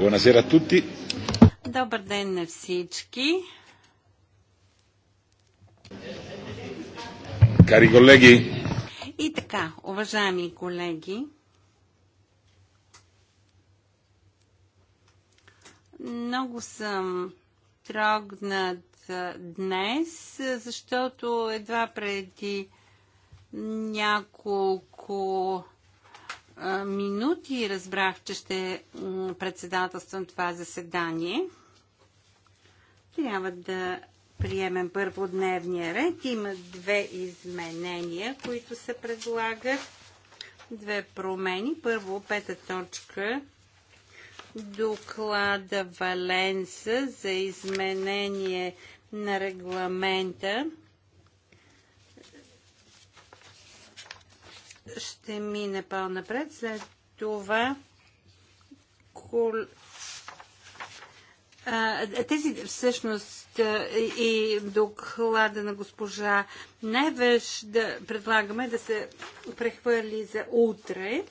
Buonasera a tutti. Добър ден на всички. Кари колеги. И така, уважаеми колеги, много съм трогнат днес, защото едва преди няколко минути разбрах, че ще председателствам това заседание. Трябва да приемем първо дневния ред. Има две изменения, които се предлагат. Две промени. Първо, пета точка доклада Валенса за изменение на регламента ще мине по-напред. След това кол... а, тези всъщност и доклада на госпожа Невеж да предлагаме да се прехвърли за утре.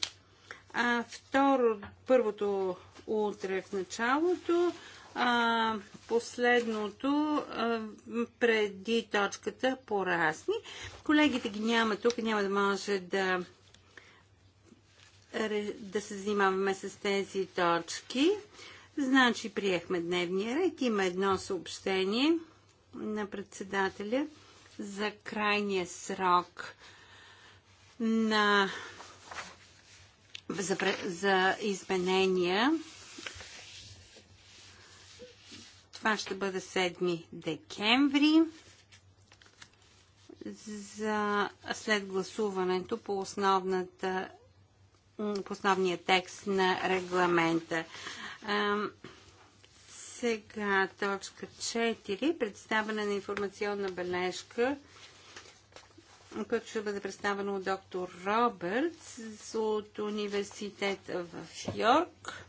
А второ, първото утре в началото, а, последното преди точката порасни. Колегите ги няма тук, няма да може да да се занимаваме с тези точки. Значи приехме дневния ред. Има едно съобщение на председателя за крайния срок на за, за изменения това ще бъде 7 декември за след гласуването по, основната, по основния текст на регламента. Сега точка 4. Представяне на информационна бележка, която ще бъде представена от доктор Робертс от университета в Йорк.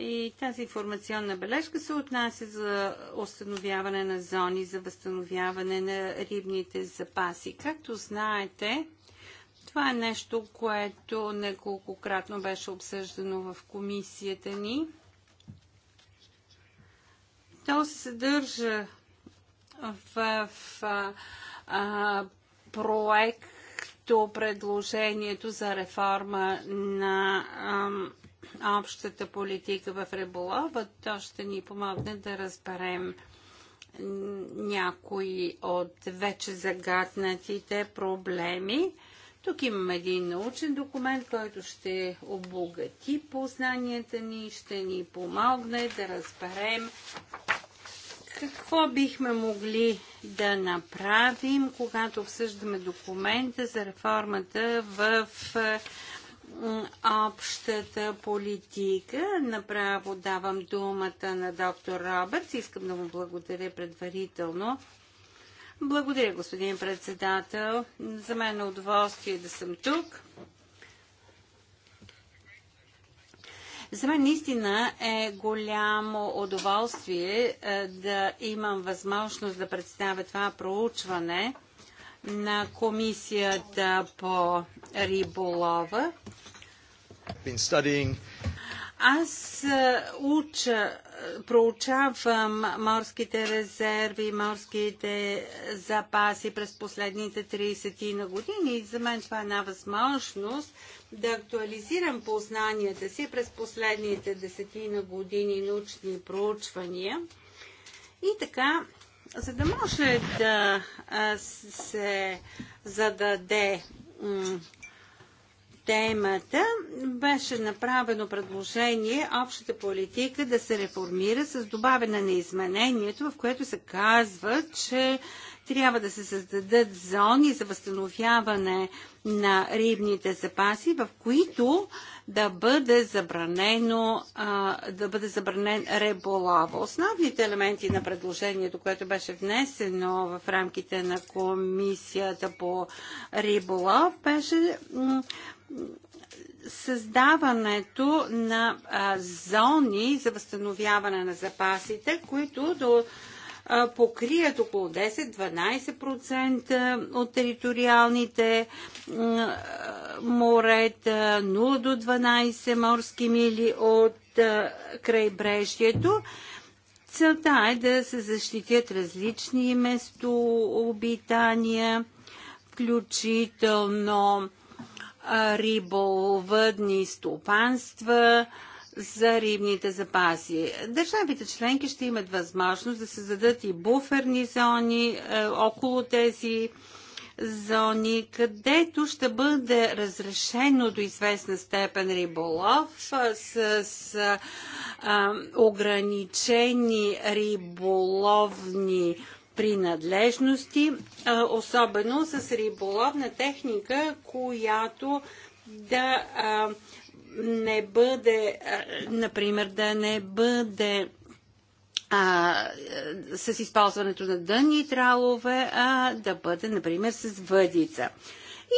И тази информационна бележка се отнася за установяване на зони, за възстановяване на рибните запаси. Както знаете, това е нещо, което неколкократно беше обсъждано в комисията ни. То се съдържа в, в а, проекто предложението за реформа на а, общата политика в риболова, то ще ни помогне да разберем някои от вече загаднатите проблеми. Тук имам един научен документ, който ще обогати познанията ни, ще ни помогне да разберем какво бихме могли да направим, когато обсъждаме документа за реформата в общата политика. Направо давам думата на доктор Робъртс. Искам да му благодаря предварително. Благодаря, господин председател. За мен е удоволствие да съм тук. За мен наистина е голямо удоволствие е, да имам възможност да представя това проучване – на комисията по риболова. Аз е, уча, проучавам морските резерви, морските запаси през последните 30 на години и за мен това е една възможност да актуализирам познанията си през последните 10 на години научни проучвания. И така за да може да се зададе темата, беше направено предложение общата политика да се реформира с добавена на изменението, в което се казва, че трябва да се създадат зони за възстановяване на рибните запаси, в които да бъде забранено да бъде забранен риболова. Основните елементи на предложението, което беше внесено в рамките на комисията по риболов, беше създаването на зони за възстановяване на запасите, които да покрият около 10-12% от териториалните морета, 0 до 12 морски мили от крайбрежието. Целта е да се защитят различни местообитания, включително риболовъдни стопанства, за рибните запаси. Държавите членки ще имат възможност да създадат и буферни зони е, около тези зони, където ще бъде разрешено до известна степен риболов е, с, с е, ограничени риболовни принадлежности, е, особено с риболовна техника, която да не бъде, например, да не бъде а, с използването на дънни тралове, а да бъде, например, с въдица.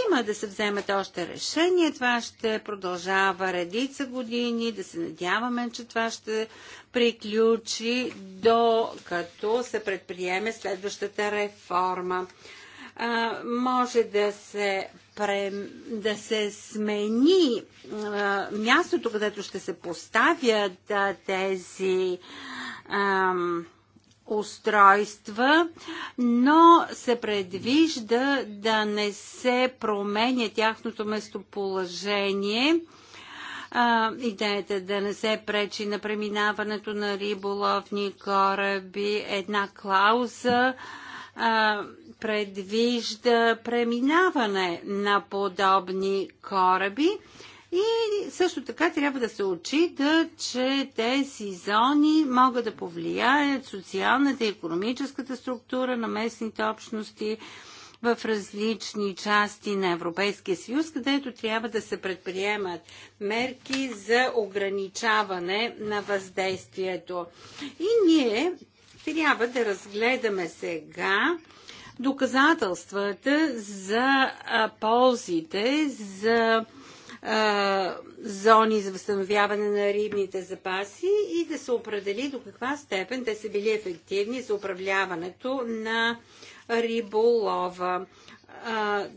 Има да се вземат още решение, това ще продължава редица години, да се надяваме, че това ще приключи до като се предприеме следващата реформа. А, може да се да се смени а, мястото, където ще се поставят а, тези а, устройства, но се предвижда да не се променя тяхното местоположение. А, идеята да не се пречи на преминаването на риболовни кораби, една клауза, а, предвижда преминаване на подобни кораби. И също така трябва да се отчита, че тези зони могат да повлияят социалната и економическата структура на местните общности в различни части на Европейския съюз, където трябва да се предприемат мерки за ограничаване на въздействието. И ние трябва да разгледаме сега доказателствата за ползите, за зони за възстановяване на рибните запаси и да се определи до каква степен те са били ефективни за управляването на риболова.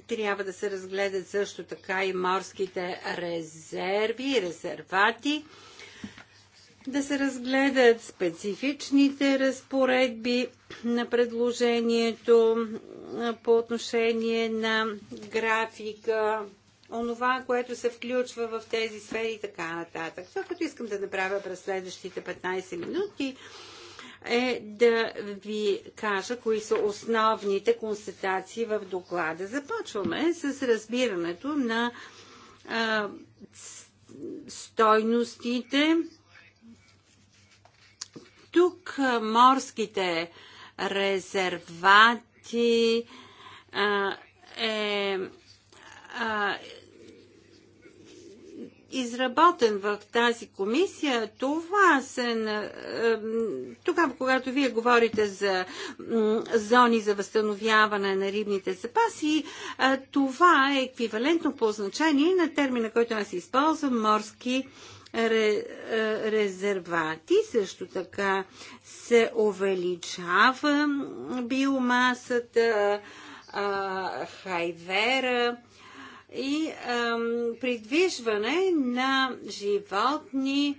Трябва да се разгледат също така и морските резерви, резервати да се разгледат специфичните разпоредби на предложението по отношение на графика, онова, което се включва в тези сфери и така нататък. Това, което искам да направя през следващите 15 минути, е да ви кажа кои са основните констатации в доклада. Започваме с разбирането на а, стойностите тук морските резервати е изработен в тази комисия, това се... Тогава, когато вие говорите за зони за възстановяване на рибните запаси, това е еквивалентно по значение на термина, който аз използвам, морски е, резервати. Също така се увеличава биомасата, хайвера и придвижване на животни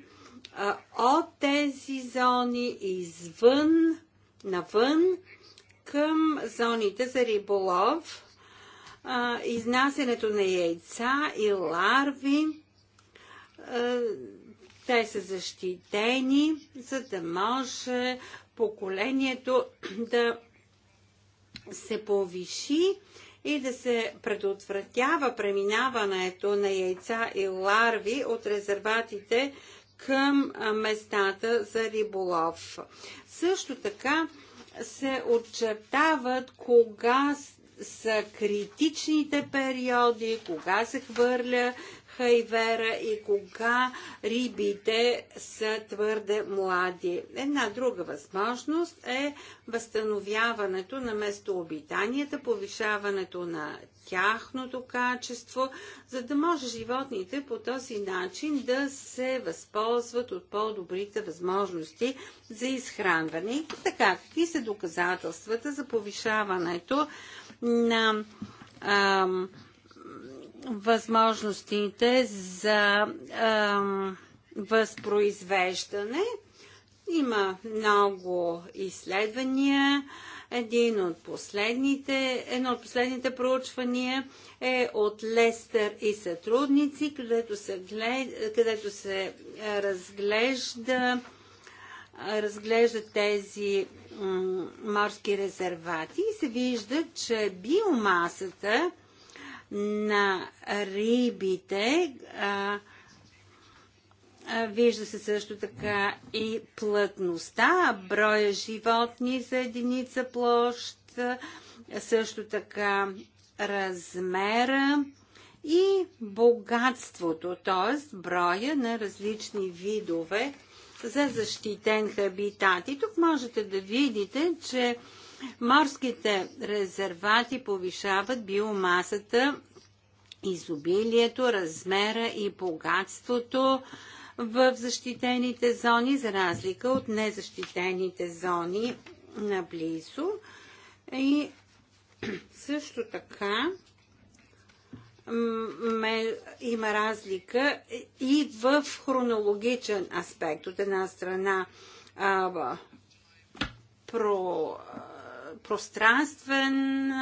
от тези зони извън, навън към зоните за риболов, изнасянето на яйца и ларви е, те са защитени, за да може поколението да се повиши и да се предотвратява преминаването на яйца и ларви от резерватите към местата за риболов. Също така се отчертават кога са критичните периоди, кога се хвърля хайвера и кога рибите са твърде млади. Една друга възможност е възстановяването на местообитанията, повишаването на тяхното качество, за да може животните по този начин да се възползват от по-добрите възможности за изхранване. така, какви са доказателствата за повишаването на ам, възможностите за възпроизвеждане. Има много изследвания. Един от последните, едно от последните проучвания е от Лестер и сътрудници, където се, глед, където се разглежда, разглежда тези морски резервати и се вижда, че биомасата на рибите. А, Вижда се също така и плътността, броя животни за единица площ, също така размера и богатството, т.е. броя на различни видове за защитен хабитат. И тук можете да видите, че Морските резервати повишават биомасата, изобилието, размера и богатството в защитените зони, за разлика от незащитените зони наблизо. И също така има разлика и в хронологичен аспект. От една страна про, пространствен,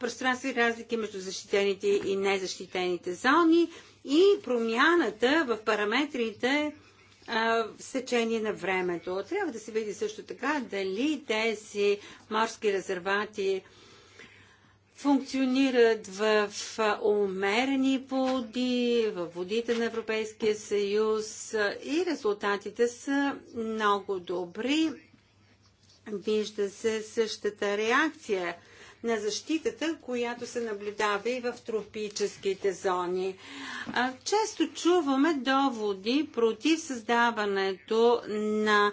пространствен разлики между защитените и незащитените зони и промяната в параметрите в сечение на времето. Трябва да се види също така дали тези морски резервати функционират в умерени води, в водите на Европейския съюз и резултатите са много добри вижда се същата реакция на защитата, която се наблюдава и в тропическите зони. Често чуваме доводи против създаването на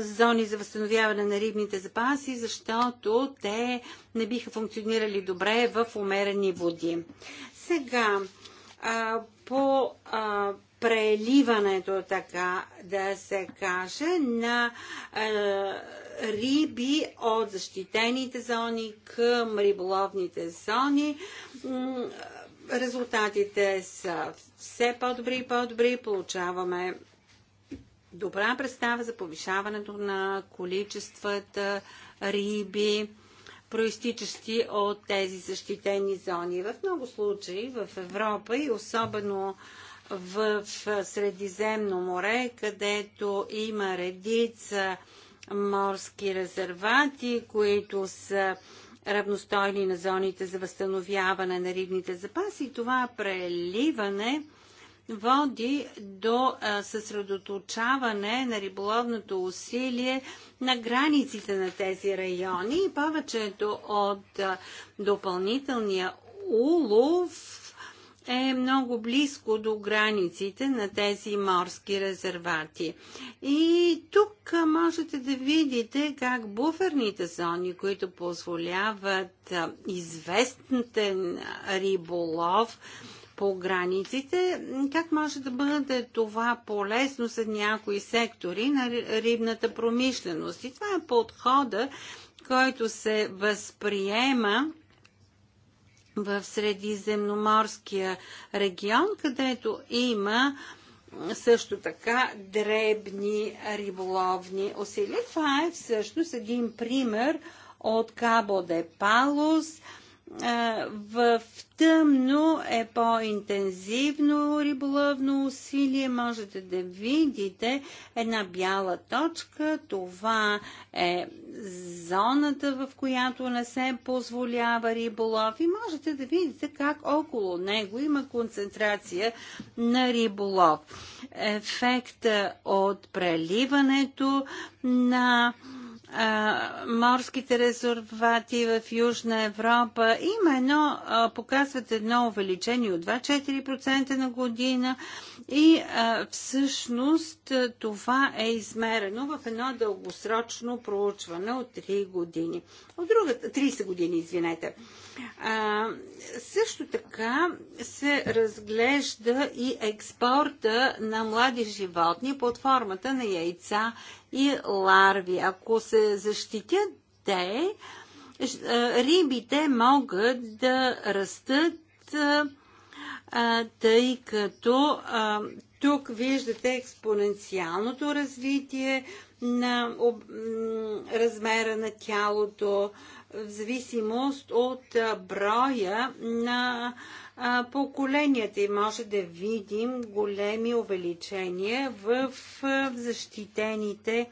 зони за възстановяване на рибните запаси, защото те не биха функционирали добре в умерени води. Сега, по преливането, така да се каже, на е, риби от защитените зони към риболовните зони. Резултатите са все по-добри и по-добри. Получаваме добра представа за повишаването на количествата риби, проистичащи от тези защитени зони. В много случаи в Европа и особено в Средиземно море, където има редица морски резервати, които са равностойни на зоните за възстановяване на рибните запаси. Това преливане води до съсредоточаване на риболовното усилие на границите на тези райони и повечето от допълнителния улов е много близко до границите на тези морски резервати. И тук можете да видите как буферните зони, които позволяват известен риболов, по границите, как може да бъде това полезно за някои сектори на рибната промишленост. И това е подхода, който се възприема в Средиземноморския регион, където има също така дребни риболовни усилия. Това е всъщност един пример от Кабо де Палос – в тъмно е по-интензивно риболовно усилие. Можете да видите една бяла точка. Това е зоната, в която не се позволява риболов. И можете да видите как около него има концентрация на риболов. Ефекта от преливането на морските резервати в Южна Европа. Има едно, показват едно увеличение от 2-4% на година и всъщност това е измерено в едно дългосрочно проучване от 3 години от другата, 30 години, извинете. А, също така се разглежда и експорта на млади животни под формата на яйца и ларви. Ако се защитят те, рибите могат да растат тъй като тук виждате експоненциалното развитие на размера на тялото, в зависимост от броя на поколенията и може да видим големи увеличения в защитените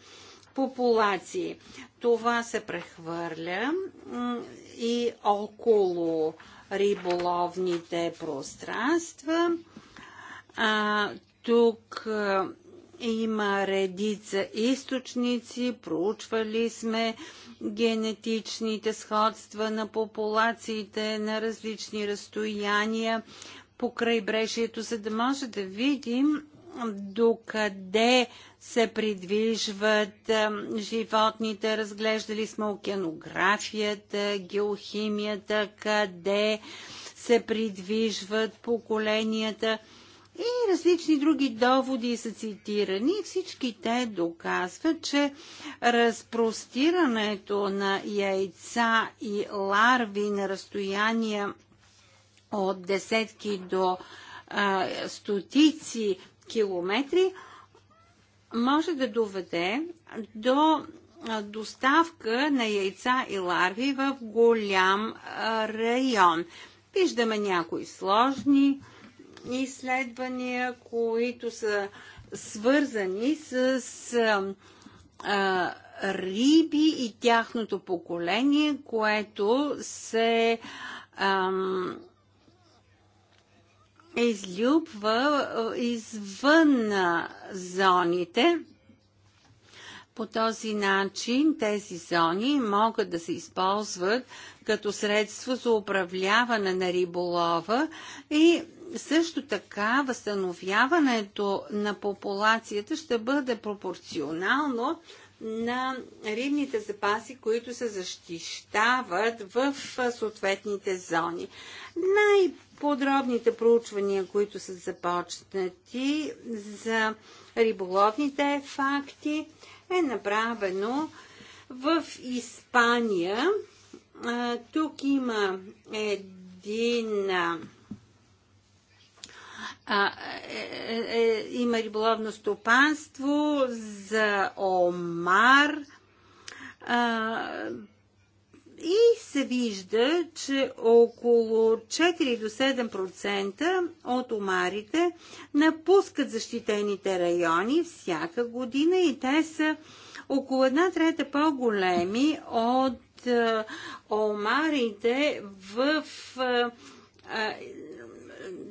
популации. Това се прехвърля и около риболовните пространства. А, тук има редица източници, проучвали сме генетичните сходства на популациите на различни разстояния по крайбрежието, за да може да видим докъде се придвижват животните. Разглеждали сме океанографията, геохимията, къде се придвижват поколенията – и различни други доводи са цитирани. Всички те доказват, че разпростирането на яйца и ларви на разстояние от десетки до а, стотици километри може да доведе до доставка на яйца и ларви в голям район. Виждаме някои сложни а, изследвания, които са свързани с а, риби и тяхното поколение, което се ам, излюбва извън зоните. По този начин тези зони могат да се използват като средство за управляване на риболова и също така възстановяването на популацията ще бъде пропорционално на рибните запаси, които се защищават в съответните зони. Най-подробните проучвания, които са започнати за риболовните факти, е направено в Испания. Тук има един а, е, е, е, има риболовно стопанство за Омар. А, и се вижда, че около 4 до 7% от омарите напускат защитените райони всяка година и те са около една трета по-големи от е, омарите в е,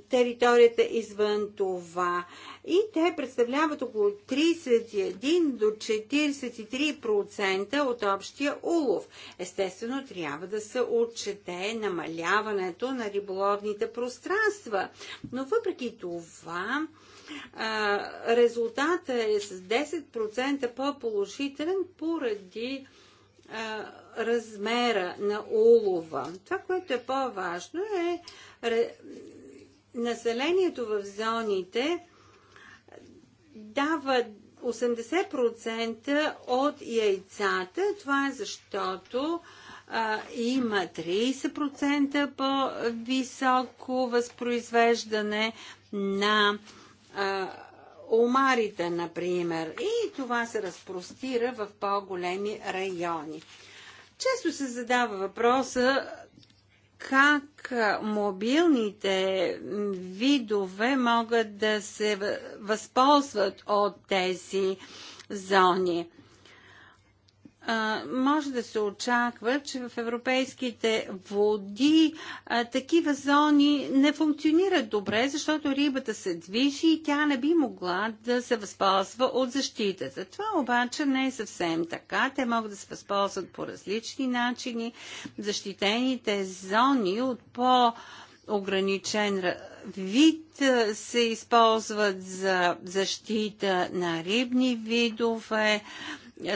територията извън това. И те представляват около 31 до 43% от общия улов. Естествено, трябва да се отчете намаляването на риболовните пространства. Но въпреки това, резултата е с 10% по-положителен поради размера на улова. Това, което е по-важно е населението в зоните дава 80% от яйцата. Това е защото а, има 30% по-високо възпроизвеждане на а, омарите, например. И това се разпростира в по-големи райони. Често се задава въпроса как мобилните видове могат да се възползват от тези зони може да се очаква, че в европейските води а, такива зони не функционират добре, защото рибата се движи и тя не би могла да се възползва от защитата. Това обаче не е съвсем така. Те могат да се възползват по различни начини. Защитените зони от по- ограничен вид се използват за защита на рибни видове,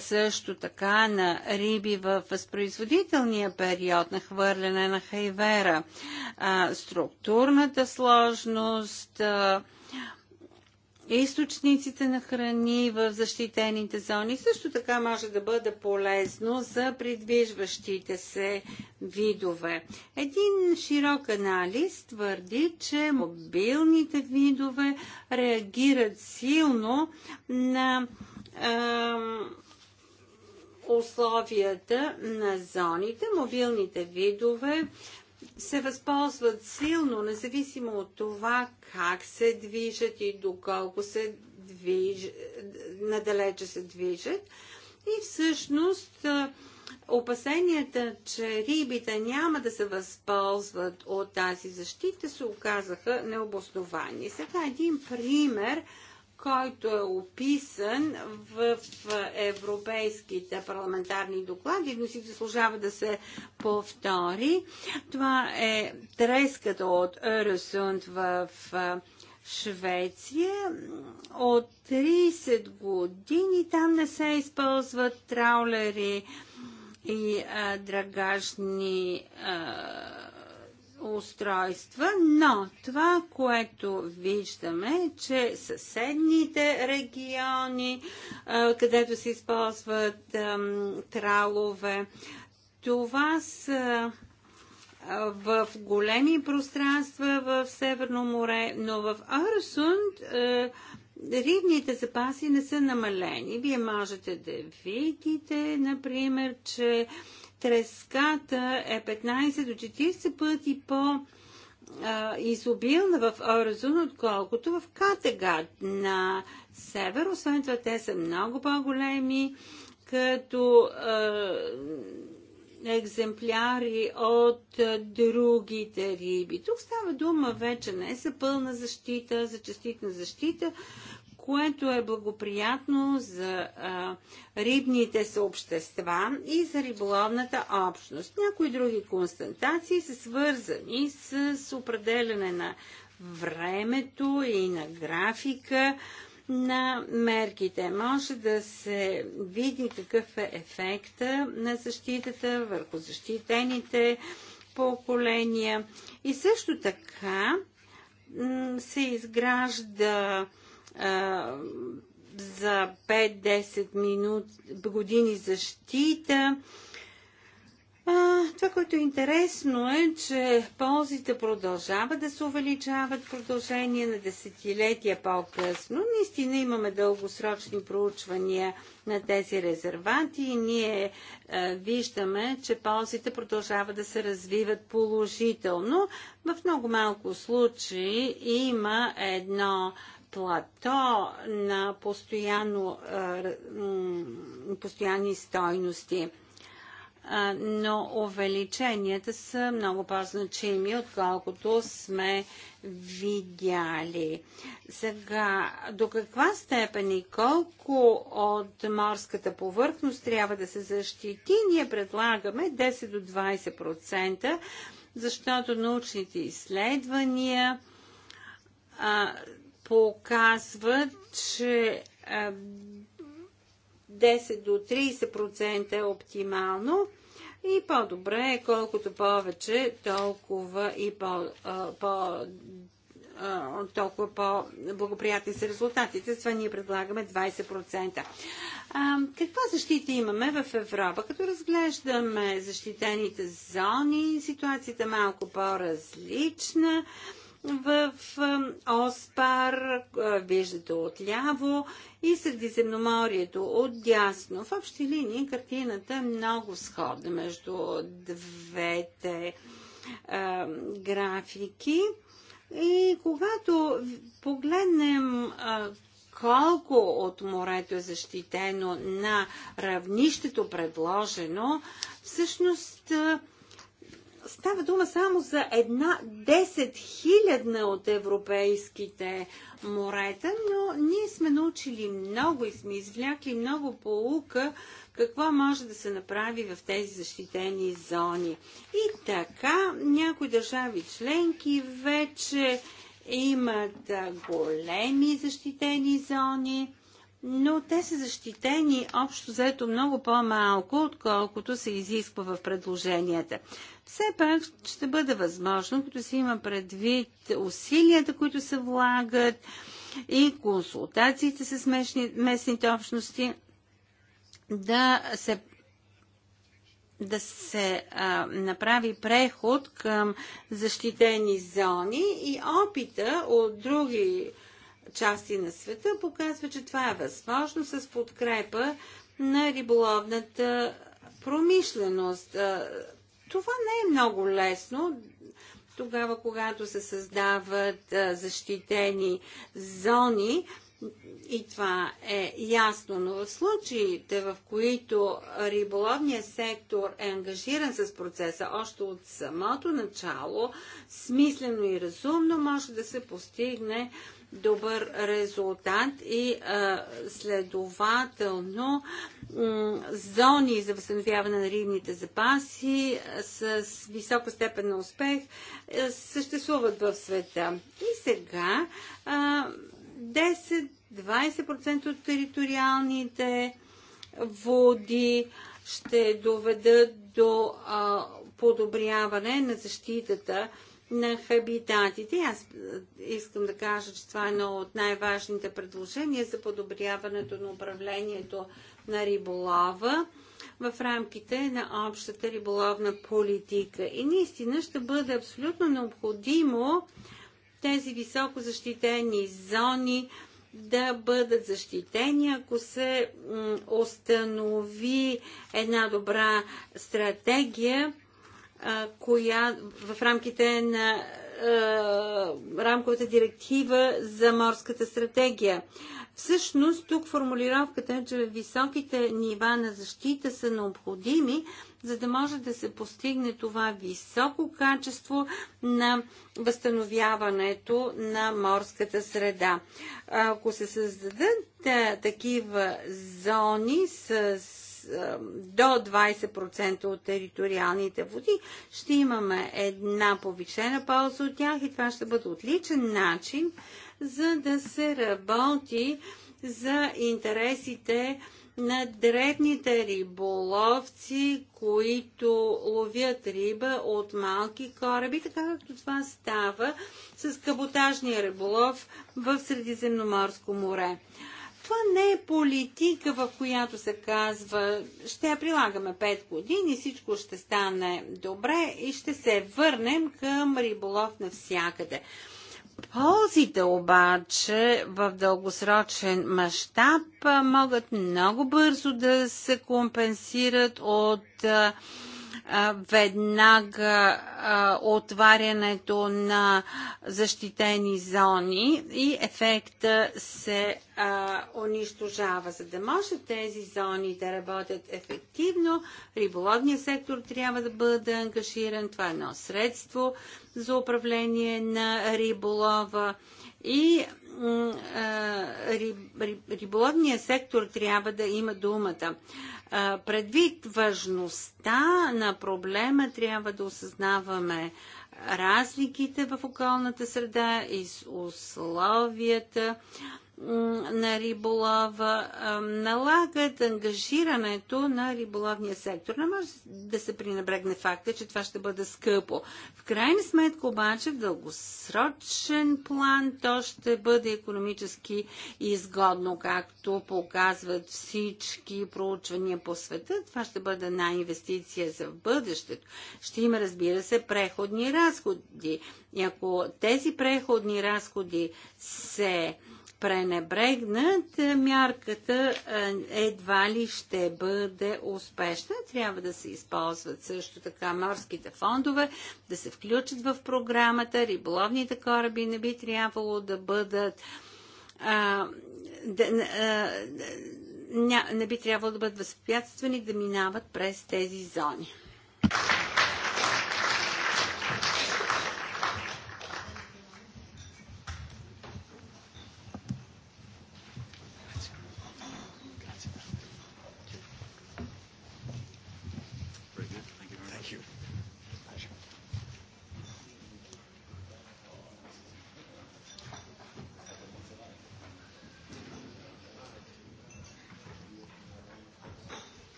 също така на риби в възпроизводителния период на хвърляне на хайвера. А, структурната сложност, а, източниците на храни в защитените зони също така може да бъде полезно за придвижващите се видове. Един широк анализ твърди, че мобилните видове реагират силно на е, условията на зоните. Мобилните видове се възползват силно, независимо от това как се движат и доколко се движат, надалече се движат. И всъщност опасенията, че рибите няма да се възползват от тази защита, се оказаха необосновани. Сега един пример – който е описан в европейските парламентарни доклади, но си заслужава да се повтори. Това е треската от Ересунд в Швеция. От 30 години там не се използват траулери и а, драгажни а, устройства, но това, което виждаме, е, че съседните региони, е, където се използват тралове, това са е, в големи пространства в Северно море, но в Арсунд е, рибните запаси не са намалени. Вие можете да видите, например, че треската е 15 до 40 пъти по изобилна в Орзун, отколкото в Категат на север. Освен това, те са много по-големи, като е, екземпляри от е, другите риби. Тук става дума вече не за пълна защита, за частитна защита, което е благоприятно за а, рибните съобщества и за риболовната общност. Някои други констатации са свързани с, определене на времето и на графика на мерките. Може да се види какъв е ефекта на защитата върху защитените поколения. И също така се изгражда за 5-10 минут, години защита. А, това, което е интересно е, че ползите продължават да се увеличават продължение на десетилетия по-късно. Наистина имаме дългосрочни проучвания на тези резервати и ние а, виждаме, че ползите продължават да се развиват положително. В много малко случаи има едно а, плато на постоянно, постоянни стойности но увеличенията са много по-значими, отколкото сме видяли. Сега, до каква степен и колко от морската повърхност трябва да се защити, ние предлагаме 10 до 20%, защото научните изследвания показват, че 10 до 30% е оптимално и по-добре е колкото повече, толкова и по, по толкова по-благоприятни са резултатите. С това ние предлагаме 20%. А, каква защита имаме в Европа? Като разглеждаме защитените зони, ситуацията е малко по-различна в Оспар, виждате отляво и Средиземноморието отдясно. В общи линии картината е много сходна между двете а, графики. И когато погледнем а, колко от морето е защитено на равнището предложено, всъщност а, става дума само за една 10 хилядна от европейските морета, но ние сме научили много и сме извлякли много полука какво може да се направи в тези защитени зони. И така, някои държави членки вече имат големи защитени зони, но те са защитени общо заето много по-малко, отколкото се изисква в предложенията все пак ще бъде възможно, като се има предвид усилията, които се влагат и консултациите с местни, местните общности, да се да се а, направи преход към защитени зони и опита от други части на света показва, че това е възможно с подкрепа на риболовната промишленост. Това не е много лесно. Тогава, когато се създават защитени зони, и това е ясно, но в случаите, в които риболовният сектор е ангажиран с процеса още от самото начало, смислено и разумно може да се постигне добър резултат и а, следователно зони за възстановяване на рибните запаси с висока степен на успех съществуват в света. И сега 10-20% от териториалните води ще доведат до подобряване на защитата на хабитатите. Аз е, искам да кажа, че това е едно от най-важните предложения за подобряването на управлението на риболова в рамките на общата риболовна политика. И наистина ще бъде абсолютно необходимо тези високо защитени зони да бъдат защитени, ако се установи една добра стратегия коя в рамките на рамковата директива за морската стратегия. Всъщност тук формулировката е, че високите нива на защита са необходими, за да може да се постигне това високо качество на възстановяването на морската среда. Ако се създадат такива зони с до 20% от териториалните води, ще имаме една повишена полза от тях и това ще бъде отличен начин за да се работи за интересите на древните риболовци, които ловят риба от малки кораби, така както това става с каботажния риболов в Средиземноморско море. Това не е политика, в която се казва, ще я прилагаме 5 години, всичко ще стане добре и ще се върнем към риболов навсякъде. Ползите обаче в дългосрочен мащаб могат много бързо да се компенсират от веднага отварянето на защитени зони и ефекта се унищожава. За да може тези зони да работят ефективно, риболовният сектор трябва да бъде ангажиран. Това е едно средство за управление на риболова и риболовния сектор трябва да има думата. Предвид важността на проблема, трябва да осъзнаваме разликите в околната среда и условията на риболова налагат ангажирането на риболовния сектор. Не може да се пренебрегне факта, че това ще бъде скъпо. В крайна сметка обаче в дългосрочен план то ще бъде економически изгодно, както показват всички проучвания по света. Това ще бъде една инвестиция за бъдещето. Ще има, разбира се, преходни разходи. И ако тези преходни разходи се пренебрегнат, е, мярката е, едва ли ще бъде успешна. Трябва да се използват също така морските фондове, да се включат в програмата. Риболовните кораби не би трябвало да бъдат. А, да, а, не, би трябвало да бъдат възпятствани да минават през тези зони.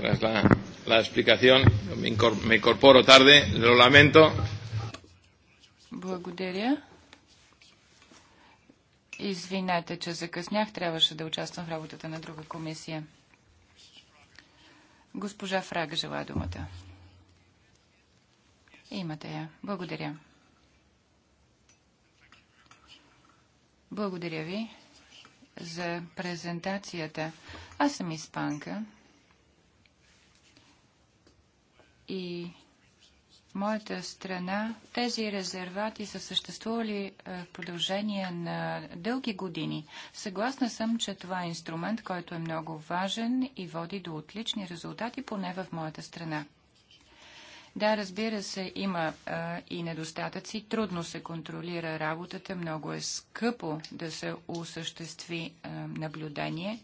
tras la, la explicación. Me incorporo tarde, lo lamento. Благодаря. Извинете, че закъснях. Трябваше да участвам в работата на друга комисия. Госпожа Фрага желая думата. Имате я. Благодаря. Благодаря ви за презентацията. Аз съм испанка и моята страна тези резервати са съществували е, в продължение на дълги години. Съгласна съм, че това е инструмент, който е много важен и води до отлични резултати, поне в моята страна. Да, разбира се, има а, е, и недостатъци. Трудно се контролира работата, много е скъпо да се осъществи а, е, наблюдение.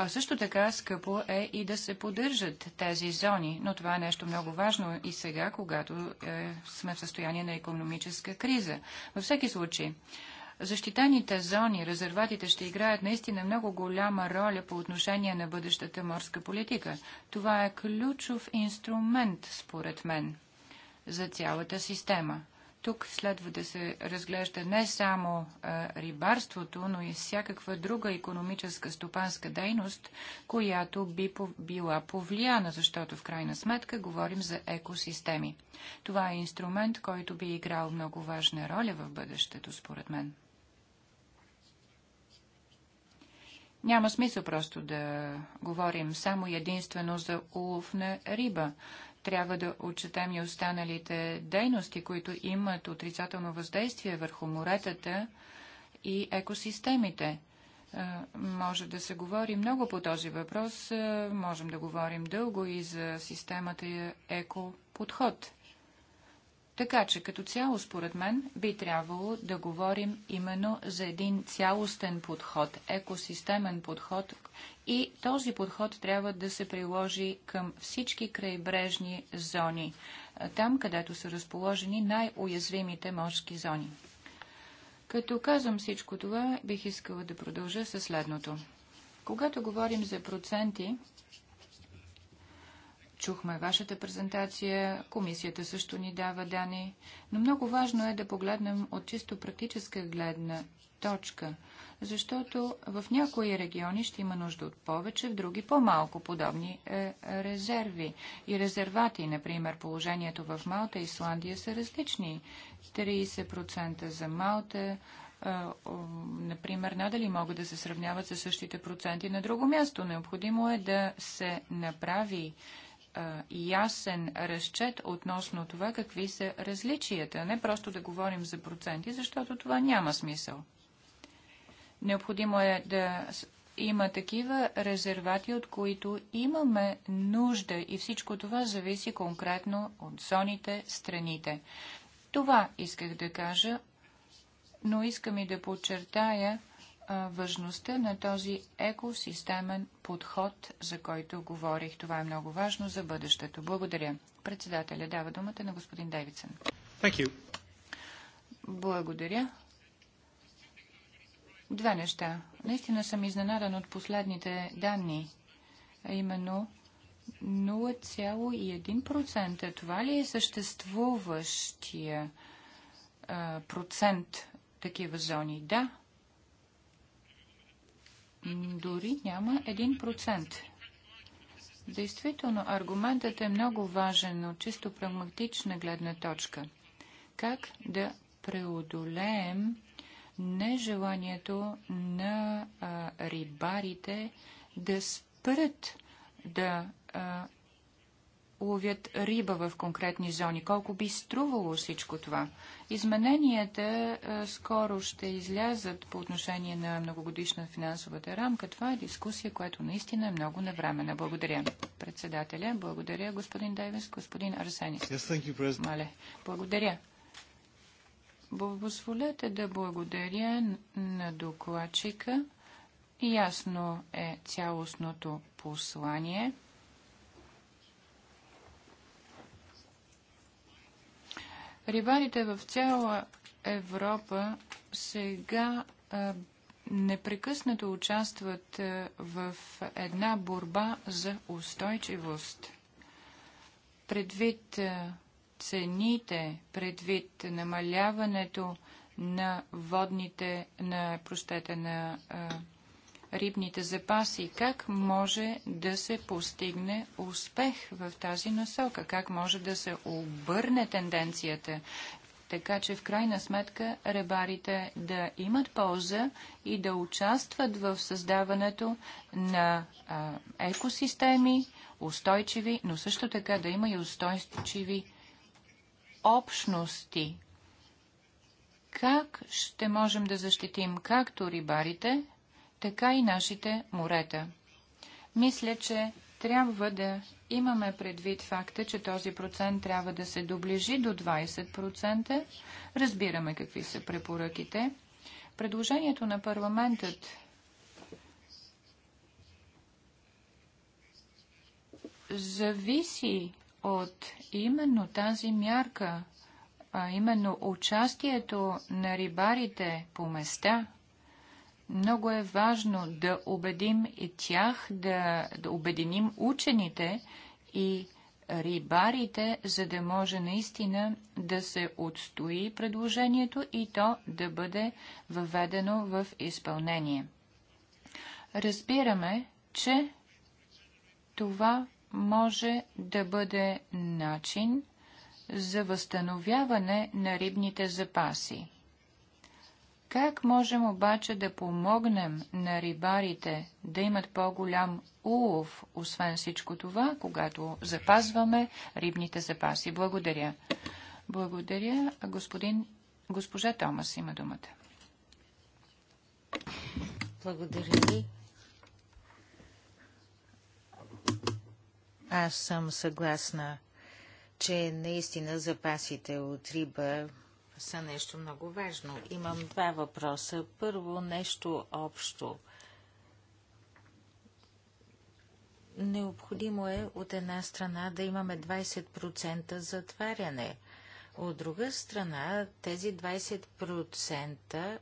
А също така скъпо е и да се поддържат тези зони, но това е нещо много важно и сега, когато е, сме в състояние на економическа криза. Във всеки случай, защитените зони, резерватите ще играят наистина много голяма роля по отношение на бъдещата морска политика. Това е ключов инструмент, според мен, за цялата система. Тук следва да се разглежда не само рибарството, но и всякаква друга економическа стопанска дейност, която би била повлияна, защото в крайна сметка говорим за екосистеми. Това е инструмент, който би играл много важна роля в бъдещето, според мен. Няма смисъл просто да говорим само единствено за улов на риба трябва да отчетем и останалите дейности, които имат отрицателно въздействие върху моретата и екосистемите. Е, може да се говори много по този въпрос. Е, можем да говорим дълго и за системата екоподход. Така че като цяло, според мен, би трябвало да говорим именно за един цялостен подход, екосистемен подход и този подход трябва да се приложи към всички крайбрежни зони, там където са разположени най-уязвимите морски зони. Като казвам всичко това, бих искала да продължа със следното. Когато говорим за проценти, Чухме вашата презентация, комисията също ни дава данни, но много важно е да погледнем от чисто практическа гледна точка, защото в някои региони ще има нужда от повече, в други по-малко подобни е, резерви и резервати. Например, положението в Малта и Исландия са различни. 30% за Малта, е, например, надали могат да се сравняват с същите проценти на друго място. Необходимо е да се направи а, ясен разчет относно това какви са различията, не просто да говорим за проценти, защото това няма смисъл. Необходимо е да има такива резервати, от които имаме нужда и всичко това зависи конкретно от зоните, страните. Това исках да кажа, но искам и да подчертая, важността на този екосистемен подход, за който говорих. Това е много важно за бъдещето. Благодаря. Председателя дава думата на господин Дейвидсън. Благодаря. Две неща. Наистина съм изненадан от последните данни, а именно 0,1%. Това ли е съществуващия процент такива зони? Да, дори няма 1%. Действително, аргументът е много важен но чисто прагматична гледна точка. Как да преодолеем нежеланието на а, рибарите да спрат да а, ловят риба в конкретни зони. Колко би струвало всичко това? Измененията скоро ще излязат по отношение на многогодишна финансовата рамка. Това е дискусия, която наистина е много навремена. Благодаря. Председателя, благодаря господин Дайвис, господин Арсенис. Yes, you, Мале. Благодаря. Позволете да благодаря на докладчика. Ясно е цялостното послание. Рибарите в цяла Европа сега а, непрекъснато участват а, в една борба за устойчивост. Предвид а, цените, предвид намаляването на водните, на, простете, на а, рибните запаси. Как може да се постигне успех в тази насока? Как може да се обърне тенденцията? Така че в крайна сметка ребарите да имат полза и да участват в създаването на а, екосистеми, устойчиви, но също така да има и устойчиви общности. Как ще можем да защитим както рибарите, така и нашите морета. Мисля, че трябва да имаме предвид факта, че този процент трябва да се доближи до 20%. Разбираме какви са препоръките. Предложението на парламентът зависи от именно тази мярка, а именно участието на рибарите по места – много е важно да убедим и тях, да, да обединим учените и рибарите, за да може наистина да се отстои предложението и то да бъде въведено в изпълнение. Разбираме, че това може да бъде начин за възстановяване на рибните запаси. Как можем обаче да помогнем на рибарите да имат по-голям улов, освен всичко това, когато запазваме рибните запаси? Благодаря. Благодаря. Господин, госпожа Томас има думата. Благодаря ви. Аз съм съгласна, че наистина запасите от риба са нещо много важно. Имам два въпроса. Първо, нещо общо. Необходимо е от една страна да имаме 20% затваряне. От друга страна, тези 20%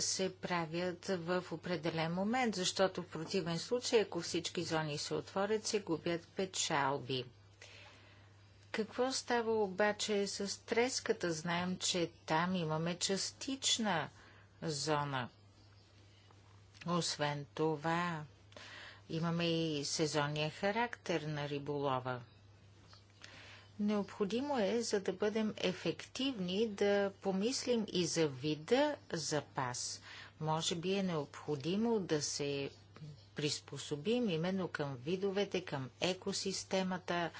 се правят в определен момент, защото в противен случай, ако всички зони се отворят, се губят печалби. Какво става обаче с треската? Знаем, че там имаме частична зона. Освен това, имаме и сезонния характер на риболова. Необходимо е, за да бъдем ефективни, да помислим и за вида запас. Може би е необходимо да се приспособим именно към видовете, към екосистемата,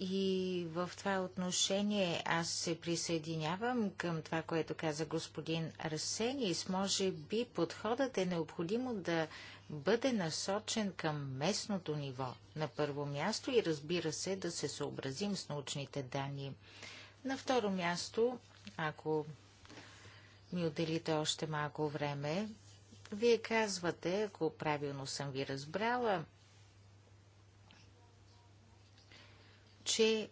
и в това отношение аз се присъединявам към това, което каза господин Арсенис. Може би подходът е необходимо да бъде насочен към местното ниво на първо място и разбира се да се съобразим с научните данни. На второ място, ако ми отделите още малко време, вие казвате, ако правилно съм ви разбрала, че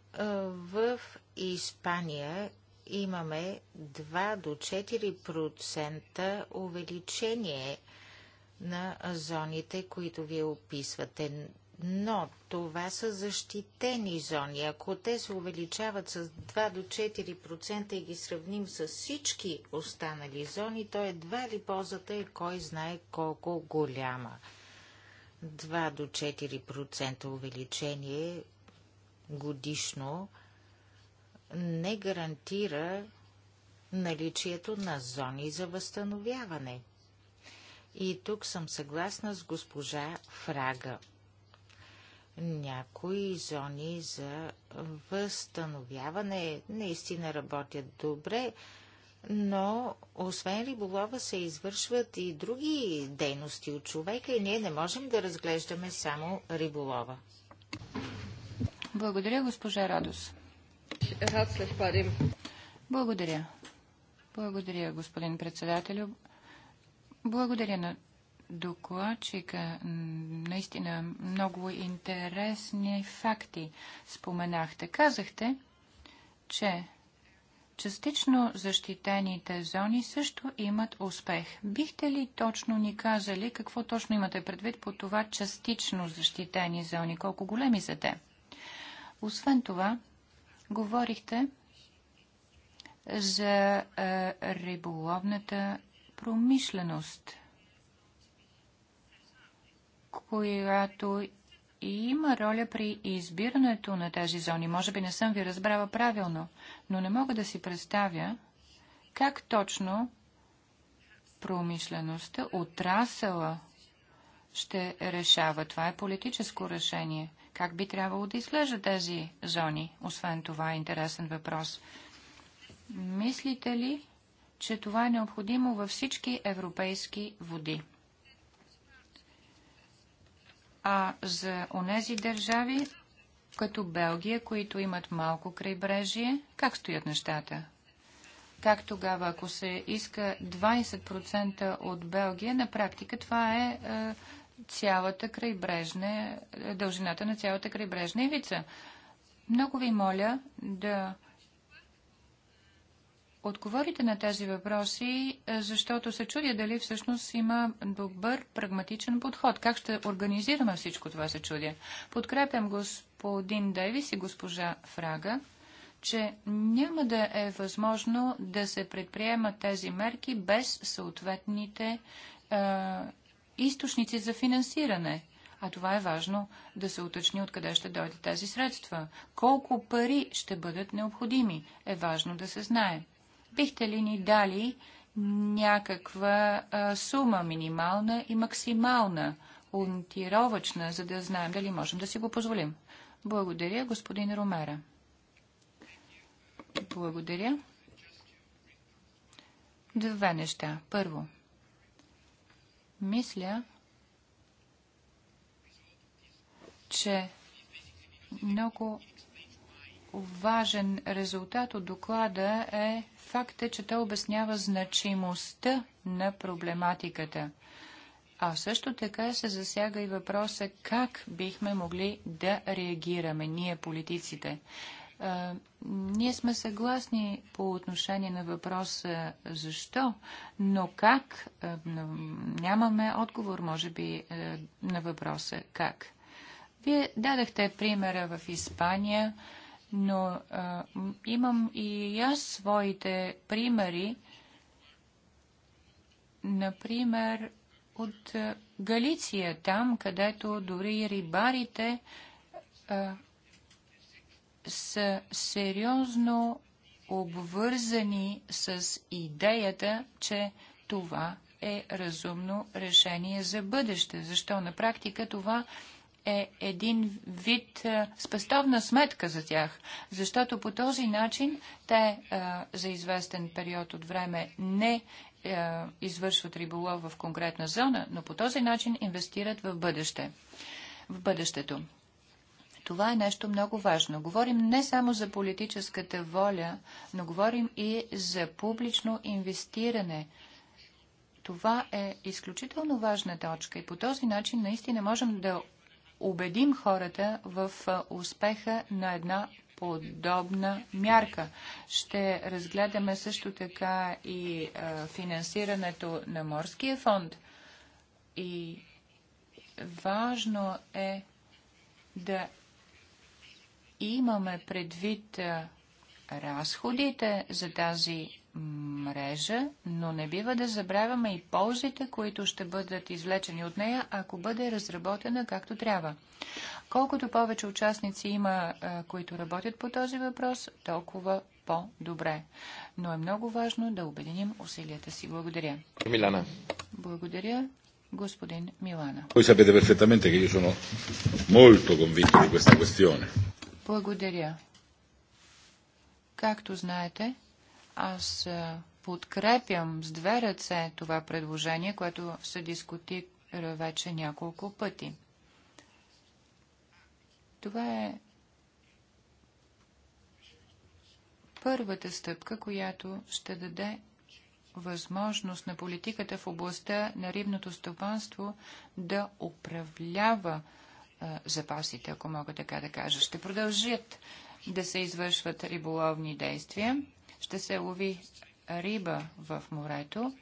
в Испания имаме 2 до 4% увеличение на зоните, които вие описвате. Но това са защитени зони. Ако те се увеличават с 2 до 4% и ги сравним с всички останали зони, то едва ли ползата е кой знае колко голяма. 2 до 4% увеличение годишно не гарантира наличието на зони за възстановяване. И тук съм съгласна с госпожа Фрага. Някои зони за възстановяване наистина работят добре, но освен риболова се извършват и други дейности от човека и ние не можем да разглеждаме само риболова. Благодаря, госпожа Радос. Благодаря. Благодаря, господин председателю. Благодаря на докладчика. Наистина много интересни факти споменахте. Казахте, че частично защитените зони също имат успех. Бихте ли точно ни казали какво точно имате предвид по това частично защитени зони? Колко големи са те? Освен това, говорихте за риболовната промишленост, която и има роля при избирането на тези зони. Може би не съм ви разбрала правилно, но не мога да си представя как точно промишлеността, отрасъла ще решава. Това е политическо решение – как би трябвало да изглежда тези зони? Освен това е интересен въпрос. Мислите ли, че това е необходимо във всички европейски води? А за онези държави, като Белгия, които имат малко крайбрежие, как стоят нещата? Как тогава, ако се иска 20% от Белгия, на практика това е, е цялата крайбрежна, дължината на цялата крайбрежна ивица. Много ви моля да отговорите на тези въпроси, е, защото се чудя дали всъщност има добър прагматичен подход. Как ще организираме всичко това, се чудя. Подкрепям господин Дейвис и госпожа Фрага, че няма да е възможно да се предприемат тези мерки без съответните е, източници за финансиране. А това е важно да се уточни откъде ще дойдат тези средства. Колко пари ще бъдат необходими е важно да се знае. Бихте ли ни дали някаква а, сума, минимална и максимална, ориентировачна, за да знаем дали можем да си го позволим? Благодаря, господин Ромера. Благодаря. Две неща. Първо, мисля, че много важен резултат от доклада е факта, че той обяснява значимостта на проблематиката. А също така се засяга и въпроса как бихме могли да реагираме ние, политиците. Ние сме съгласни по отношение на въпроса защо, но как нямаме отговор, може би, на въпроса как. Вие дадахте примера в Испания, но имам и аз своите примери. Например, от Галиция, там, където дори рибарите са сериозно обвързани с идеята, че това е разумно решение за бъдеще. Защо на практика това е един вид е, спестовна сметка за тях, защото по този начин те е, за известен период от време не е, извършват риболов в конкретна зона, но по този начин инвестират в бъдеще. В бъдещето. Това е нещо много важно. Говорим не само за политическата воля, но говорим и за публично инвестиране. Това е изключително важна точка и по този начин наистина можем да убедим хората в успеха на една подобна мярка. Ще разгледаме също така и финансирането на морския фонд. И важно е да имаме предвид е, разходите за тази мрежа, но не бива да забравяме и ползите, които ще бъдат извлечени от нея, ако бъде разработена както трябва. Колкото повече участници има, е, които работят по този въпрос, толкова по-добре. Но е много важно да обединим усилията си. Благодаря. Милана. Благодаря, господин Милана. Вие знаете перфектно, че аз съм много convinto di тази благодаря. Както знаете, аз подкрепям с две ръце това предложение, което се дискутира вече няколко пъти. Това е първата стъпка, която ще даде възможност на политиката в областта на рибното стопанство да управлява запасите, ако мога така да кажа. Ще продължат да се извършват риболовни действия. Ще се лови риба в морето.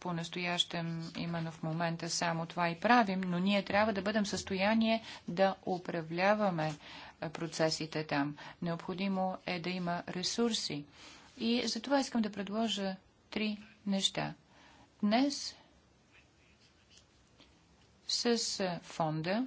По-настоящем, именно в момента, само това и правим, но ние трябва да бъдем в състояние да управляваме процесите там. Необходимо е да има ресурси. И за това искам да предложа три неща. Днес с е, фонда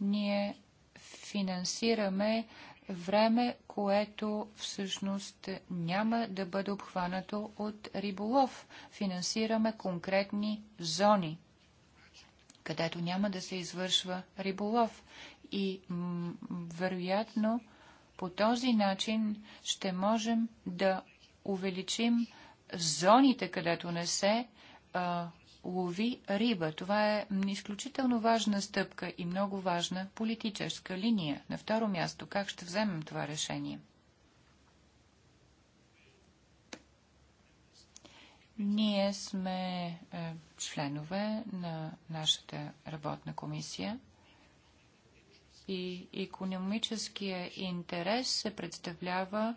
ние финансираме време, което всъщност няма да бъде обхванато от риболов. Финансираме конкретни зони, където няма да се извършва риболов. И вероятно по този начин ще можем да увеличим зоните, където не се а, лови риба. Това е изключително важна стъпка и много важна политическа линия. На второ място, как ще вземем това решение? Ние сме е, членове на нашата работна комисия и економическия интерес се представлява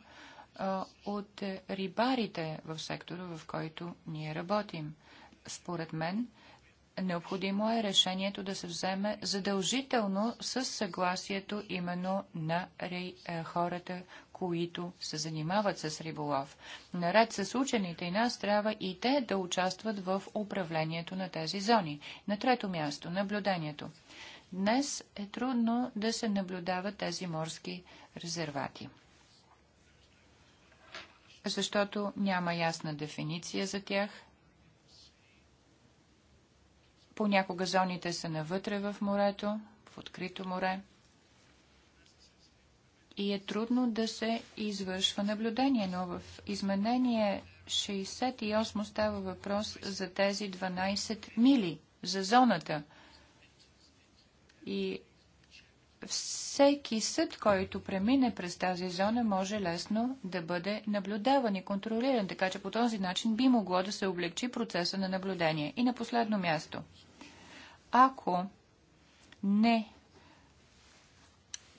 е, от рибарите в сектора, в който ние работим според мен, необходимо е решението да се вземе задължително с съгласието именно на е, хората, които се занимават с риболов. Наред с учените и нас трябва и те да участват в управлението на тези зони. На трето място – наблюдението. Днес е трудно да се наблюдават тези морски резервати защото няма ясна дефиниция за тях – Понякога зоните са навътре в морето, в открито море. И е трудно да се извършва наблюдение, но в изменение 68 става въпрос за тези 12 мили, за зоната. И всеки съд, който премине през тази зона, може лесно да бъде наблюдаван и контролиран, така че по този начин би могло да се облегчи процеса на наблюдение. И на последно място, ако не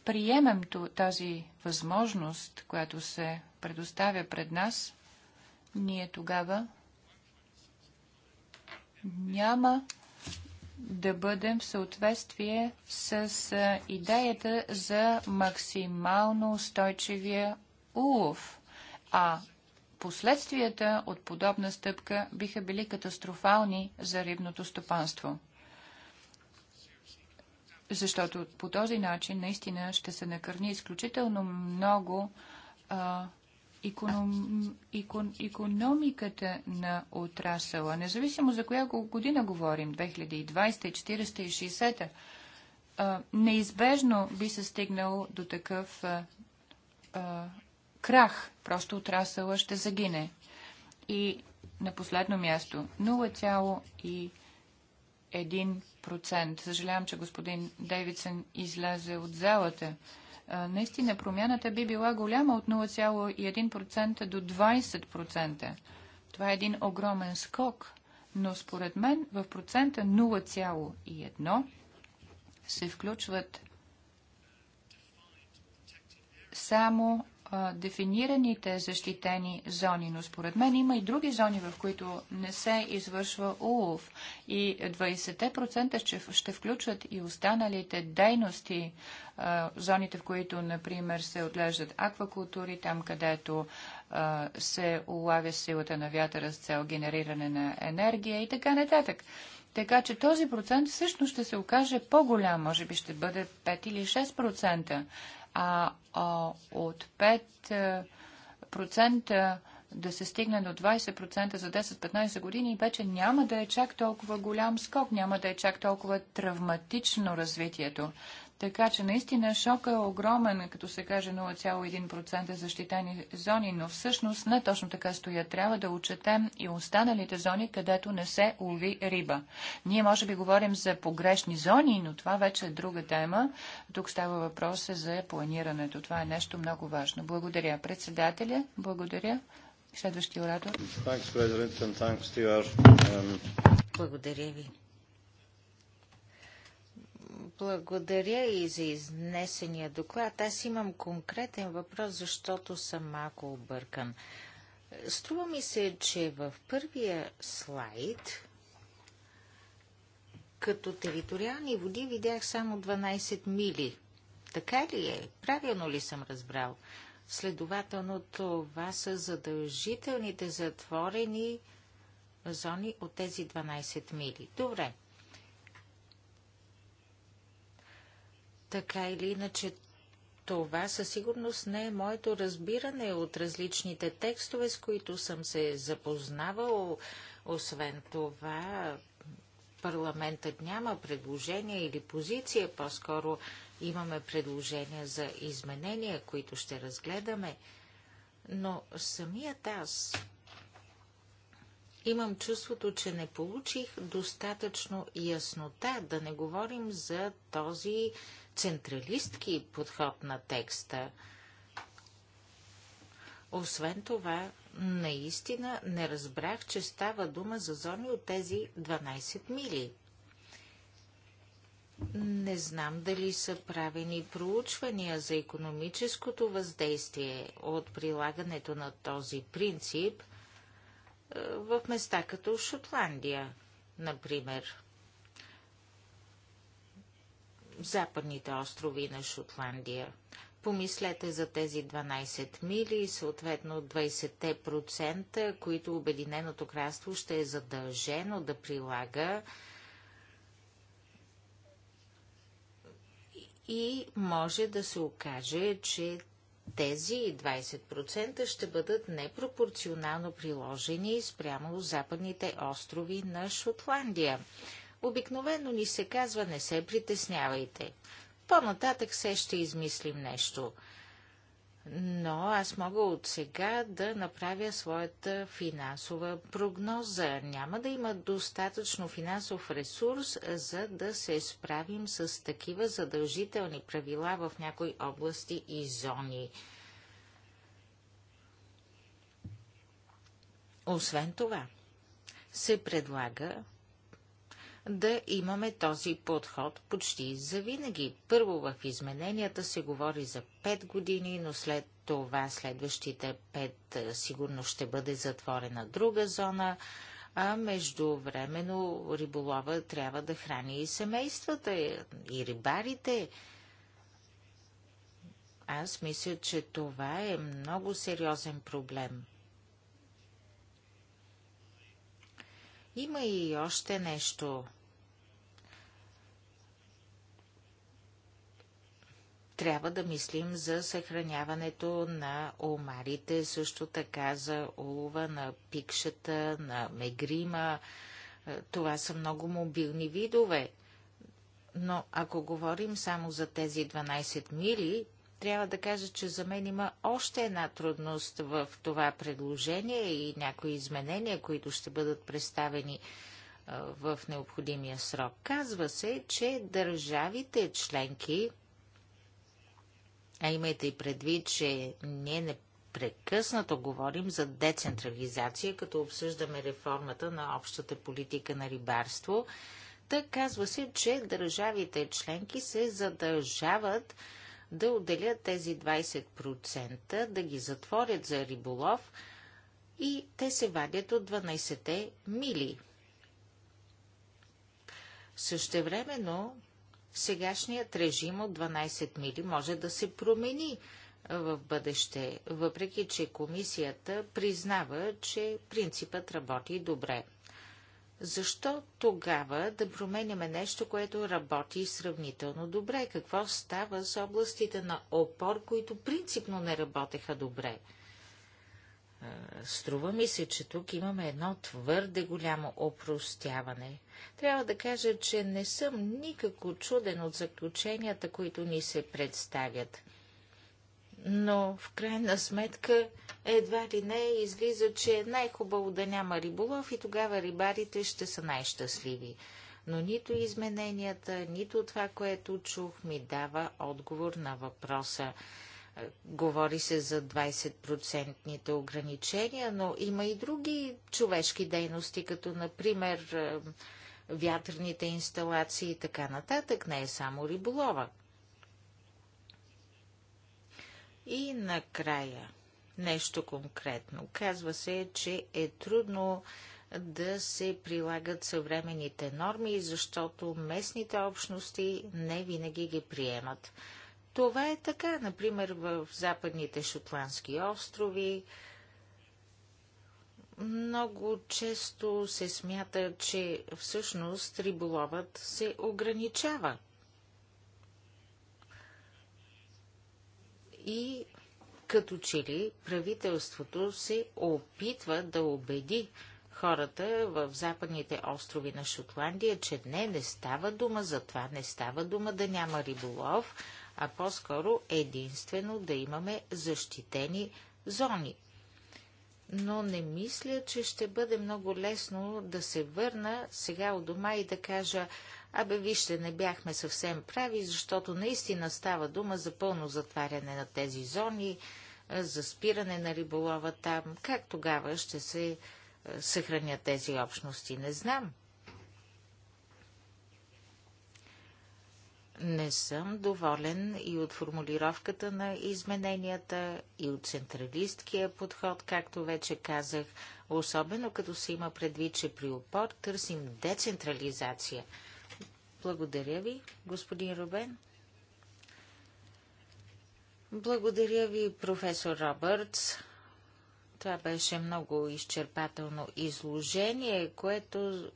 приемем тази възможност, която се предоставя пред нас, ние тогава няма да бъдем в съответствие с идеята за максимално устойчивия улов, а последствията от подобна стъпка биха били катастрофални за рибното стопанство. Защото по този начин наистина ще се накърни изключително много а, економ, економиката на отрасъла, независимо за коя година говорим, 2020, 40 и 60, неизбежно би се стигнало до такъв а, а, крах. Просто отрасъла ще загине. И на последно място 0,1%. Съжалявам, че господин Дейвидсън излезе от залата наистина промяната би била голяма от 0,1% до 20%. Това е един огромен скок, но според мен в процента 0,1 се включват само а, дефинираните защитени зони, но според мен има и други зони, в които не се извършва улов. И 20% ще, ще включват и останалите дейности, а, зоните, в които, например, се отглеждат аквакултури, там където а, се улавя силата на вятъра с цел генериране на енергия и така нататък. Така че този процент всъщност ще се окаже по-голям, може би ще бъде 5 или 6% а от 5% е, да се стигне до 20% за 10-15 години вече няма да е чак толкова голям скок, няма да е чак толкова травматично развитието. Така че наистина шока е огромен, като се каже 0,1% е защитени зони, но всъщност не точно така стоя. Трябва да учетем и останалите зони, където не се лови риба. Ние може би говорим за погрешни зони, но това вече е друга тема. Тук става въпрос за планирането. Това е нещо много важно. Благодаря. Председателя, благодаря. Следващия оратор. Um, благодаря ви. Благодаря и за изнесения доклад. Аз имам конкретен въпрос, защото съм малко объркан. Струва ми се, че в първия слайд като териториални води видях само 12 мили. Така ли е? Правилно ли съм разбрал? Следователно това са задължителните затворени зони от тези 12 мили. Добре. Така или иначе, това със сигурност не е моето разбиране от различните текстове, с които съм се запознавал. Освен това, парламентът няма предложение или позиция, по-скоро имаме предложения за изменения, които ще разгледаме. Но самият аз имам чувството, че не получих достатъчно яснота, да не говорим за този централистки подход на текста. Освен това, наистина не разбрах, че става дума за зони от тези 12 мили. Не знам дали са правени проучвания за економическото въздействие от прилагането на този принцип – е, в места като Шотландия, например. Западните острови на Шотландия. Помислете за тези 12 мили и съответно 20%, които Обединеното кралство ще е задължено да прилага и може да се окаже, че тези 20% ще бъдат непропорционално приложени спрямо западните острови на Шотландия. Обикновено ни се казва не се притеснявайте. По-нататък се ще измислим нещо – но аз мога от сега да направя своята финансова прогноза. Няма да има достатъчно финансов ресурс, за да се справим с такива задължителни правила в някои области и зони. Освен това, се предлага да имаме този подход почти завинаги. Първо в измененията се говори за 5 години, но след това следващите 5 сигурно ще бъде затворена друга зона, а междувременно риболова трябва да храни и семействата, и рибарите. Аз мисля, че това е много сериозен проблем. Има и още нещо. трябва да мислим за съхраняването на омарите, също така за улова на пикшата, на мегрима. Е, това са много мобилни видове. Но ако говорим само за тези 12 мили, трябва да кажа, че за мен има още една трудност в това предложение и някои изменения, които ще бъдат представени е, в необходимия срок. Казва се, че държавите членки а имайте и предвид, че ние непрекъснато говорим за децентрализация, като обсъждаме реформата на общата политика на рибарство. Така казва се, че държавите членки се задължават да отделят тези 20%, да ги затворят за риболов и те се вадят от 12 мили. Същевременно сегашният режим от 12 мили може да се промени в бъдеще, въпреки че комисията признава, че принципът работи добре. Защо тогава да променяме нещо, което работи сравнително добре? Какво става с областите на опор, които принципно не работеха добре? Струва ми се, че тук имаме едно твърде голямо опростяване. Трябва да кажа, че не съм никакво чуден от заключенията, които ни се представят. Но в крайна сметка едва ли не излиза, че е най-хубаво да няма риболов и тогава рибарите ще са най-щастливи. Но нито измененията, нито това, което чух, ми дава отговор на въпроса. Говори се за 20 ограничения, но има и други човешки дейности, като например е, вятърните инсталации и така нататък. Не е само риболова. И накрая нещо конкретно. Казва се, че е трудно да се прилагат съвременните норми, защото местните общности не винаги ги приемат. Това е така, например, в западните шотландски острови. Много често се смята, че всъщност риболовът се ограничава. И като че ли правителството се опитва да убеди хората в западните острови на Шотландия, че не, не става дума за това, не става дума да няма риболов, а по-скоро единствено да имаме защитени зони. Но не мисля, че ще бъде много лесно да се върна сега от дома и да кажа Абе, вижте, не бяхме съвсем прави, защото наистина става дума за пълно затваряне на тези зони, за спиране на риболова там. Как тогава ще се е, съхранят тези общности? Не знам. не съм доволен и от формулировката на измененията, и от централисткия подход, както вече казах, особено като се има предвид, че при опор търсим децентрализация. Благодаря ви, господин Рубен. Благодаря ви, професор Робъртс. Това беше много изчерпателно изложение, което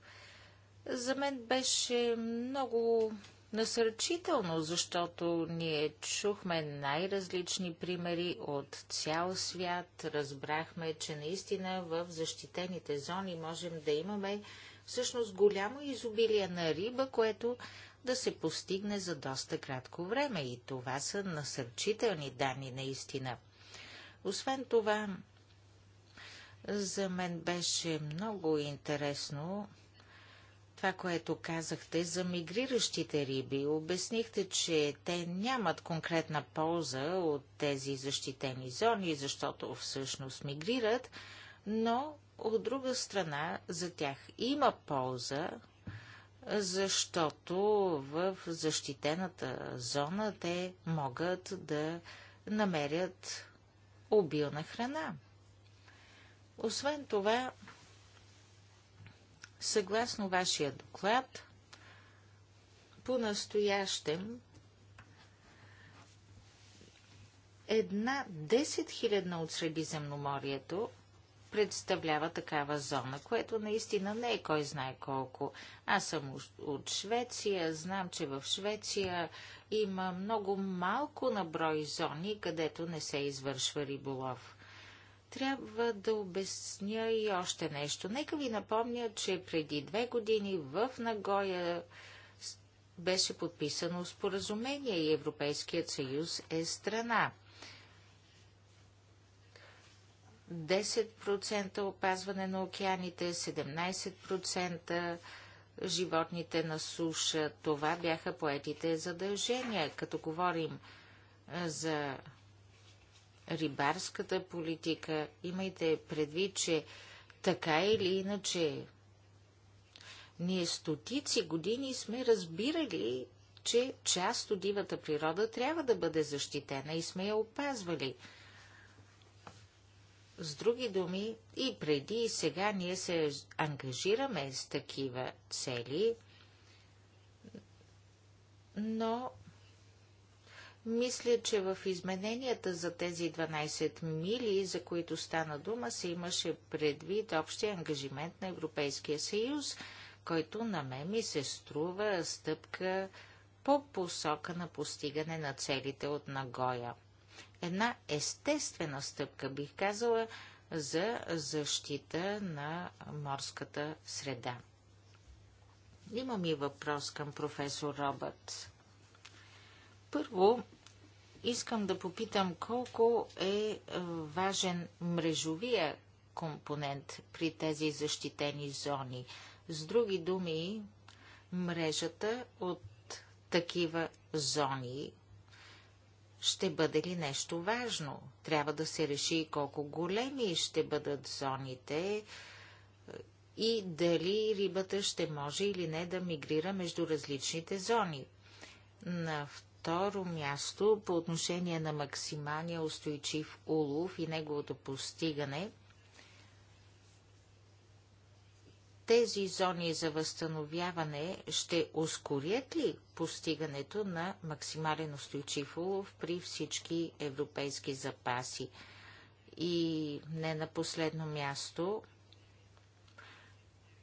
за мен беше много насърчително, защото ние чухме най-различни примери от цял свят. Разбрахме, че наистина в защитените зони можем да имаме всъщност голямо изобилие на риба, което да се постигне за доста кратко време. И това са насърчителни данни наистина. Освен това, за мен беше много интересно това, което казахте за мигриращите риби. Обяснихте, че те нямат конкретна полза от тези защитени зони, защото всъщност мигрират, но от друга страна за тях има полза, защото в защитената зона те могат да намерят обилна храна. Освен това, Съгласно вашия доклад, по-настоящем една 10 хилядна от Средиземноморието представлява такава зона, което наистина не е кой знае колко. Аз съм от Швеция, знам, че в Швеция има много малко наброй зони, където не се извършва риболов трябва да обясня и още нещо. Нека ви напомня, че преди две години в Нагоя беше подписано споразумение и Европейският съюз е страна. 10% опазване на океаните, 17% животните на суша. Това бяха поетите задължения. Като говорим за рибарската политика. Имайте предвид, че така или иначе ние стотици години сме разбирали, че част от дивата природа трябва да бъде защитена и сме я опазвали. С други думи, и преди и сега ние се ангажираме с такива цели, но мисля, че в измененията за тези 12 мили, за които стана дума, се имаше предвид общия ангажимент на Европейския съюз, който на мен ми се струва стъпка по посока на постигане на целите от Нагоя. Една естествена стъпка, бих казала, за защита на морската среда. Имам и въпрос към професор Робът. Първо, искам да попитам колко е, е важен мрежовия компонент при тези защитени зони. С други думи, мрежата от такива зони ще бъде ли нещо важно? Трябва да се реши колко големи ще бъдат зоните е, и дали рибата ще може или не да мигрира между различните зони. На второ място, по отношение на максималния устойчив улов и неговото постигане, тези зони за възстановяване ще ускорят ли постигането на максимален устойчив улов при всички европейски запаси? И не на последно място,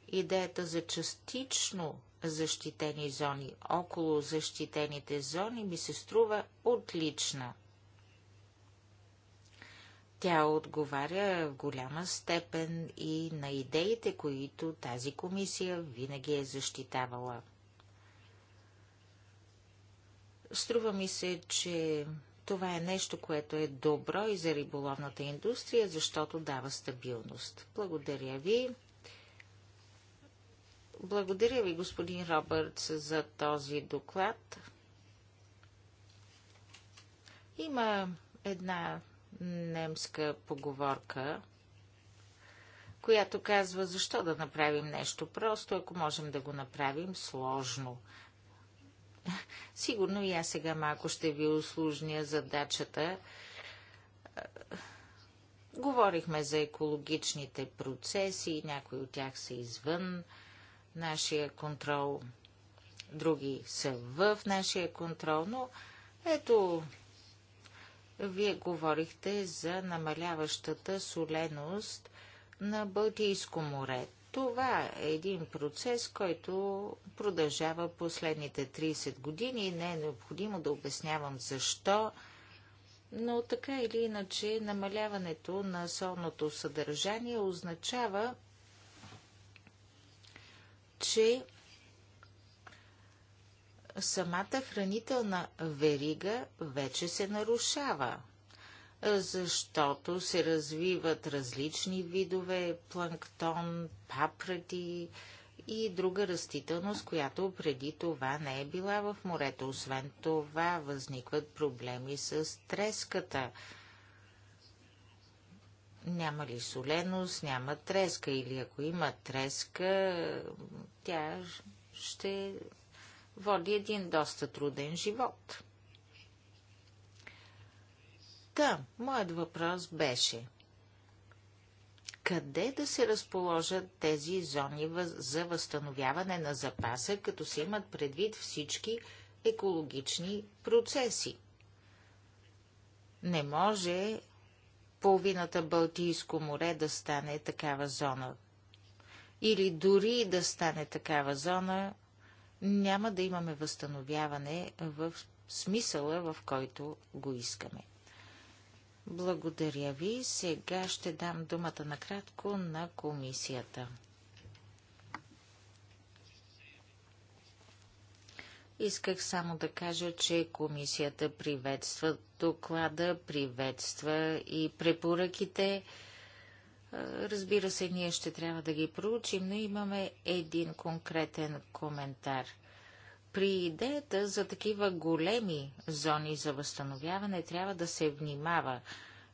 идеята за частично защитени зони. Около защитените зони ми се струва отлична. Тя отговаря в голяма степен и на идеите, които тази комисия винаги е защитавала. Струва ми се, че това е нещо, което е добро и за риболовната индустрия, защото дава стабилност. Благодаря ви. Благодаря ви, господин Робъртс, за този доклад. Има една немска поговорка, която казва, защо да направим нещо просто, ако можем да го направим сложно. Сигурно и аз сега малко ще ви услужня задачата. Говорихме за екологичните процеси, някои от тях са извън нашия контрол, други са в нашия контрол, но ето, вие говорихте за намаляващата соленост на Балтийско море. Това е един процес, който продължава последните 30 години. Не е необходимо да обяснявам защо, но така или иначе намаляването на солното съдържание означава че самата хранителна верига вече се нарушава, защото се развиват различни видове планктон, папрати и друга растителност, която преди това не е била в морето. Освен това възникват проблеми с треската няма ли соленост, няма треска или ако има треска, тя ще води един доста труден живот. Та, да, моят въпрос беше къде да се разположат тези зони за възстановяване на запаса, като се имат предвид всички екологични процеси? Не може половината Балтийско море да стане такава зона. Или дори да стане такава зона, няма да имаме възстановяване в смисъла, в който го искаме. Благодаря ви. Сега ще дам думата накратко на комисията. Исках само да кажа, че комисията приветства доклада, приветства и препоръките. Разбира се, ние ще трябва да ги проучим, но имаме един конкретен коментар. При идеята за такива големи зони за възстановяване трябва да се внимава.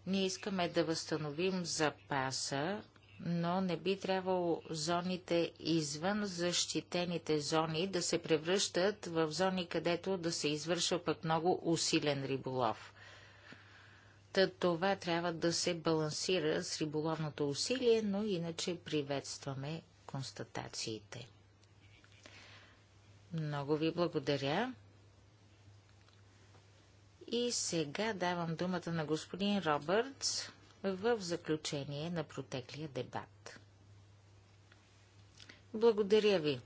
Ние искаме да възстановим запаса, но не би трябвало зоните извън защитените зони да се превръщат в зони, където да се извършва пък много усилен риболов. Та това трябва да се балансира с риболовното усилие, но иначе приветстваме констатациите. Много ви благодаря. И сега давам думата на господин Робъртс, в заключение на протеклия дебат. Благодаря ви.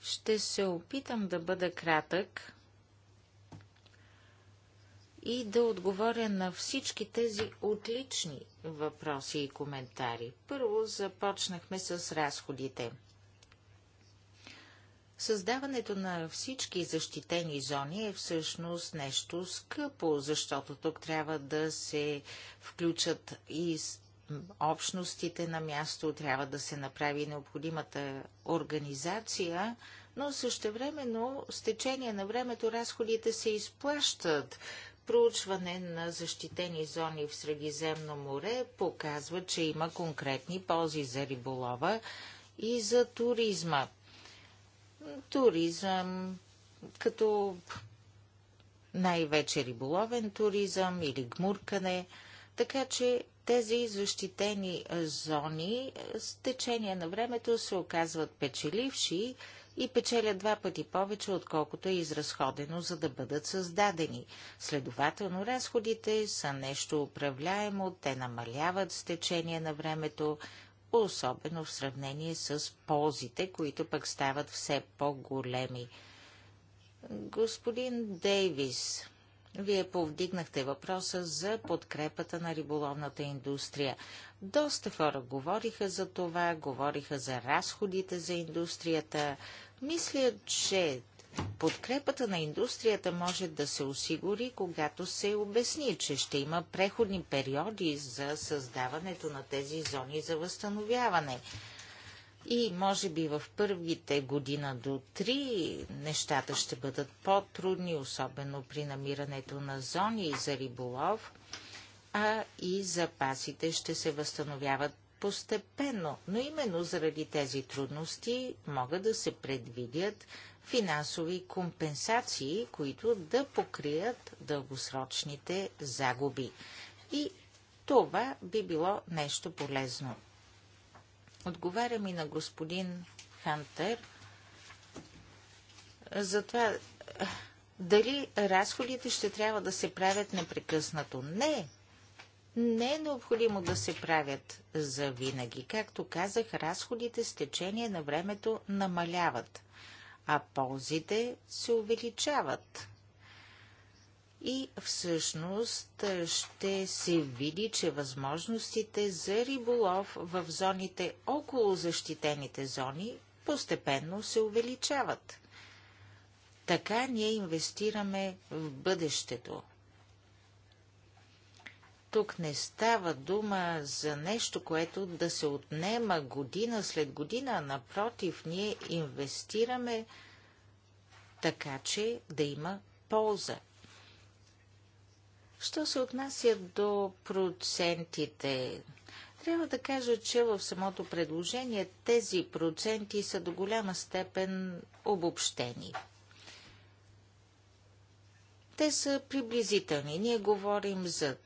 Ще се опитам да бъда кратък и да отговоря на всички тези отлични въпроси и коментари. Първо започнахме с разходите – Създаването на всички защитени зони е всъщност нещо скъпо, защото тук трябва да се включат и общностите на място, трябва да се направи необходимата организация, но същевременно с течение на времето разходите се изплащат. Проучване на защитени зони в Средиземно море показва, че има конкретни ползи за риболова и за туризма туризъм, като най-вече риболовен туризъм или гмуркане, така че тези защитени зони с течение на времето се оказват печеливши и печелят два пъти повече, отколкото е изразходено, за да бъдат създадени. Следователно, разходите са нещо управляемо, те намаляват с течение на времето, особено в сравнение с ползите, които пък стават все по-големи. Господин Дейвис, вие повдигнахте въпроса за подкрепата на риболовната индустрия. Доста хора говориха за това, говориха за разходите за индустрията. Мисля, че Подкрепата на индустрията може да се осигури, когато се обясни, че ще има преходни периоди за създаването на тези зони за възстановяване. И може би в първите година до три нещата ще бъдат по-трудни, особено при намирането на зони за риболов, а и запасите ще се възстановяват постепенно. Но именно заради тези трудности могат да се предвидят финансови компенсации, които да покрият дългосрочните загуби. И това би било нещо полезно. Отговарям и на господин Хантер за това дали разходите ще трябва да се правят непрекъснато. Не, не е необходимо да се правят за винаги. Както казах, разходите с течение на времето намаляват а ползите се увеличават. И всъщност ще се види, че възможностите за риболов в зоните около защитените зони постепенно се увеличават. Така ние инвестираме в бъдещето, тук не става дума за нещо, което да се отнема година след година. Напротив, ние инвестираме така, че да има полза. Що се отнася до процентите, трябва да кажа, че в самото предложение тези проценти са до голяма степен обобщени. Те са приблизителни. Ние говорим за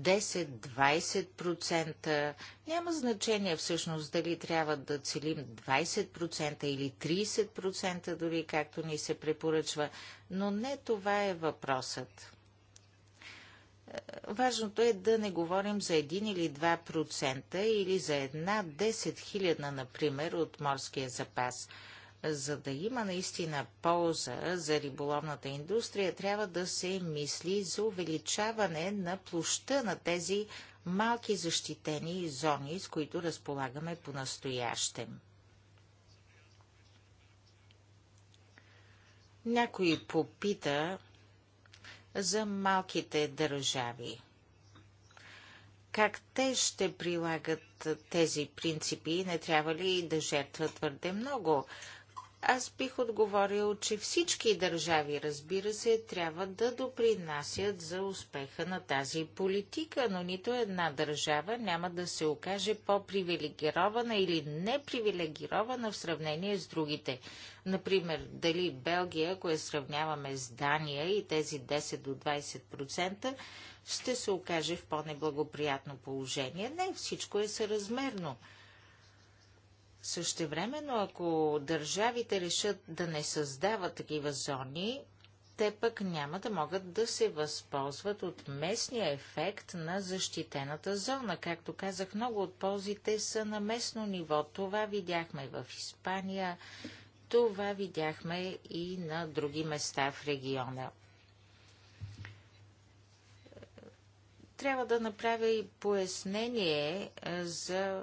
10-20%. Няма значение всъщност дали трябва да целим 20% или 30% дори, както ни се препоръчва, но не това е въпросът. Е, важното е да не говорим за 1 или 2% или за една 10 хилядна, например, от морския запас – за да има наистина полза за риболовната индустрия, трябва да се мисли за увеличаване на площа на тези малки защитени зони, с които разполагаме по-настоящем. Някой попита за малките държави. Как те ще прилагат тези принципи? Не трябва ли да жертват твърде много? Аз бих отговорил, че всички държави, разбира се, трябва да допринасят за успеха на тази политика, но нито една държава няма да се окаже по-привилегирована или непривилегирована в сравнение с другите. Например, дали Белгия, ако я сравняваме с Дания и тези 10 до 20%, ще се окаже в по-неблагоприятно положение. Не, всичко е съразмерно. Същевременно, ако държавите решат да не създават такива зони, те пък няма да могат да се възползват от местния ефект на защитената зона. Както казах, много от ползите са на местно ниво. Това видяхме в Испания, това видяхме и на други места в региона. Трябва да направя и пояснение за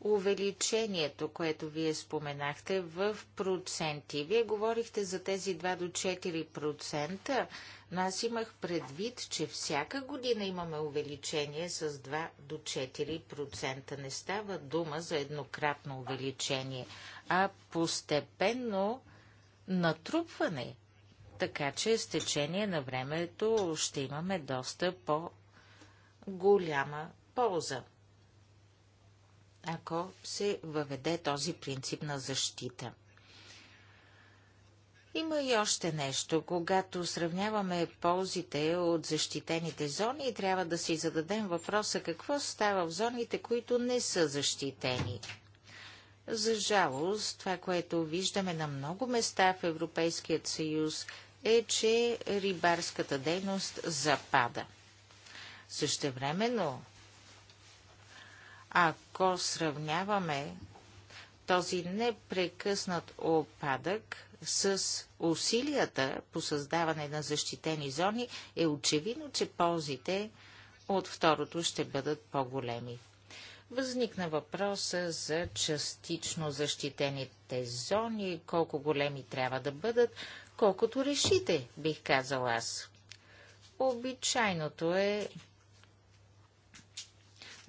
увеличението, което вие споменахте в проценти. Вие говорихте за тези 2 до 4%, но аз имах предвид, че всяка година имаме увеличение с 2 до 4%. Не става дума за еднократно увеличение, а постепенно натрупване. Така че с течение на времето ще имаме доста по-голяма полза ако се въведе този принцип на защита. Има и още нещо. Когато сравняваме ползите от защитените зони, трябва да си зададем въпроса какво става в зоните, които не са защитени. За жалост, това, което виждаме на много места в Европейският съюз, е, че рибарската дейност запада. Същевременно ако сравняваме този непрекъснат опадък с усилията по създаване на защитени зони, е очевидно, че ползите от второто ще бъдат по-големи. Възникна въпроса за частично защитените зони, колко големи трябва да бъдат, колкото решите, бих казал аз. Обичайното е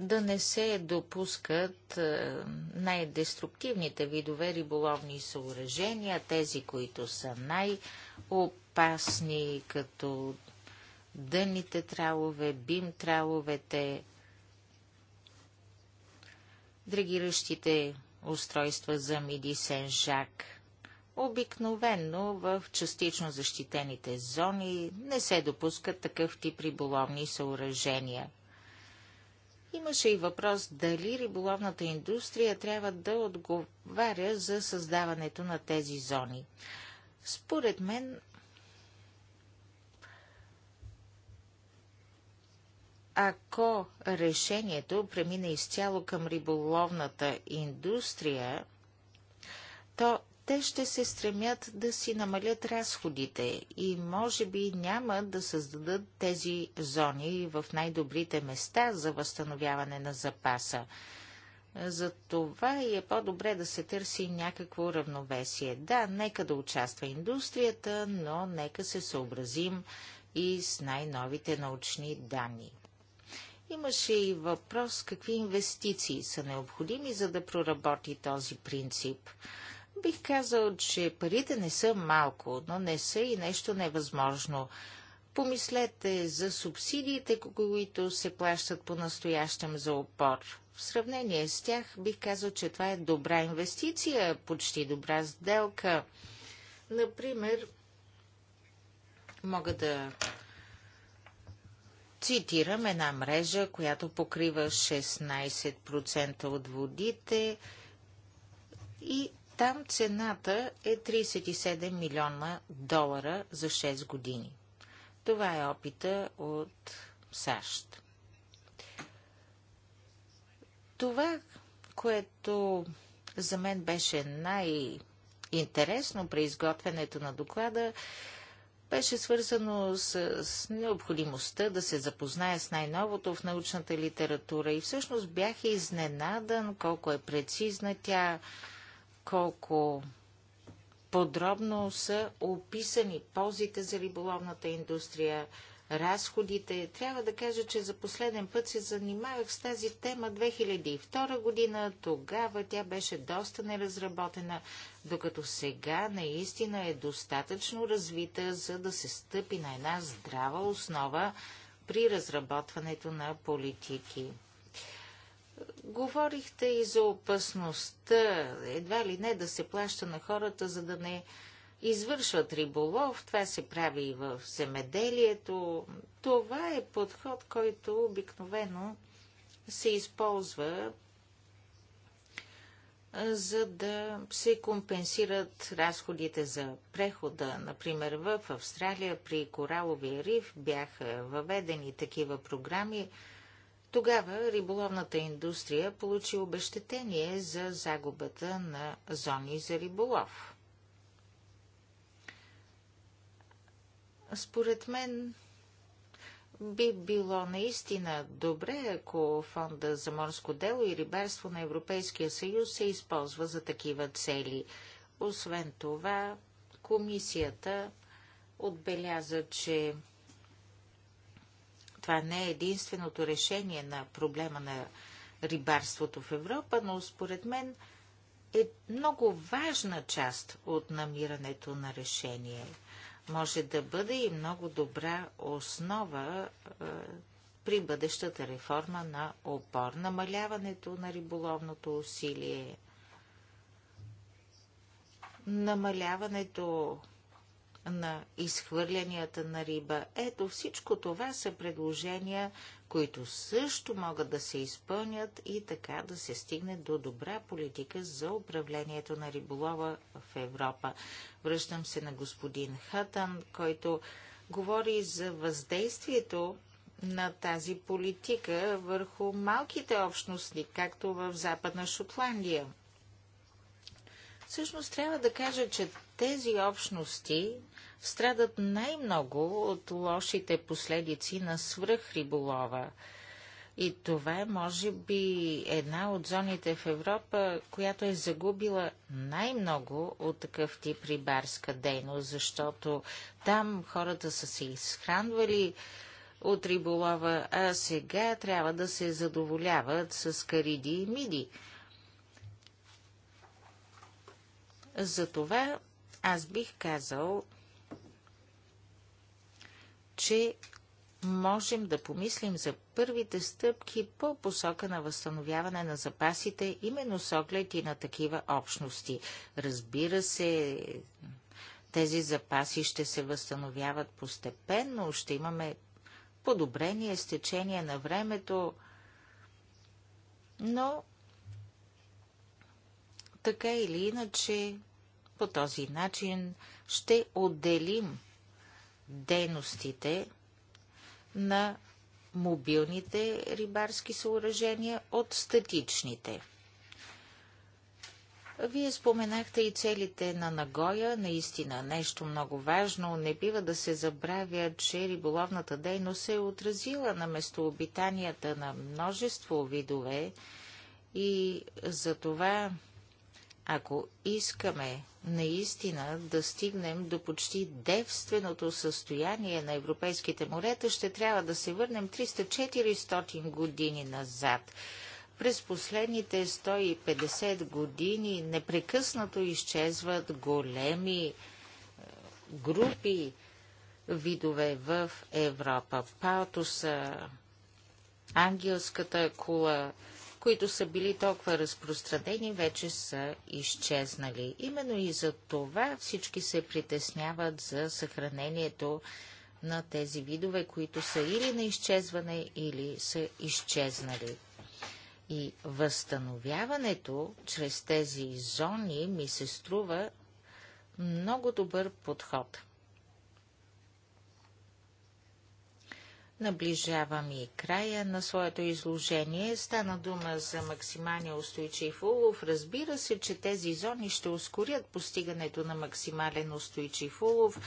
да не се допускат е, най-деструктивните видове риболовни съоръжения, тези, които са най-опасни, като дъните тралове, бим траловете, драгиращите устройства за Мидисен Жак. Обикновенно в частично защитените зони не се допускат такъв тип риболовни съоръжения – Имаше и въпрос дали риболовната индустрия трябва да отговаря за създаването на тези зони. Според мен, ако решението премине изцяло към риболовната индустрия, то те ще се стремят да си намалят разходите и може би няма да създадат тези зони в най-добрите места за възстановяване на запаса. За това и е по-добре да се търси някакво равновесие. Да, нека да участва индустрията, но нека се съобразим и с най-новите научни данни. Имаше и въпрос какви инвестиции са необходими, за да проработи този принцип. Бих казал, че парите не са малко, но не са и нещо невъзможно. Помислете за субсидиите, които се плащат по-настоящем за опор. В сравнение с тях бих казал, че това е добра инвестиция, почти добра сделка. Например, мога да цитирам една мрежа, която покрива 16% от водите и там цената е 37 милиона долара за 6 години. Това е опита от САЩ. Това, което за мен беше най-интересно при изготвянето на доклада, беше свързано с, необходимостта да се запозная с най-новото в научната литература и всъщност бях изненадан колко е прецизна тя, колко подробно са описани ползите за риболовната индустрия, разходите. Трябва да кажа, че за последен път се занимавах с тази тема 2002 година. Тогава тя беше доста неразработена, докато сега наистина е достатъчно развита, за да се стъпи на една здрава основа при разработването на политики. Говорихте и за опасността, едва ли не да се плаща на хората, за да не извършват риболов, това се прави и в земеделието. Това е подход, който обикновено се използва за да се компенсират разходите за прехода. Например, в Австралия при Кораловия риф бяха въведени такива програми – тогава риболовната индустрия получи обещетение за загубата на зони за риболов. Според мен би било наистина добре, ако Фонда за морско дело и рибарство на Европейския съюз се използва за такива цели. Освен това, комисията отбеляза, че това не е единственото решение на проблема на рибарството в Европа, но според мен е много важна част от намирането на решение. Може да бъде и много добра основа е, при бъдещата реформа на опор, намаляването на риболовното усилие, намаляването на изхвърлянията на риба. Ето всичко това са предложения, които също могат да се изпълнят и така да се стигне до добра политика за управлението на риболова в Европа. Връщам се на господин Хатан, който говори за въздействието на тази политика върху малките общности, както в Западна Шотландия. Всъщност трябва да кажа, че тези общности страдат най-много от лошите последици на свръхриболова. И това е, може би, една от зоните в Европа, която е загубила най-много от такъв тип рибарска дейност, защото там хората са се изхранвали от риболова, а сега трябва да се задоволяват с кариди и миди. Затова аз бих казал, че можем да помислим за първите стъпки по посока на възстановяване на запасите, именно с оглед и на такива общности. Разбира се, тези запаси ще се възстановяват постепенно, ще имаме подобрение с течение на времето, но така или иначе по този начин ще отделим дейностите на мобилните рибарски съоръжения от статичните. Вие споменахте и целите на Нагоя. Наистина нещо много важно. Не бива да се забравя, че риболовната дейност се е отразила на местообитанията на множество видове и за това ако искаме наистина да стигнем до почти девственото състояние на европейските морета, ще трябва да се върнем 300-400 години назад. През последните 150 години непрекъснато изчезват големи е, групи видове в Европа. Палтуса, ангелската кула, които са били толкова разпространени, вече са изчезнали. Именно и за това всички се притесняват за съхранението на тези видове, които са или на изчезване, или са изчезнали. И възстановяването чрез тези зони ми се струва много добър подход. Наближавам и края на своето изложение. Стана дума за максималния устойчив улов. Разбира се, че тези зони ще ускорят постигането на максимален устойчив улов,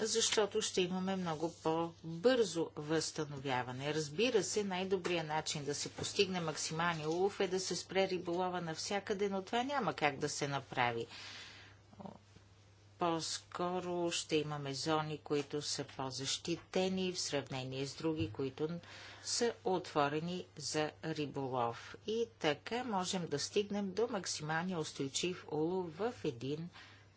защото ще имаме много по-бързо възстановяване. Разбира се, най-добрият начин да се постигне максималния улов е да се спре риболова навсякъде, но това няма как да се направи по-скоро ще имаме зони, които са по-защитени в сравнение с други, които са отворени за риболов. И така можем да стигнем до максималния устойчив улов в един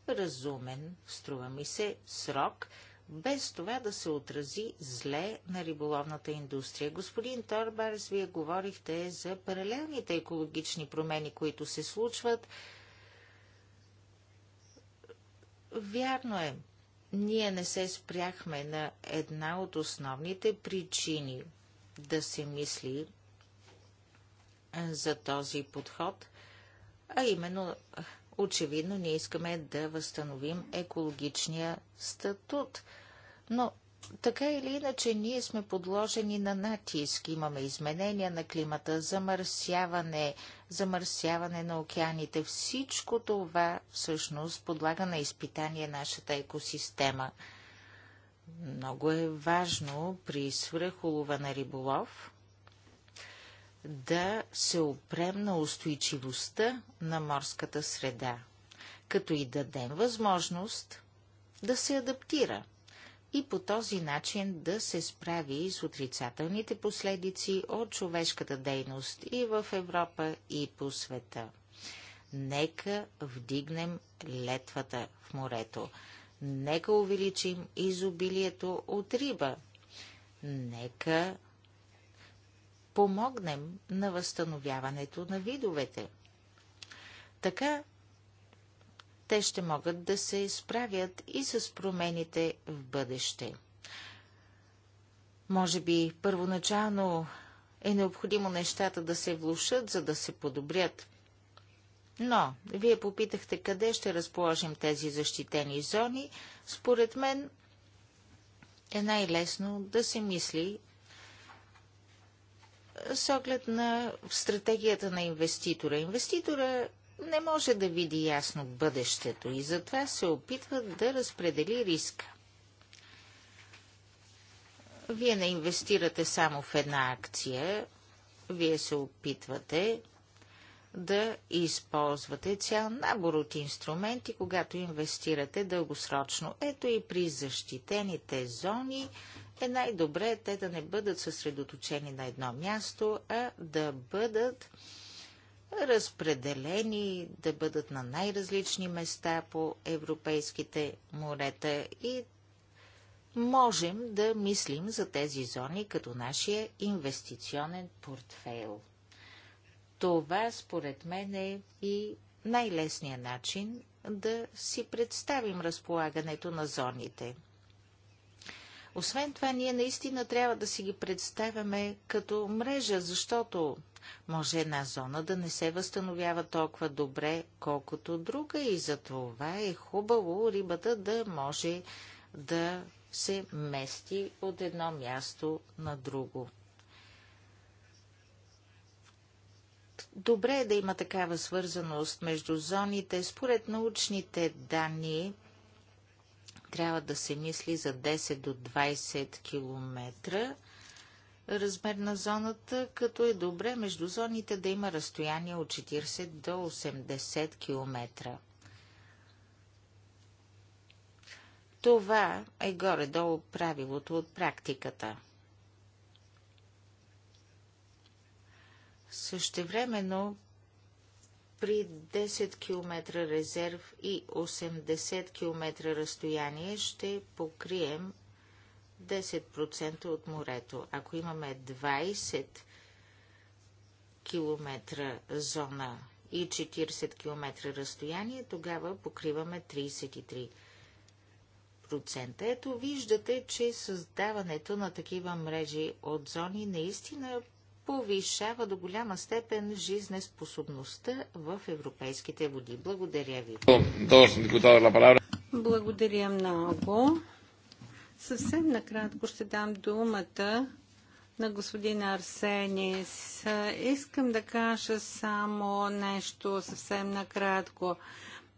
разумен, струва ми се, срок, без това да се отрази зле на риболовната индустрия. Господин Торбарс, вие говорихте за паралелните екологични промени, които се случват Вярно е, ние не се спряхме на една от основните причини да се мисли за този подход, а именно очевидно ние искаме да възстановим екологичния статут. Но така или иначе, ние сме подложени на натиск. Имаме изменения на климата, замърсяване, замърсяване на океаните. Всичко това всъщност подлага на изпитание нашата екосистема. Много е важно при свръхулова на риболов да се опрем на устойчивостта на морската среда, като и дадем възможност да се адаптира – и по този начин да се справи с отрицателните последици от човешката дейност и в Европа, и по света. Нека вдигнем летвата в морето. Нека увеличим изобилието от риба. Нека помогнем на възстановяването на видовете. Така те ще могат да се справят и с промените в бъдеще. Може би първоначално е необходимо нещата да се влушат, за да се подобрят. Но, вие попитахте къде ще разположим тези защитени зони. Според мен е най-лесно да се мисли с оглед на стратегията на инвеститора. Инвеститора не може да види ясно бъдещето и затова се опитва да разпредели риска. Вие не инвестирате само в една акция, вие се опитвате да използвате цял набор от инструменти, когато инвестирате дългосрочно. Ето и при защитените зони е най-добре те да не бъдат съсредоточени на едно място, а да бъдат разпределени да бъдат на най-различни места по европейските морета и можем да мислим за тези зони като нашия инвестиционен портфейл. Това, според мен, е и най-лесният начин да си представим разполагането на зоните – освен това, ние наистина трябва да си ги представяме като мрежа, защото може една зона да не се възстановява толкова добре, колкото друга и за това е хубаво рибата да може да се мести от едно място на друго. Добре е да има такава свързаност между зоните. Според научните данни, трябва да се мисли за 10 до 20 км размер на зоната, като е добре между зоните да има разстояние от 40 до 80 км. Това е горе-долу правилото от практиката. Същевременно при 10 км резерв и 80 км разстояние ще покрием 10% от морето. Ако имаме 20 км зона и 40 км разстояние, тогава покриваме 33%. Ето виждате, че създаването на такива мрежи от зони наистина повишава до голяма степен жизнеспособността в европейските води. Благодаря ви. Благодаря много. Съвсем накратко ще дам думата на господин Арсенис. Искам да кажа само нещо съвсем накратко.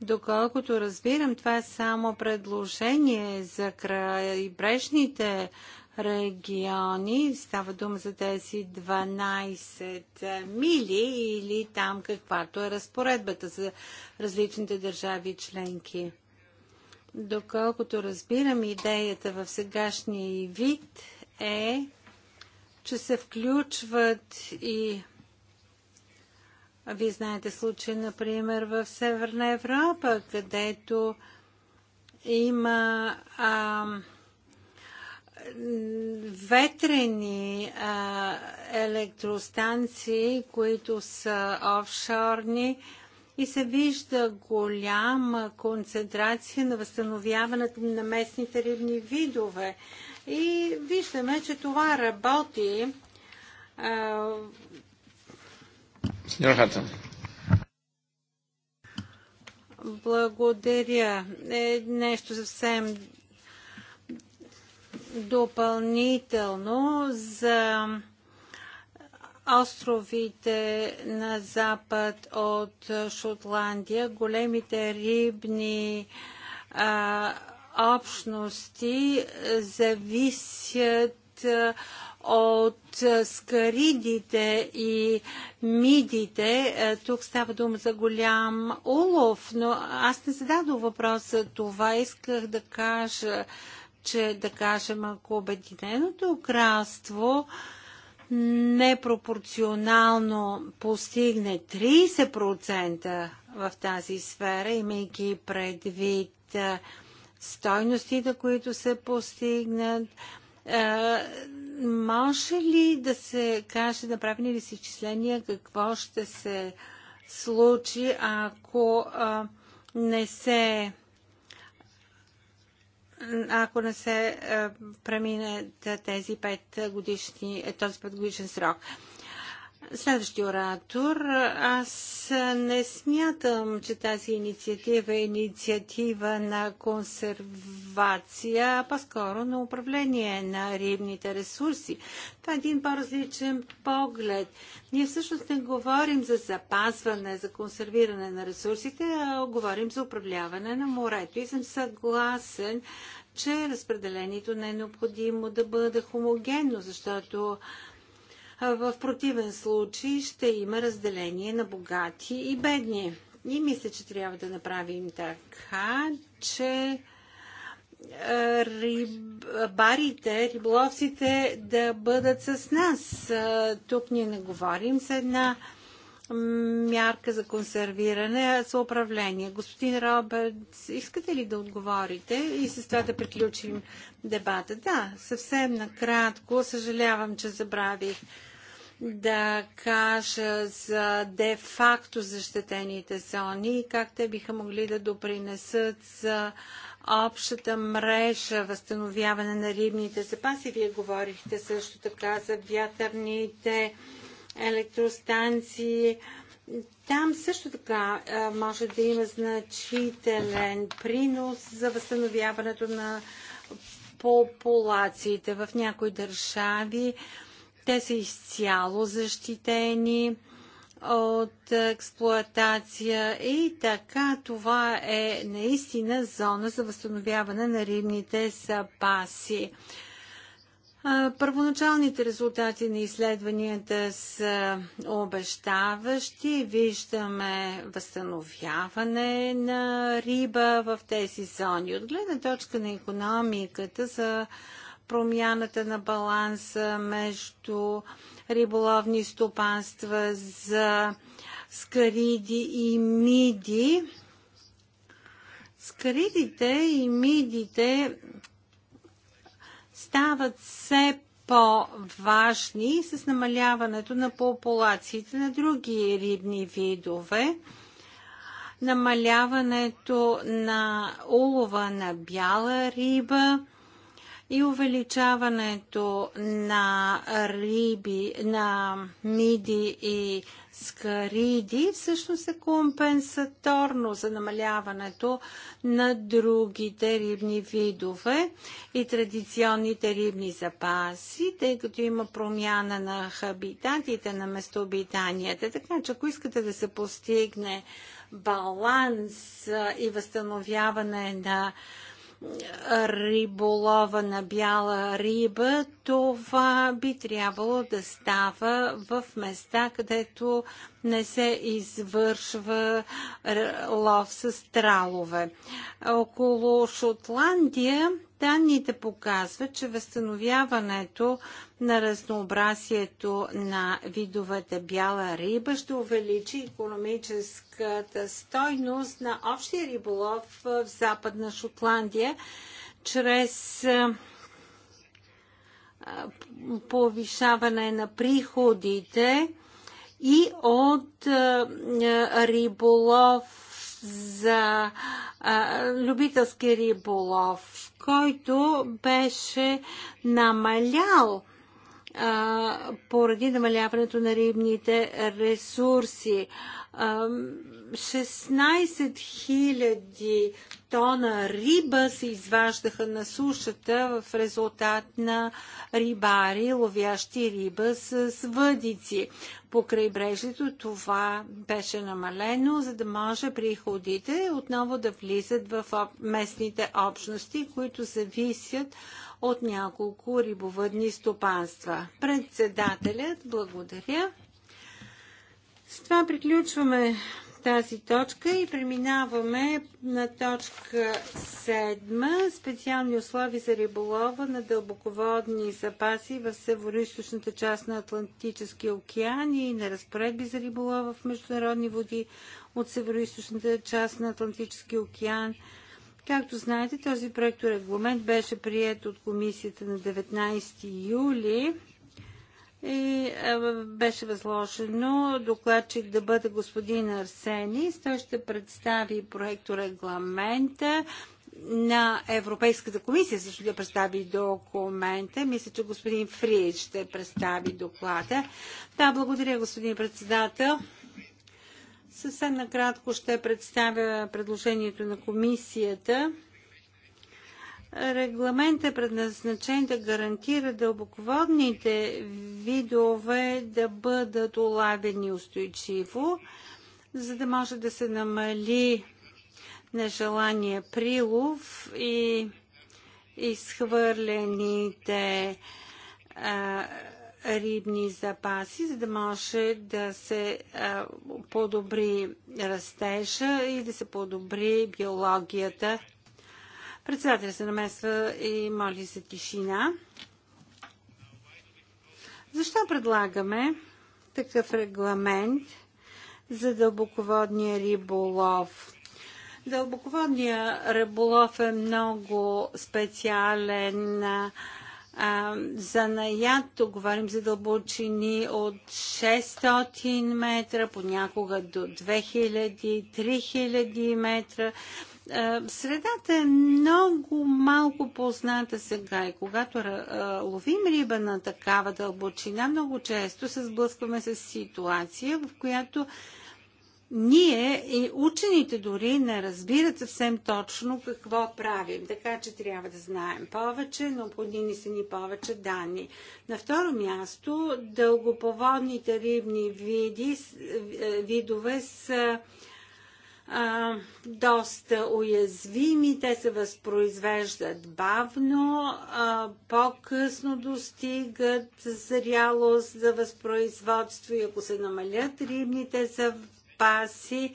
Доколкото разбирам, това е само предложение за крайбрежните региони. Става дума за тези 12 е, мили или там каквато е разпоредбата за различните държави членки. Доколкото разбирам, идеята в сегашния вид е, че се включват и вие знаете случай, например, в Северна Европа, където има ам, ветрени а, електростанции, които са офшорни и се вижда голяма концентрация на възстановяването на местните рибни видове. И виждаме, че това работи. А... Благодаря. Е нещо съвсем допълнително за островите на запад от Шотландия, големите рибни а, общности зависят от скаридите и мидите. Тук става дума за голям улов, но аз не зададох въпрос за това. Исках да кажа, че, да кажем, ако Обединеното кралство непропорционално постигне 30% в тази сфера, имайки предвид е, стойностите, които се постигнат, е, може ли да се каже, направени ли си числения, какво ще се случи, ако е, не се ако не се е, премине тези 5 годишни, е, този 5 годишен срок. Следващия оратор. Аз не смятам, че тази инициатива е инициатива на консервация, а по-скоро на управление на рибните ресурси. Това е един по-различен поглед. Ние всъщност не говорим за запазване, за консервиране на ресурсите, а говорим за управляване на морето. И съм съгласен, че разпределението не е необходимо да бъде хомогенно, защото в противен случай ще има разделение на богати и бедни. И мисля, че трябва да направим така, че барите, риболовците да бъдат с нас. Тук ние не говорим с една мярка за консервиране, а за управление. Господин Робърт, искате ли да отговорите и с това да приключим дебата? Да, съвсем накратко. Съжалявам, че забравих да кажа за де-факто защитените зони и как те биха могли да допринесат за общата мрежа възстановяване на рибните запаси. Вие говорихте също така за вятърните електростанции. Там също така може да има значителен принос за възстановяването на популациите в някои държави те са изцяло защитени от експлоатация и така това е наистина зона за възстановяване на рибните запаси. Първоначалните резултати на изследванията са обещаващи. Виждаме възстановяване на риба в тези зони. От гледна точка на економиката за промяната на баланса между риболовни стопанства за скариди и миди. Скаридите и мидите стават все по-важни с намаляването на популациите на други рибни видове. Намаляването на улова на бяла риба и увеличаването на риби, на миди и скариди всъщност е компенсаторно за намаляването на другите рибни видове и традиционните рибни запаси, тъй като има промяна на хабитатите на местообитанията. Така че ако искате да се постигне баланс и възстановяване на риболова на бяла риба, това би трябвало да става в места, където не се извършва лов с тралове. Около Шотландия Данните показват, че възстановяването на разнообразието на видовете бяла риба ще увеличи економическата стойност на общия риболов в Западна Шотландия чрез повишаване на приходите и от риболов за а, любителски риболов, който беше намалял а, поради намаляването на рибните ресурси. А, 16 000 тона риба се изваждаха на сушата в резултат на рибари, ловящи риба с въдици. По крайбрежието това беше намалено, за да може приходите отново да влизат в местните общности, които зависят от няколко рибовъдни стопанства. Председателят, благодаря. С това приключваме тази точка и преминаваме на точка 7. Специални условия за риболова на дълбоководни запаси в северо част на Атлантическия океан и на разпоредби за риболова в международни води от северо част на Атлантическия океан Както знаете, този регламент беше прият от комисията на 19 юли и беше възложено докладчик да бъде господин Арсенис. Той ще представи регламента на Европейската комисия също да представи документа. Мисля, че господин Фриид ще представи доклада. Да, благодаря, господин председател. Съвсем накратко ще представя предложението на комисията. Регламент е предназначен да гарантира дълбоководните видове да бъдат улавени устойчиво, за да може да се намали нежелания прилов и изхвърлените а, рибни запаси, за да може да се а, подобри растежа и да се подобри биологията. Председател се намесва и моли за тишина. Защо предлагаме такъв регламент за дълбоководния риболов? Дълбоководния риболов е много специален а, занаят. Тук говорим за дълбочини от 600 метра, понякога до 2000-3000 метра. Средата е много малко позната сега и когато ловим риба на такава дълбочина, много често се сблъскваме с ситуация, в която ние и учените дори не разбират съвсем точно какво правим, така че трябва да знаем повече, необходими са ни повече данни. На второ място, дългоповодните рибни види, е, видове са а, доста уязвими, те се възпроизвеждат бавно, по-късно достигат зрялост за възпроизводство и ако се намалят рибните за запаси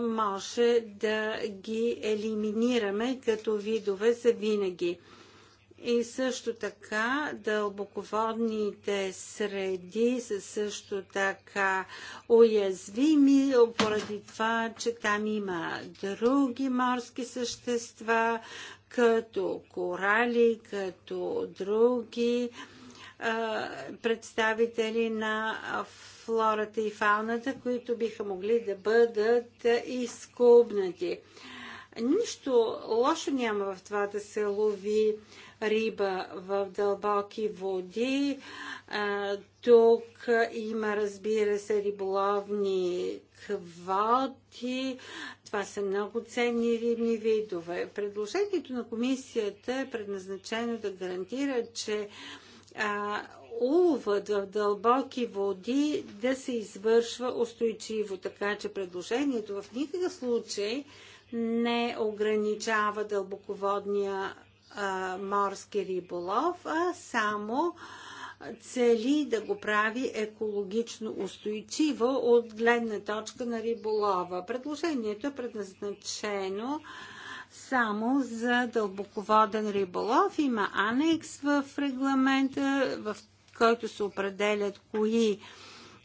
може да ги елиминираме като видове за винаги. И също така дълбоководните среди са също така уязвими, поради това, че там има други морски същества, като корали, като други а, представители на флората и фауната, които биха могли да бъдат изкубнати. Нищо лошо няма в това да се лови риба в дълбоки води. Тук има, разбира се, риболовни квоти. Това са много ценни рибни видове. Предложението на комисията е предназначено да гарантира, че а, уловът в дълбоки води да се извършва устойчиво. Така че предложението в никакъв случай не ограничава дълбоководния а, морски риболов, а само цели да го прави екологично устойчиво от гледна точка на риболова. Предложението е предназначено а, само за дълбоководен риболов. Има анекс в регламента, в който се определят кои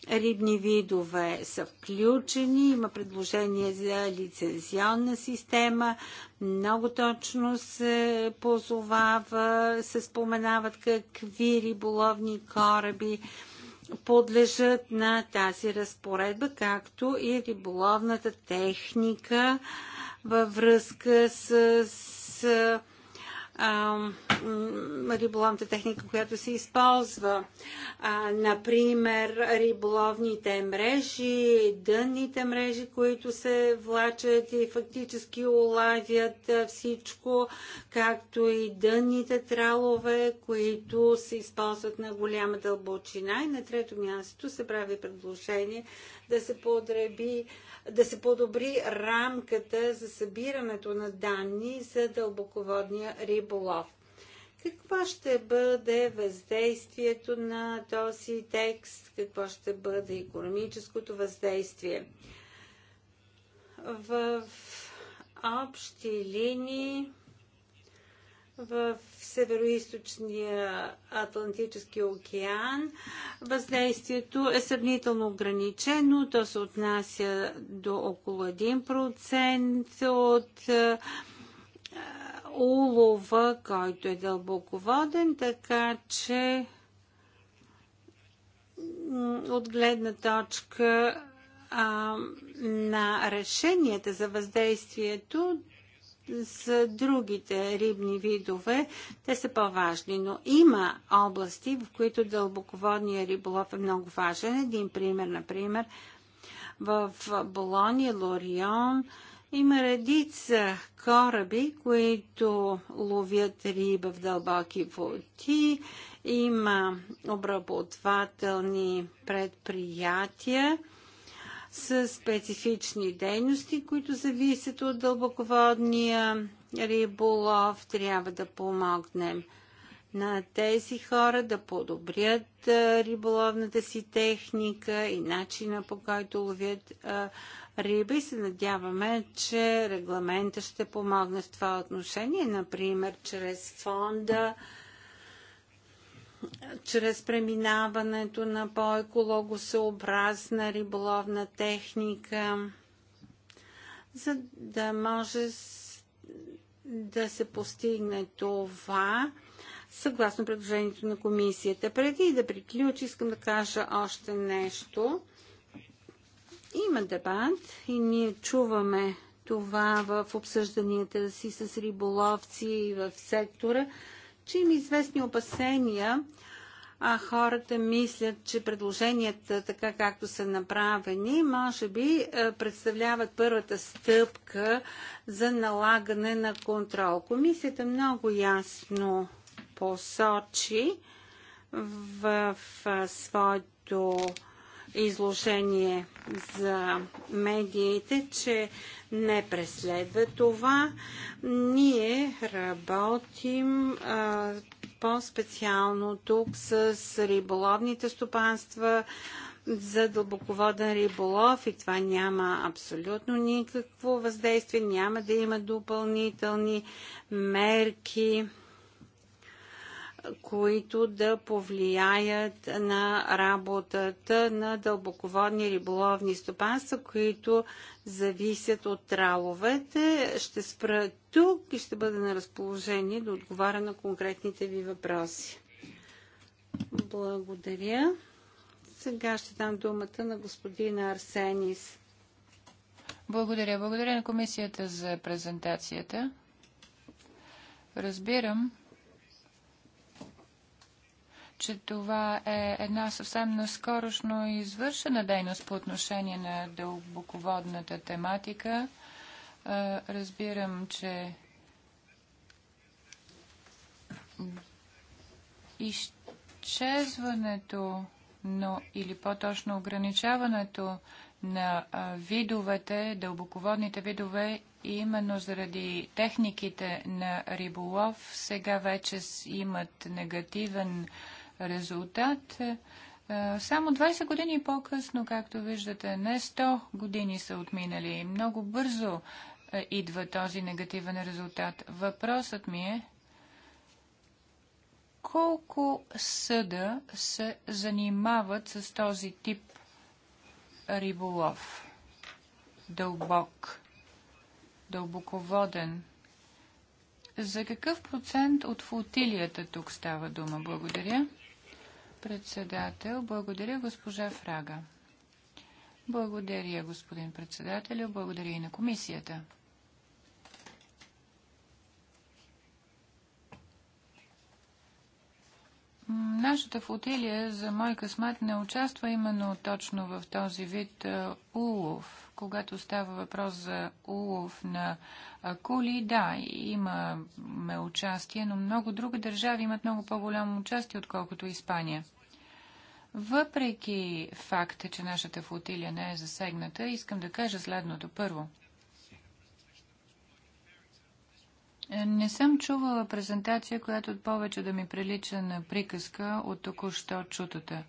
рибни видове са включени. Има предложение за лицензионна система. Много точно се позовава, се споменават какви риболовни кораби подлежат на тази разпоредба, както и риболовната техника във връзка с, с риболовната техника, която се използва. А, например, риболовните мрежи, дънните мрежи, които се влачат и фактически улавят всичко, както и дънните тралове, които се използват на голяма дълбочина. И на трето място се прави предложение да се подреби да се подобри рамката за събирането на данни за дълбоководния риболов. Какво ще бъде въздействието на този текст? Какво ще бъде економическото въздействие? В общи линии в Североисточния Атлантически океан. Въздействието е сравнително ограничено. То се отнася до около 1% от а, е, улова, който е дълбоководен, така че от гледна точка а, на решенията за въздействието, за другите рибни видове. Те са по-важни, но има области, в които дълбоководния риболов е много важен. Един пример, например, в Болония, Лорион, има редица кораби, които ловят риба в дълбоки води. Има обработвателни предприятия с специфични дейности, които зависят от дълбоководния риболов. Трябва да помогнем на тези хора да подобрят риболовната си техника и начина по който ловят риба и се надяваме, че регламента ще помогне в това отношение, например, чрез фонда чрез преминаването на по-екологосъобразна риболовна техника, за да може да се постигне това съгласно предложението на комисията. Преди да приключи, искам да кажа още нещо. Има дебат и ние чуваме това в обсъжданията си с риболовци и в сектора че има известни опасения, а хората мислят, че предложенията, така както са направени, може би е, представляват първата стъпка за налагане на контрол. Комисията много ясно посочи в, своето изложение за медиите, че не преследва това. Ние работим по-специално тук с риболовните стопанства, за дълбоководен риболов и това няма абсолютно никакво въздействие, няма да има допълнителни мерки които да повлияят на работата на дълбоководни риболовни стопанства, които зависят от траловете. Ще спра тук и ще бъда на разположение да отговаря на конкретните ви въпроси. Благодаря. Сега ще дам думата на господина Арсенис. Благодаря. Благодаря на комисията за презентацията. Разбирам, че това е една съвсем наскорошно извършена дейност по отношение на дълбоководната тематика. Е, разбирам, че изчезването, но или по-точно ограничаването на видовете, дълбоководните видове, именно заради техниките на риболов, сега вече имат негативен резултат. Е, е, само 20 години по-късно, както виждате, не 100 години са отминали. Много бързо е, идва този негативен резултат. Въпросът ми е колко съда се занимават с този тип риболов? Дълбок, дълбоководен. За какъв процент от флотилията тук става дума? Благодаря. Председател, благодаря госпожа Фрага. Благодаря, господин председател, благодаря и на комисията. Нашата флотилия за мой късмет не участва именно точно в този вид е, улов. Когато става въпрос за улов на е, кули, да, имаме участие, но много други държави имат много по-голямо участие, отколкото Испания. Въпреки факта, че нашата флотилия не е засегната, искам да кажа следното първо. Не съм чувала презентация, която повече да ми прилича на приказка от току-що чутата.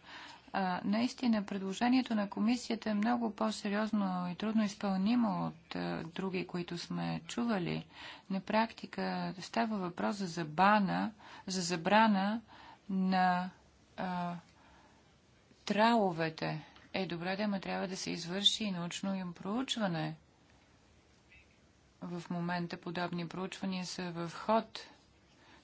А, наистина, предложението на комисията е много по-сериозно и трудно изпълнимо от а, други, които сме чували. На практика става въпрос за забана, за забрана на а, траловете. Е, добре, да, ама трябва да се извърши и научно им проучване. В момента подобни проучвания са в ход.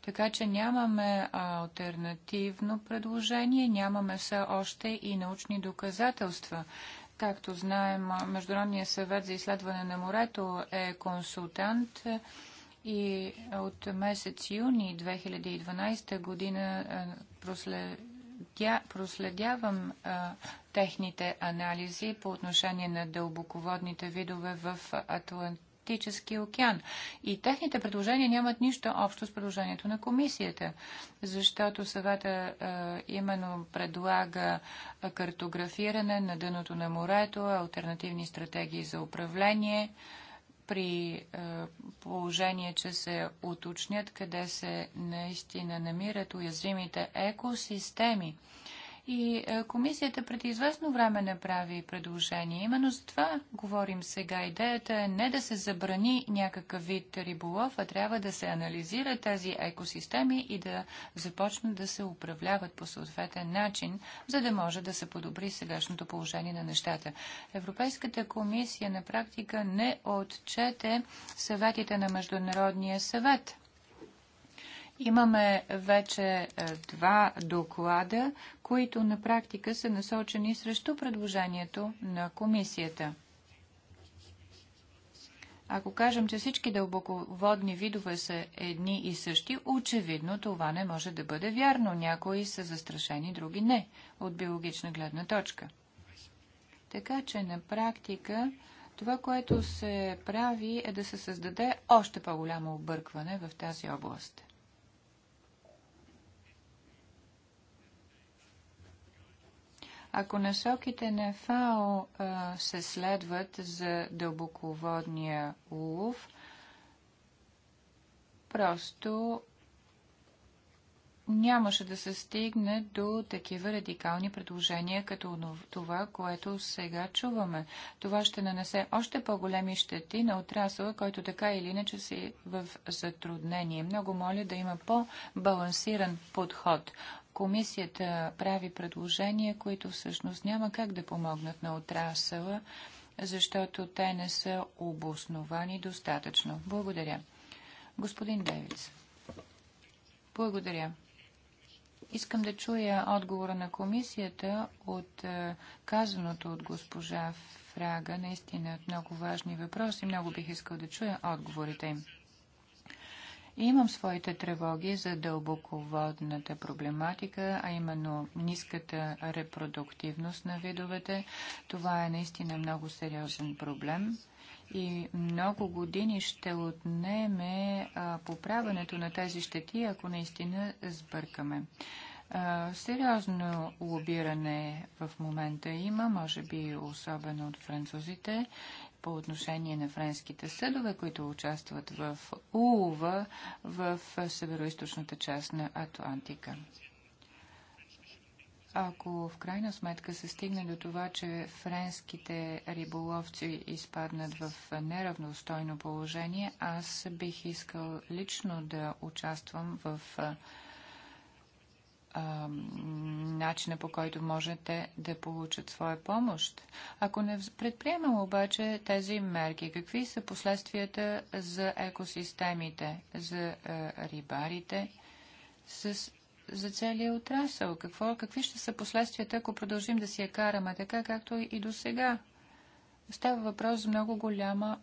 Така че нямаме альтернативно предложение, нямаме все още и научни доказателства. Както знаем, Международният съвет за изследване на морето е консултант и от месец юни 2012 година проследявам а, техните анализи по отношение на дълбоководните видове в Атлантическия океан. И техните предложения нямат нищо общо с предложението на комисията, защото съвета а, именно предлага картографиране на дъното на морето, альтернативни стратегии за управление – при е, положение, че се уточнят къде се наистина намират уязвимите екосистеми. И е, комисията преди известно време не прави предложение. Именно за това говорим сега. Идеята е не да се забрани някакъв вид риболов, а трябва да се анализира тези екосистеми и да започнат да се управляват по съответен начин, за да може да се подобри сегашното положение на нещата. Европейската комисия на практика не отчете съветите на Международния съвет – Имаме вече е, два доклада, които на практика са насочени срещу предложението на комисията. Ако кажем, че всички дълбоководни видове са едни и същи, очевидно това не може да бъде вярно. Някои са застрашени, други не, от биологична гледна точка. Така че на практика това, което се прави е да се създаде още по-голямо объркване в тази област. Ако насоките на ФАО а, се следват за дълбоководния улов, просто нямаше да се стигне до такива радикални предложения, като това, което сега чуваме. Това ще нанесе още по-големи щети на отрасъла, който така или иначе си е в затруднение. Много моля да има по-балансиран подход. Комисията прави предложения, които всъщност няма как да помогнат на отрасъла, защото те не са обосновани достатъчно. Благодаря. Господин Девиц. Благодаря. Искам да чуя отговора на комисията от е, казаното от госпожа Фрага. Наистина много важни въпроси. Много бих искал да чуя отговорите им. И имам своите тревоги за дълбоководната проблематика, а именно ниската репродуктивност на видовете. Това е наистина много сериозен проблем и много години ще отнеме поправенето на тези щети, ако наистина сбъркаме. сериозно лобиране в момента има, може би особено от французите по отношение на френските съдове, които участват в улова в североизточната част на Атлантика. Ако в крайна сметка се стигне до това, че френските риболовци изпаднат в неравностойно положение, аз бих искал лично да участвам в а, начина по който можете да получат своя помощ. Ако не предприемам обаче тези мерки, какви са последствията за екосистемите, за а, е, рибарите, с, за целия отрасъл? Какво, какви ще са последствията, ако продължим да си я караме така, както и до сега? Става въпрос за много голяма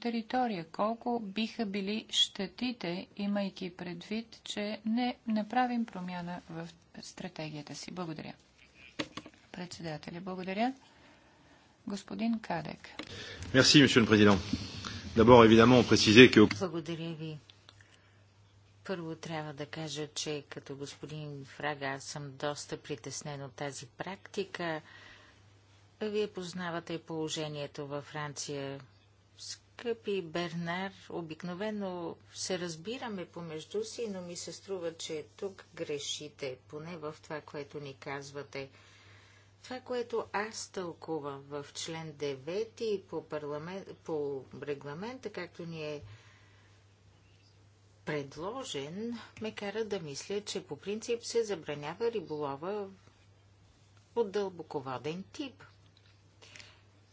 територия. Колко биха били щетите, имайки предвид, че не направим промяна в стратегията си? Благодаря. Председателя, благодаря. Господин Кадек. Мерси, месье президент. D'abord, евидамо, прецизе, que... Благодаря ви. Първо трябва да кажа, че като господин Фрага аз съм доста притеснен от тази практика. Вие познавате положението във Франция Скъпи Бернар, обикновено се разбираме помежду си, но ми се струва, че тук грешите, поне в това, което ни казвате. Това, което аз тълкувам в член 9 и по, парламент, по регламента, както ни е предложен, ме кара да мисля, че по принцип се забранява риболова от дълбоководен тип.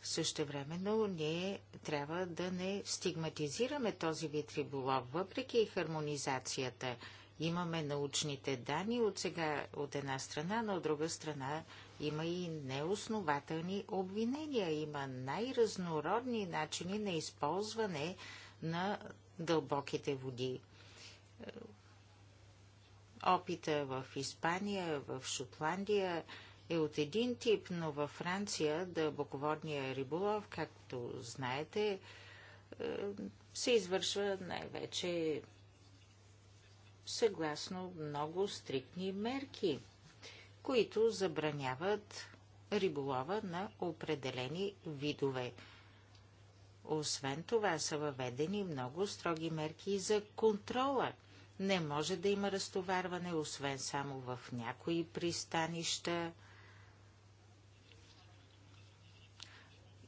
Същевременно ние трябва да не стигматизираме този вид риболов, въпреки хармонизацията. Имаме научните данни от сега от една страна, но от друга страна има и неоснователни обвинения. Има най-разнородни начини на използване на дълбоките води. Опита в Испания, в Шотландия, е от един тип, но във Франция дълбоководния риболов, както знаете, е, се извършва най-вече съгласно много стриктни мерки, които забраняват риболова на определени видове. Освен това са въведени много строги мерки за контрола. Не може да има разтоварване, освен само в някои пристанища –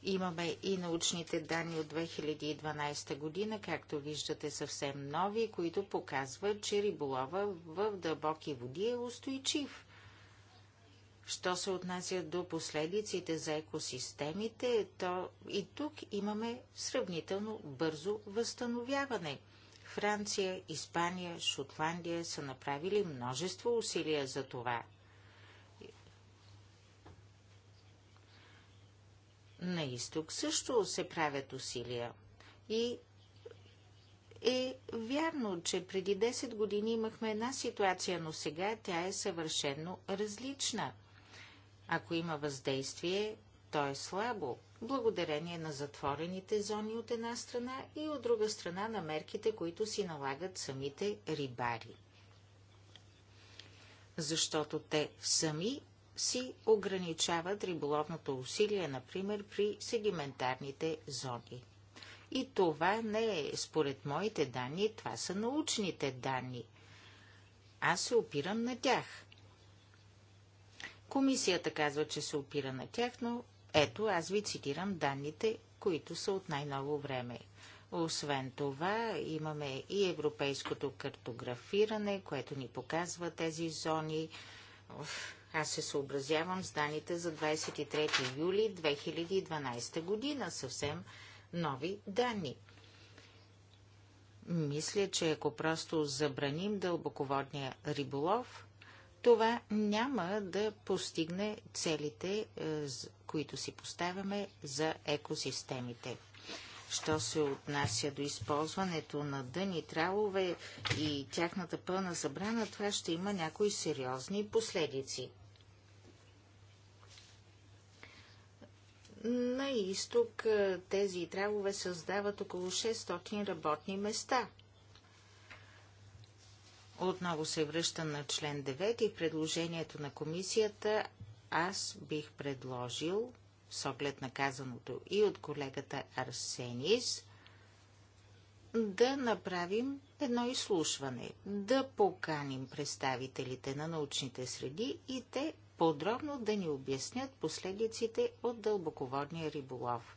Имаме и научните данни от 2012 година, както виждате съвсем нови, които показват, че риболова в дълбоки води е устойчив. Що се отнася до последиците за екосистемите, то и тук имаме сравнително бързо възстановяване. Франция, Испания, Шотландия са направили множество усилия за това – на изток също се правят усилия. И е вярно, че преди 10 години имахме една ситуация, но сега тя е съвършенно различна. Ако има въздействие, то е слабо, благодарение на затворените зони от една страна и от друга страна на мерките, които си налагат самите рибари. Защото те сами си ограничават риболовното усилие, например, при сегиментарните зони. И това не е според моите данни, това са научните данни. Аз се опирам на тях. Комисията казва, че се опира на тях, но ето аз ви цитирам данните, които са от най-ново време. Освен това, имаме и европейското картографиране, което ни показва тези зони. Аз се съобразявам с данните за 23 юли 2012 година. Съвсем нови данни. Мисля, че ако просто забраним дълбоководния риболов, това няма да постигне целите, е, които си поставяме за екосистемите. Що се отнася до използването на дъни, тралове и тяхната пълна забрана, това ще има някои сериозни последици. На изток тези тревове създават около 600 работни места. Отново се връща на член 9 и предложението на комисията. Аз бих предложил, с оглед на казаното и от колегата Арсенис, да направим едно изслушване, да поканим представителите на научните среди и те подробно да ни обяснят последиците от дълбоководния риболов.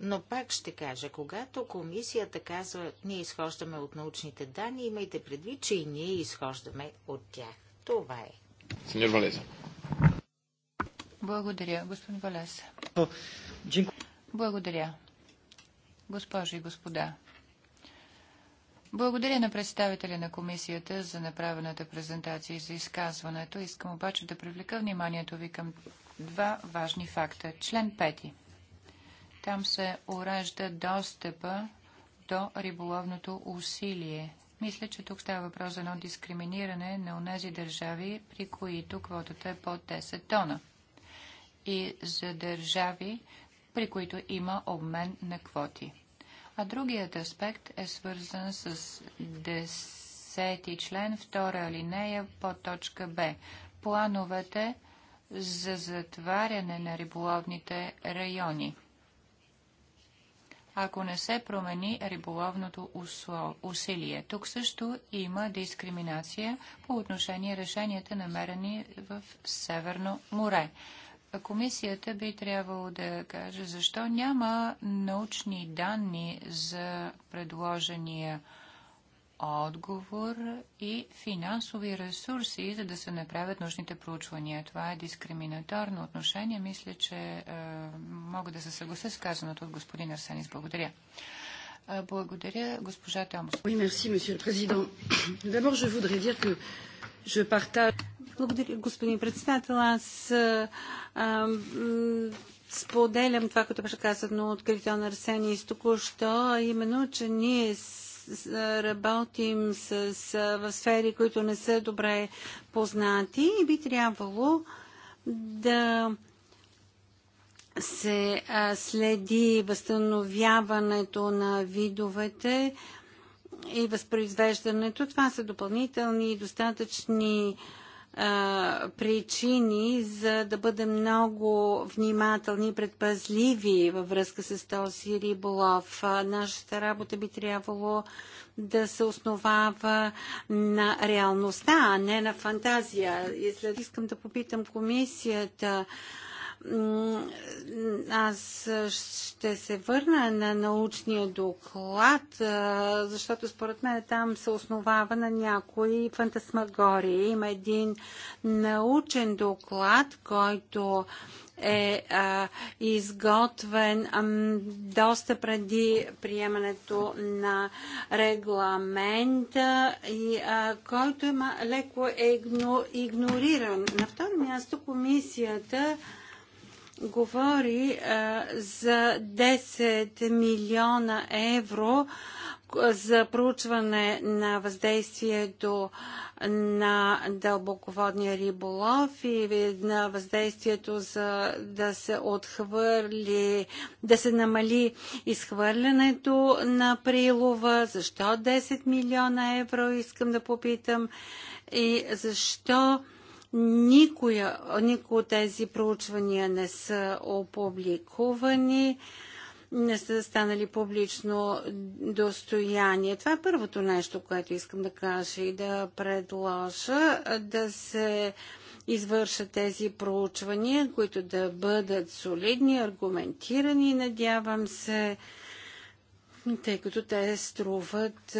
Но пак ще кажа, когато комисията казва, ние изхождаме от научните данни, имайте предвид, че и ние изхождаме от тях. Това е. Сеньор Валеса. Благодаря, господин Валеса. Благодаря. Госпожи и господа, благодаря на представителя на комисията за направената презентация и за изказването. Искам обаче да привлека вниманието ви към два важни факта. Член 5. Там се урежда достъпа до риболовното усилие. Мисля, че тук става въпрос за едно дискриминиране на онези държави, при които квотата е под 10 тона. И за държави, при които има обмен на квоти. А другият аспект е свързан с 10 член, втора алинея по точка Б. Плановете за затваряне на риболовните райони. Ако не се промени риболовното усилие. Тук също има дискриминация по отношение решенията намерени в Северно море комисията би трябвало да каже защо няма научни данни за предложения отговор и финансови ресурси, за да се направят нужните проучвания. Това е дискриминаторно отношение. Мисля, че е, мога да се съглася с казаното от господин Арсенис. Благодаря. Е, благодаря, госпожа Томс. Oui, merci, monsieur le président. D'abord, je voudrais dire que je partage... Благодаря, господин председател. Аз а, а, споделям това, което беше казано от Капитан Арсений току-що, именно, че ние работим с, в сфери, които не са добре познати и би трябвало да се а, следи възстановяването на видовете и възпроизвеждането. Това са допълнителни и достатъчни а, причини за да бъдем много внимателни и предпазливи във връзка с този риболов. Нашата работа би трябвало да се основава на реалността, а не на фантазия. И след искам да попитам комисията аз ще се върна на научния доклад, защото според мен там се основава на някои фантасмагории. Има един научен доклад, който е а, изготвен а, доста преди приемането на регламента и а, който има, е леко е игнориран. На второ място комисията а, говори а, е, за 10 милиона евро за проучване на въздействието на дълбоководния риболов и на въздействието за да се отхвърли, да се намали изхвърлянето на прилова. Защо 10 милиона евро, искам да попитам. И защо Никоя, никой от тези проучвания не са опубликувани, не са станали публично достояние. Това е първото нещо, което искам да кажа и да предложа да се извършат тези проучвания, които да бъдат солидни, аргументирани, надявам се, тъй като те струват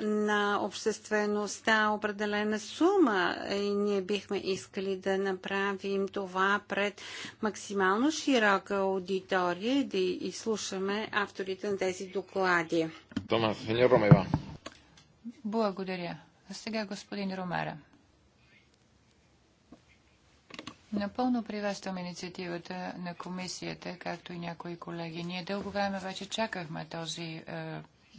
на обществеността определена сума и ние бихме искали да направим това пред максимално широка аудитория и да изслушаме авторите на тези доклади. Томас, Ромева. Благодаря. А сега господин Ромера. Напълно приветствам инициативата на комисията, както и някои колеги. Ние дълго време вече чакахме този е,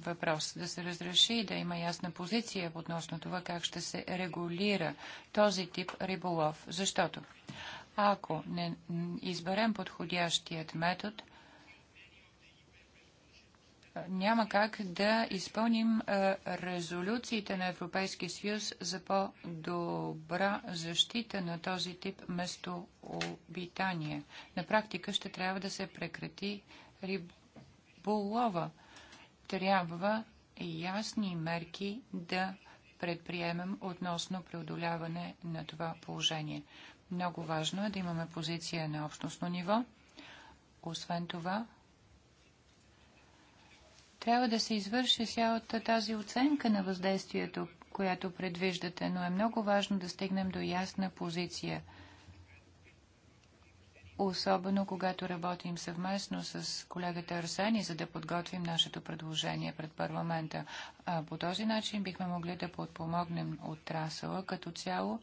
въпрос, да се разреши и да има ясна позиция относно това как ще се регулира този тип риболов. Защото ако не изберем подходящият метод, няма как да изпълним резолюциите на Европейския съюз за по-добра защита на този тип местообитание. На практика ще трябва да се прекрати риболова трябва ясни мерки да предприемем относно преодоляване на това положение. Много важно е да имаме позиция на общностно ниво. Освен това, трябва да се извърши цялата тази оценка на въздействието, която предвиждате, но е много важно да стигнем до ясна позиция – особено когато работим съвместно с колегата Арсени, за да подготвим нашето предложение пред парламента. А по този начин бихме могли да подпомогнем отрасъла като цяло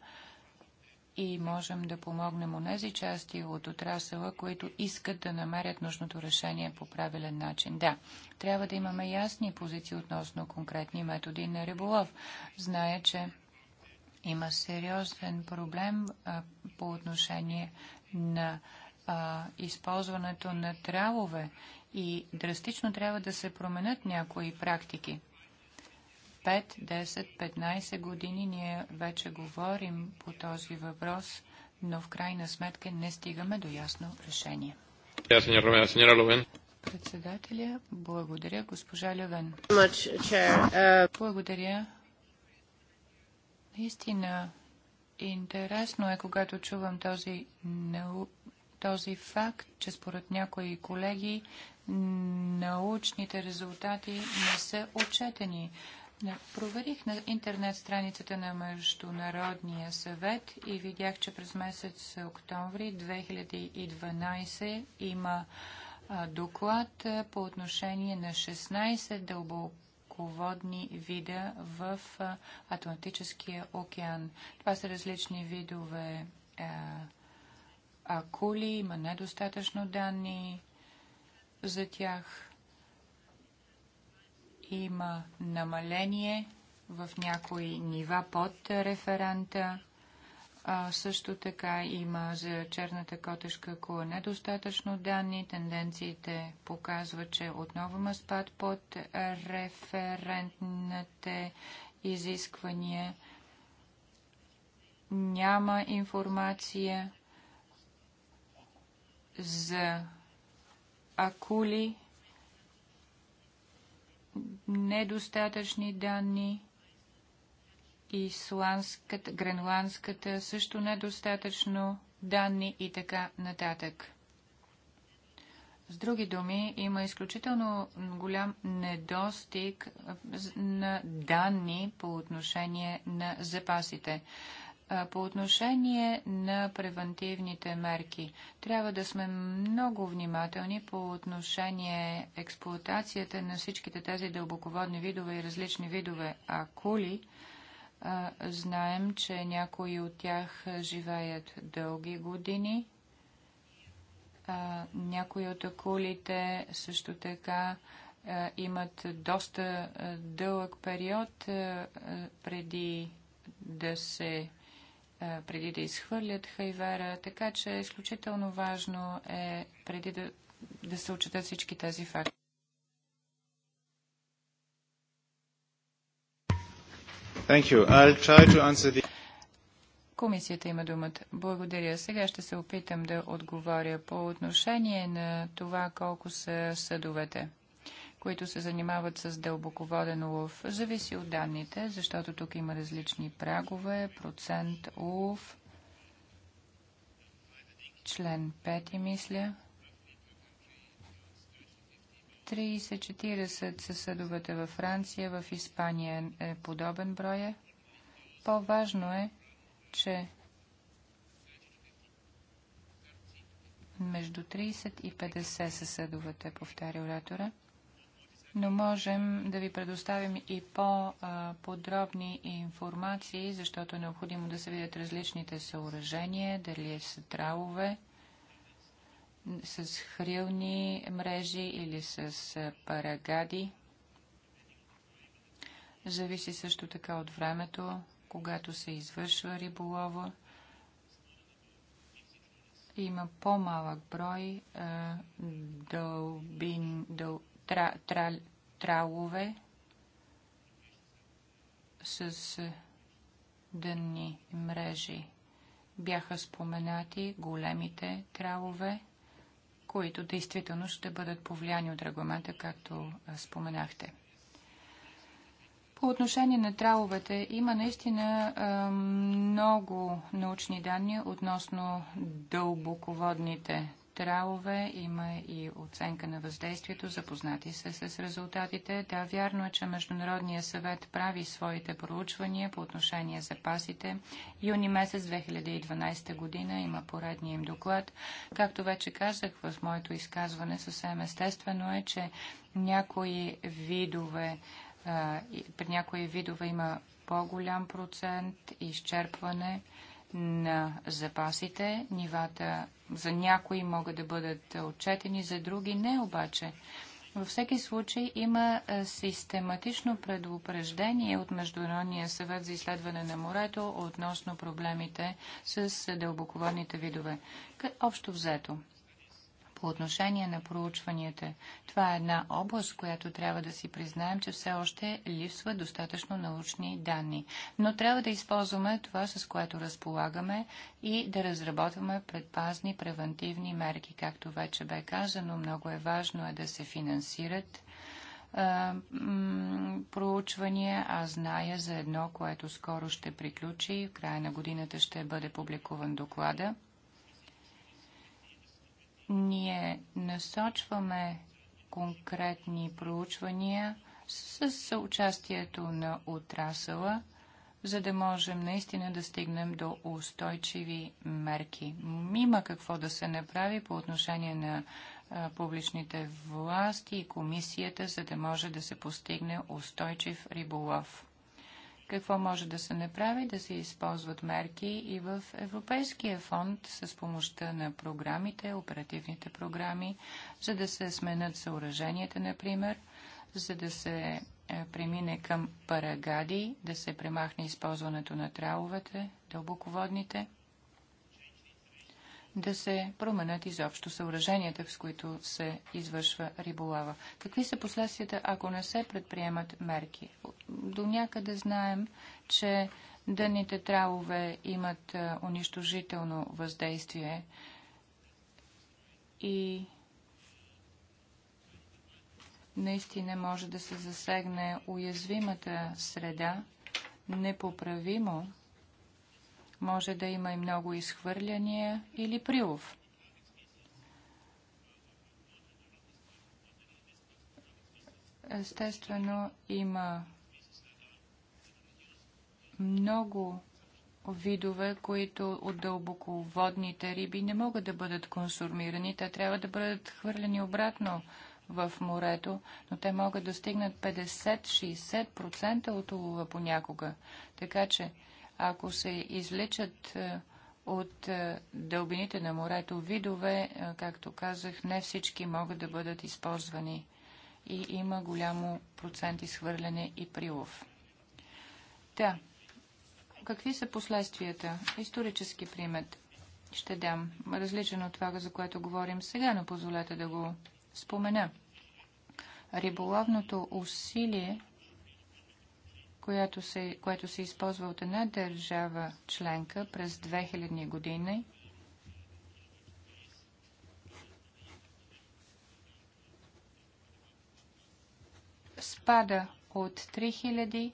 и можем да помогнем у нези части от отрасъла, които искат да намерят нужното решение по правилен начин. Да, трябва да имаме ясни позиции относно конкретни методи на риболов. Зная, че има сериозен проблем а, по отношение на а, използването на тралове и драстично трябва да се променят някои практики. 5, 10, 15 години ние вече говорим по този въпрос, но в крайна сметка не стигаме до ясно решение. Председателя, благодаря, госпожа Левен. Uh, благодаря. Наистина, интересно е, когато чувам този наук този факт, че според някои колеги научните резултати не са отчетени. Проверих на интернет страницата на Международния съвет и видях, че през месец октомври 2012 има доклад по отношение на 16 дълбоко дълбоководни вида в Атлантическия океан. Това са различни видове а коли има недостатъчно данни за тях, има намаление в някои нива под референта. А, също така има за черната котешка кола недостатъчно данни. Тенденциите показват, че отново има спад под референтните изисквания. Няма информация за акули, недостатъчни данни, исландската, гренландската също недостатъчно данни и така нататък. С други думи, има изключително голям недостиг на данни по отношение на запасите. По отношение на превентивните мерки, трябва да сме много внимателни по отношение експлуатацията на всичките тези дълбоководни видове и различни видове акули. Знаем, че някои от тях живеят дълги години. Някои от акулите също така имат доста дълъг период преди да се преди да изхвърлят хайвера, така че изключително важно е преди да, да се учетат всички тези факти. Thank you. I'll try to answer the... Комисията има думата. Благодаря. Сега ще се опитам да отговоря по отношение на това колко са съдовете които се занимават с дълбоководен улов. Зависи от данните, защото тук има различни прагове, процент улов, член 5 мисля. 30-40 са съдовете във Франция, в Испания е подобен броя. По-важно е, че между 30 и 50 са съдовете, повтаря оратора но можем да ви предоставим и по-подробни информации, защото е необходимо да се видят различните съоръжения, дали е с тралове с хрилни мрежи или с парагади. Зависи също така от времето, когато се извършва риболова. Има по-малък брой дълбин, дъл, тра, тра, тралове с дънни мрежи. Бяха споменати големите тралове, които действително ще бъдат повлияни от регламента, както споменахте. По отношение на траловете има наистина много научни данни относно дълбоководните тралове, има и оценка на въздействието, запознати се с резултатите. Да, вярно е, че Международния съвет прави своите проучвания по отношение запасите. Юни месец 2012 година има поредния им доклад. Както вече казах в моето изказване, съвсем естествено е, че някои видове при някои видове има по-голям процент изчерпване на запасите. Нивата за някои могат да бъдат отчетени, за други не обаче. Във всеки случай има систематично предупреждение от Международния съвет за изследване на морето относно проблемите с дълбоководните видове. Общо взето, по отношение на проучванията. Това е една област, която трябва да си признаем, че все още липсва достатъчно научни данни. Но трябва да използваме това, с което разполагаме и да разработваме предпазни превентивни мерки. Както вече бе казано, много е важно е да се финансират проучвания. Аз зная за едно, което скоро ще приключи. В края на годината ще бъде публикуван доклада. Ние насочваме конкретни проучвания с съучастието на отрасъла, за да можем наистина да стигнем до устойчиви мерки. Има какво да се направи по отношение на публичните власти и комисията, за да може да се постигне устойчив риболов какво може да се направи, да се използват мерки и в Европейския фонд с помощта на програмите, оперативните програми, за да се сменят съоръженията, например, за да се е, премине към парагади, да се премахне използването на траловете, дълбоководните – да се променят изобщо съоръженията, с които се извършва риболава. Какви са последствията, ако не се предприемат мерки? До някъде знаем, че дъните тралове имат унищожително въздействие и наистина може да се засегне уязвимата среда непоправимо може да има и много изхвърляния или прилов. Естествено, има много видове, които от дълбоководните риби не могат да бъдат консумирани. Те трябва да бъдат хвърлени обратно в морето, но те могат да стигнат 50-60% от улова понякога. Така че ако се изличат е, от е, дълбините на морето видове, е, както казах, не всички могат да бъдат използвани и има голямо процент изхвърляне и прилов. Да. Какви са последствията? Исторически примет ще дам. Различен от това, за което говорим сега, но позволете да го спомена. Риболовното усилие която се, което се използва от една държава членка през 2000 години. Спада от 3000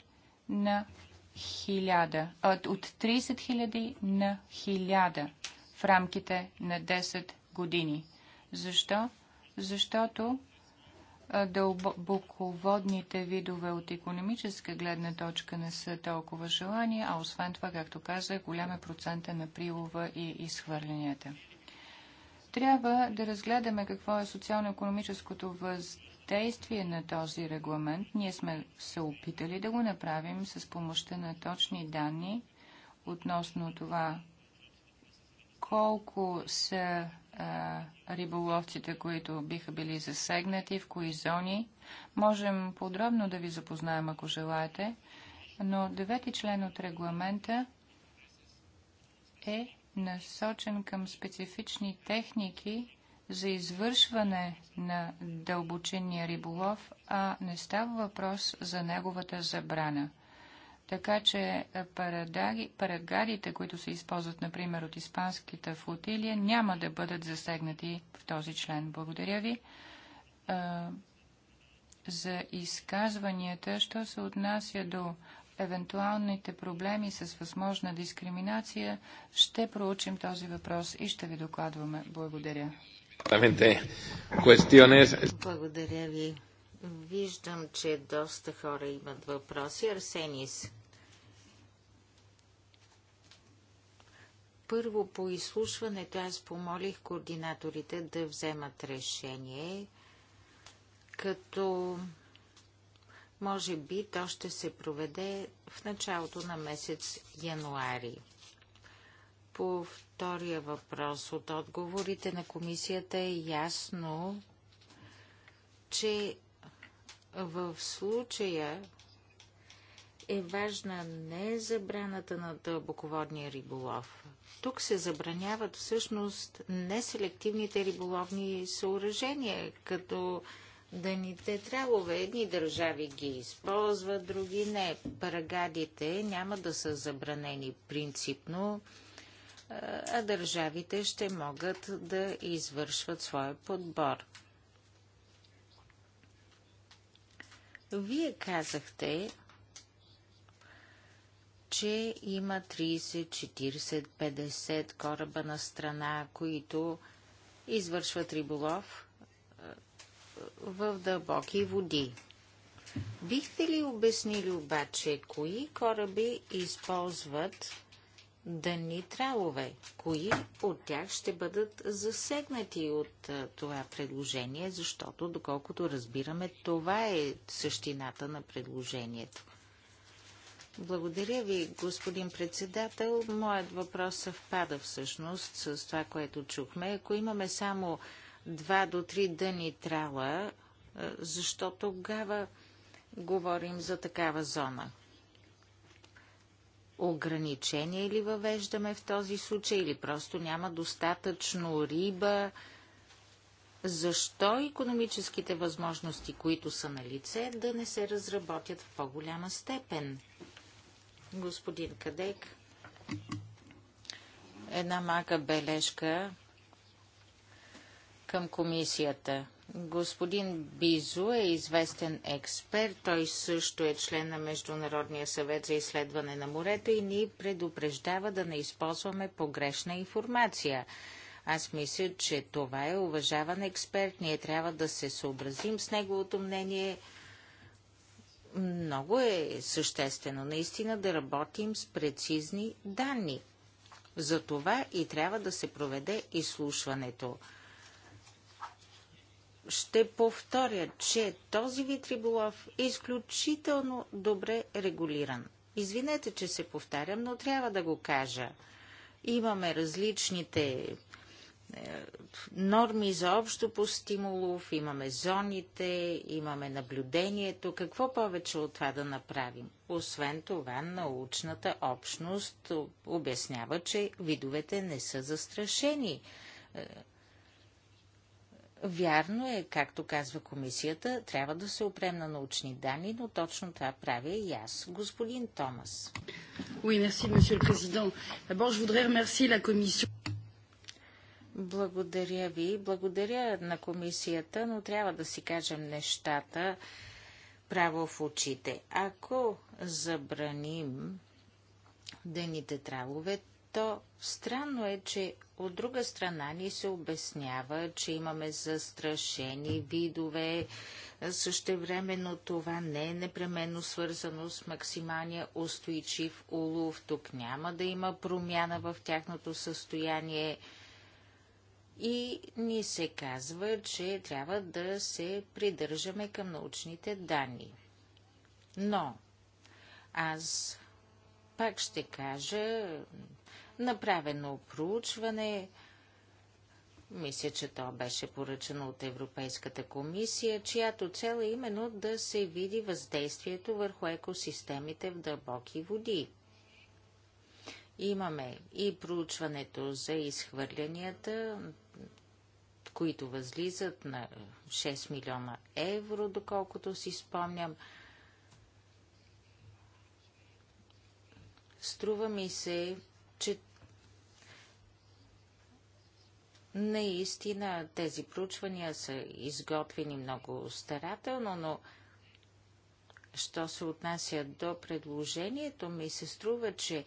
на 1000, от 30 000 на 1000 в рамките на 10 години. Защо? Защото дълбоководните видове от економическа гледна точка не са толкова желани, а освен това, както казах, голям е процента на прилова и изхвърлянията. Трябва да разгледаме какво е социално-економическото въздействие на този регламент. Ние сме се опитали да го направим с помощта на точни данни относно това колко са а, риболовците, които биха били засегнати, в кои зони. Можем подробно да ви запознаем, ако желаете, но девети член от регламента е насочен към специфични техники за извършване на дълбочинния риболов, а не става въпрос за неговата забрана. Така че е, парадари, парагарите, които се използват, например, от испанските флотилия, няма да бъдат засегнати в този член. Благодаря ви е, за изказванията, що се отнася до евентуалните проблеми с възможна дискриминация, ще проучим този въпрос и ще ви докладваме. Благодаря. Благодаря ви. Виждам, че доста хора имат въпроси. Арсенис. Първо по изслушването аз помолих координаторите да вземат решение, като може би то ще се проведе в началото на месец януари. По втория въпрос от отговорите на комисията е ясно, че в случая е важна не забраната на дълбоководния риболов. Тук се забраняват всъщност неселективните риболовни съоръжения, като даните тралове. Едни държави ги използват, други не. Парагадите няма да са забранени принципно, а държавите ще могат да извършват своя подбор. Вие казахте, че има 30, 40, 50 кораба на страна, които извършват риболов в дълбоки води. Бихте ли обяснили обаче, кои кораби използват тралове, Кои от тях ще бъдат засегнати от това предложение? Защото, доколкото разбираме, това е същината на предложението. Благодаря ви, господин председател. Моят въпрос съвпада всъщност с това, което чухме. Ако имаме само 2 до 3 дъни трала, е, защо тогава говорим за такава зона? Ограничение ли въвеждаме в този случай или просто няма достатъчно риба? Защо економическите възможности, които са на лице, да не се разработят в по-голяма степен? господин Кадек. Една мака бележка към комисията. Господин Бизу е известен експерт. Той също е член на Международния съвет за изследване на морета и ни предупреждава да не използваме погрешна информация. Аз мисля, че това е уважаван експерт. Ние трябва да се съобразим с неговото мнение – много е съществено наистина да работим с прецизни данни. За това и трябва да се проведе изслушването. Ще повторя, че този вид риболов е изключително добре регулиран. Извинете, че се повтарям, но трябва да го кажа. Имаме различните норми за общо по стимулов, имаме зоните, имаме наблюдението. Какво повече от това да направим? Освен това, научната общност обяснява, че видовете не са застрашени. Е, вярно е, както казва комисията, трябва да се опрем на научни данни, но точно това правя и аз, господин Томас. Oui, merci, monsieur le président. D'abord, je voudrais remercier la commission. Благодаря ви. Благодаря на комисията, но трябва да си кажем нещата право в очите. Ако забраним дените травове, то странно е, че от друга страна ни се обяснява, че имаме застрашени видове. Същевременно това не е непременно свързано с максималния устойчив улов. Тук няма да има промяна в тяхното състояние и ни се казва, че трябва да се придържаме към научните данни. Но аз пак ще кажа, направено проучване, мисля, че то беше поръчано от Европейската комисия, чиято цел е именно да се види въздействието върху екосистемите в дълбоки води. Имаме и проучването за изхвърлянията, които възлизат на 6 е, милиона евро, доколкото си спомням. Струва ми се, че наистина тези проучвания са изготвени много старателно, но що се отнася до предложението, ми се струва, че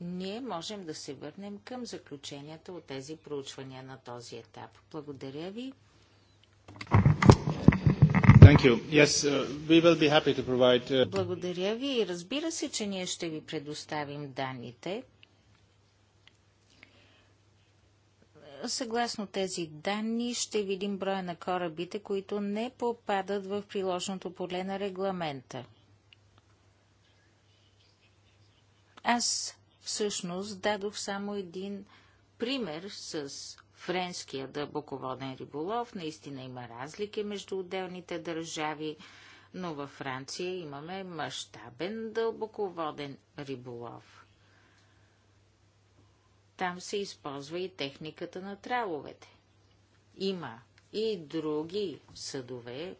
ние можем да се върнем към заключенията от тези проучвания на този етап. Благодаря ви. Yes, uh, provide... Uh, Благодаря ви и разбира се, че ние ще ви предоставим данните. Съгласно тези данни ще видим броя на корабите, които не попадат в приложното поле на регламента. Аз Всъщност дадох само един пример с френския дълбоководен риболов. Наистина има разлики между отделните държави, но във Франция имаме мащабен дълбоководен риболов. Там се използва и техниката на траловете. Има и други съдове,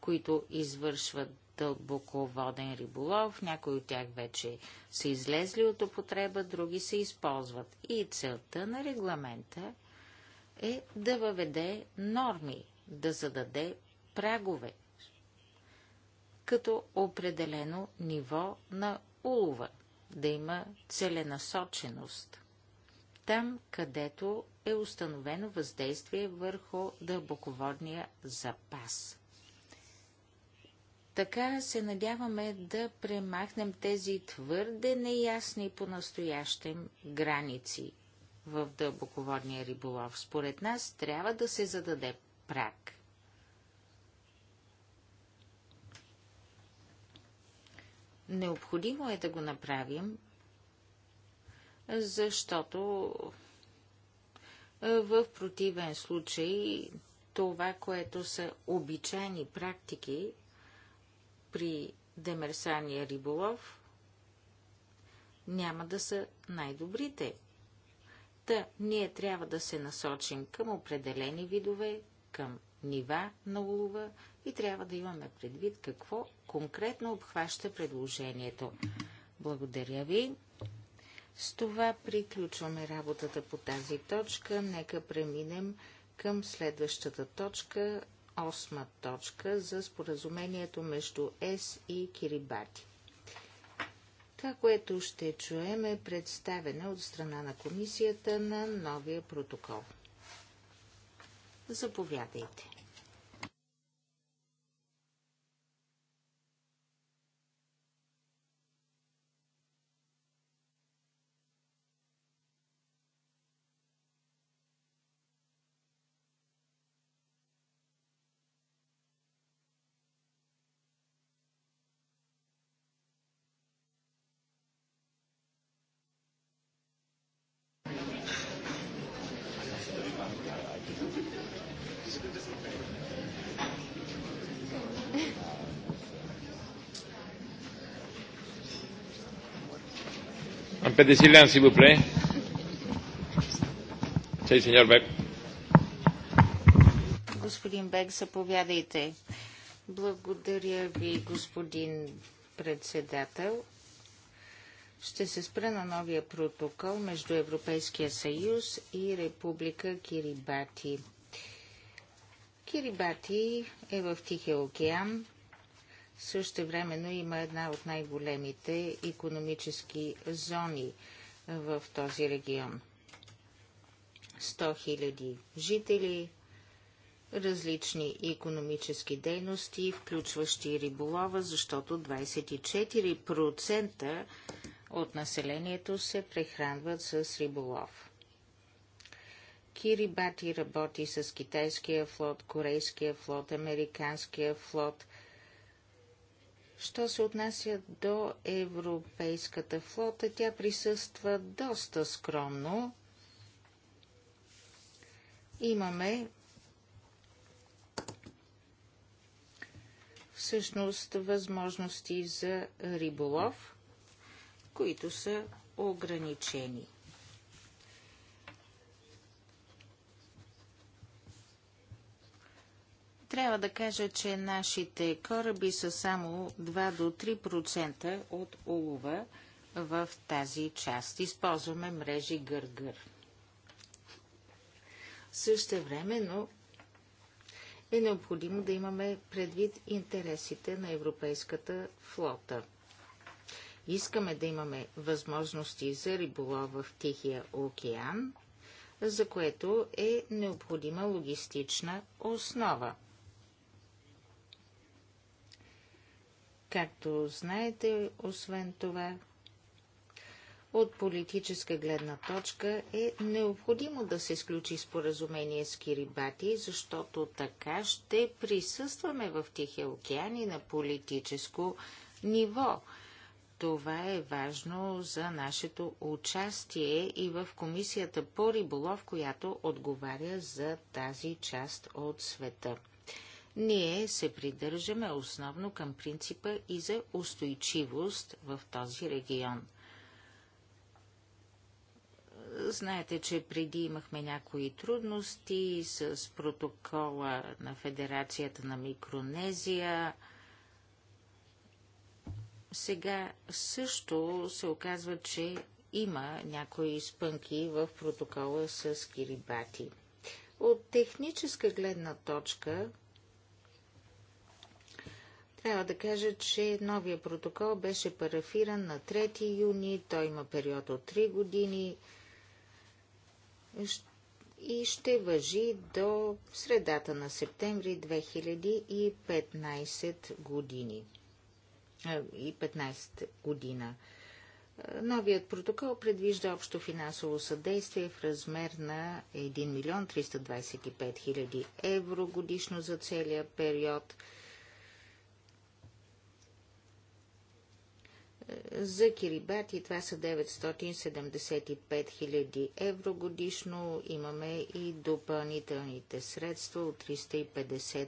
които извършват дълбоководен риболов. Някои от тях вече са излезли от употреба, други се използват. И целта на регламента е да въведе норми, да зададе прагове, като определено ниво на улова, да има целенасоченост. Там, където е установено въздействие върху дълбоководния запас. Така се надяваме да премахнем тези твърде неясни по-настоящем граници в дълбоководния риболов. Според нас трябва да се зададе прак. Необходимо е да го направим, защото в противен случай това, което са обичайни практики, при демерсания риболов няма да са най-добрите. Та ние трябва да се насочим към определени видове, към нива на улова и трябва да имаме предвид какво конкретно обхваща предложението. Благодаря ви. С това приключваме работата по тази точка. Нека преминем към следващата точка осма точка за споразумението между ЕС и Кирибати. Това, което ще чуем е представене от страна на комисията на новия протокол. Заповядайте. Un peu de silence, s'il vous plaît. Sí, señor Beck. Господин Бек, заповядайте. Благодаря ви, господин председател. Ще се спра на новия протокол между Европейския съюз и Република Кирибати. Кирибати е в Тихия океан, също времено има една от най-големите економически зони в този регион. 100 хиляди жители, различни економически дейности, включващи риболова, защото 24% от населението се прехранват с риболов. Кирибати работи с китайския флот, корейския флот, американския флот – Що се отнася до европейската флота, тя присъства доста скромно. Имаме всъщност възможности за риболов, които са ограничени. Трябва да кажа, че нашите кораби са само 2 до 3% от улова в тази част. Използваме мрежи гъргър. -гър. Също времено е необходимо да имаме предвид интересите на европейската флота. Искаме да имаме възможности за риболов в Тихия океан, за което е необходима логистична основа. Както знаете, освен това, от политическа гледна точка е необходимо да се изключи споразумение с Кирибати, защото така ще присъстваме в Тихия океан и на политическо ниво. Това е важно за нашето участие и в Комисията по риболов, която отговаря за тази част от света. Ние се придържаме основно към принципа и за устойчивост в този регион. Знаете, че преди имахме някои трудности с протокола на Федерацията на Микронезия. Сега също се оказва, че има някои спънки в протокола с Кирибати. От техническа гледна точка трябва да кажа, че новия протокол беше парафиран на 3 юни, той има период от 3 години и ще въжи до средата на септември 2015 години. И 15 година. Новият протокол предвижда общо финансово съдействие в размер на 1 милион 325 хиляди евро годишно за целия период – За Кирибати това са 975 000 евро годишно. Имаме и допълнителните средства от 350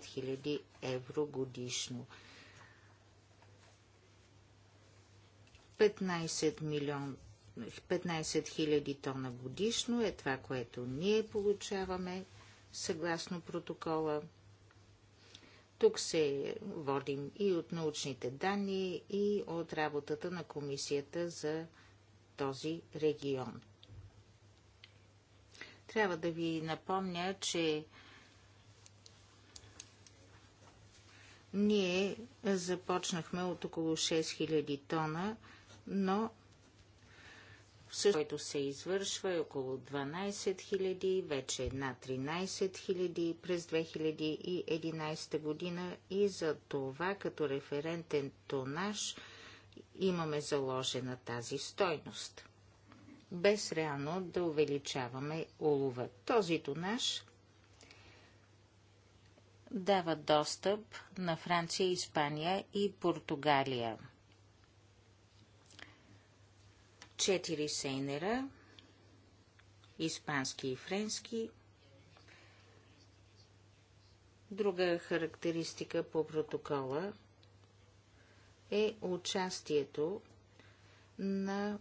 000 евро годишно. 15 милион 15 000 тона годишно е това, което ние получаваме съгласно протокола. Тук се водим и от научните данни, и от работата на комисията за този регион. Трябва да ви напомня, че ние започнахме от около 6000 тона, но също, който се извършва е около 12 000, вече една 13 000 през 2011 година и за това като референтен тонаж имаме заложена тази стойност. Без реално да увеличаваме улова. Този тонаж дава достъп на Франция, Испания и Португалия – 4 сейнера, испански и френски. Друга характеристика по протокола е участието на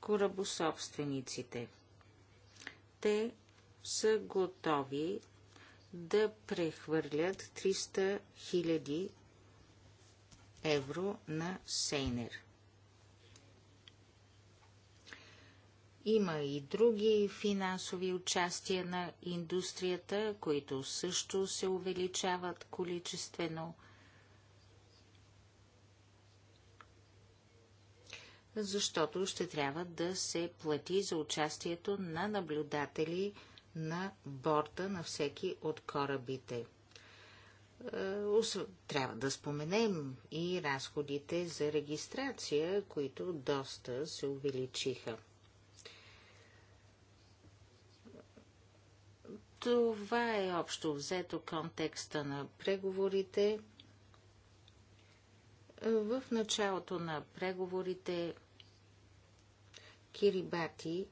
корабособствениците. Те са готови да прехвърлят 300 000 евро на Сейнер. Има и други финансови участия на индустрията, които също се увеличават количествено. защото ще трябва да се плати за участието на наблюдатели на борта на всеки от корабите. Е, трябва да споменем и разходите за регистрация, които доста се увеличиха. Това е общо взето контекста на преговорите. В началото на преговорите Кирибати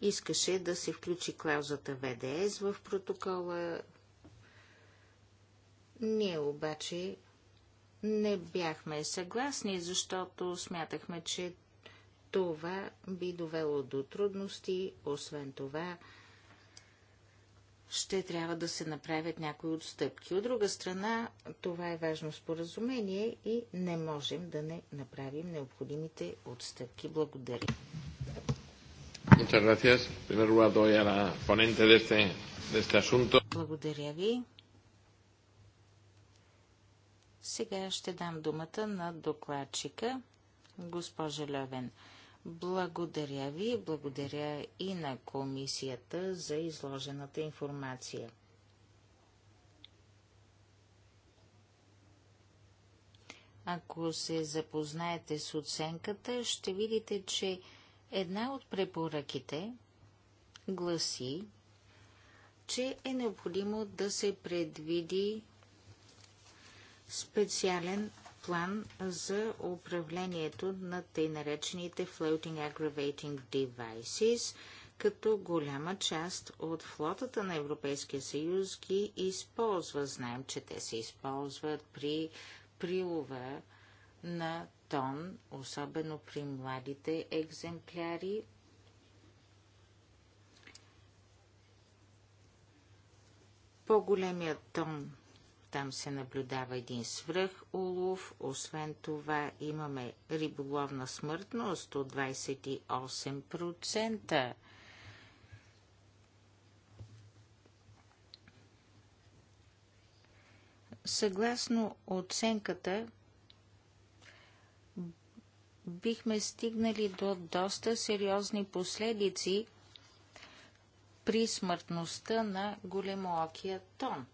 искаше да се включи клаузата ВДС в протокола. Ние обаче не бяхме съгласни, защото смятахме, че това би довело до трудности, освен това ще трябва да се направят някои отстъпки. От друга страна, това е важно споразумение и не можем да не направим необходимите отстъпки. Благодаря. Благодаря ви. Сега ще дам думата на докладчика, госпожа Левен. Благодаря ви, благодаря и на комисията за изложената информация. Ако се запознаете с оценката, ще видите, че една от препоръките гласи, че е необходимо да се предвиди специален план за управлението на тъй наречените Floating Aggravating Devices, като голяма част от флотата на Европейския съюз ги използва. Знаем, че те се използват при прилова на тон, особено при младите екземпляри, по-големият тон там се наблюдава един свръх улов. Освен това имаме риболовна смъртност от 28%. Съгласно оценката, бихме стигнали до доста сериозни последици при смъртността на големоокия тон.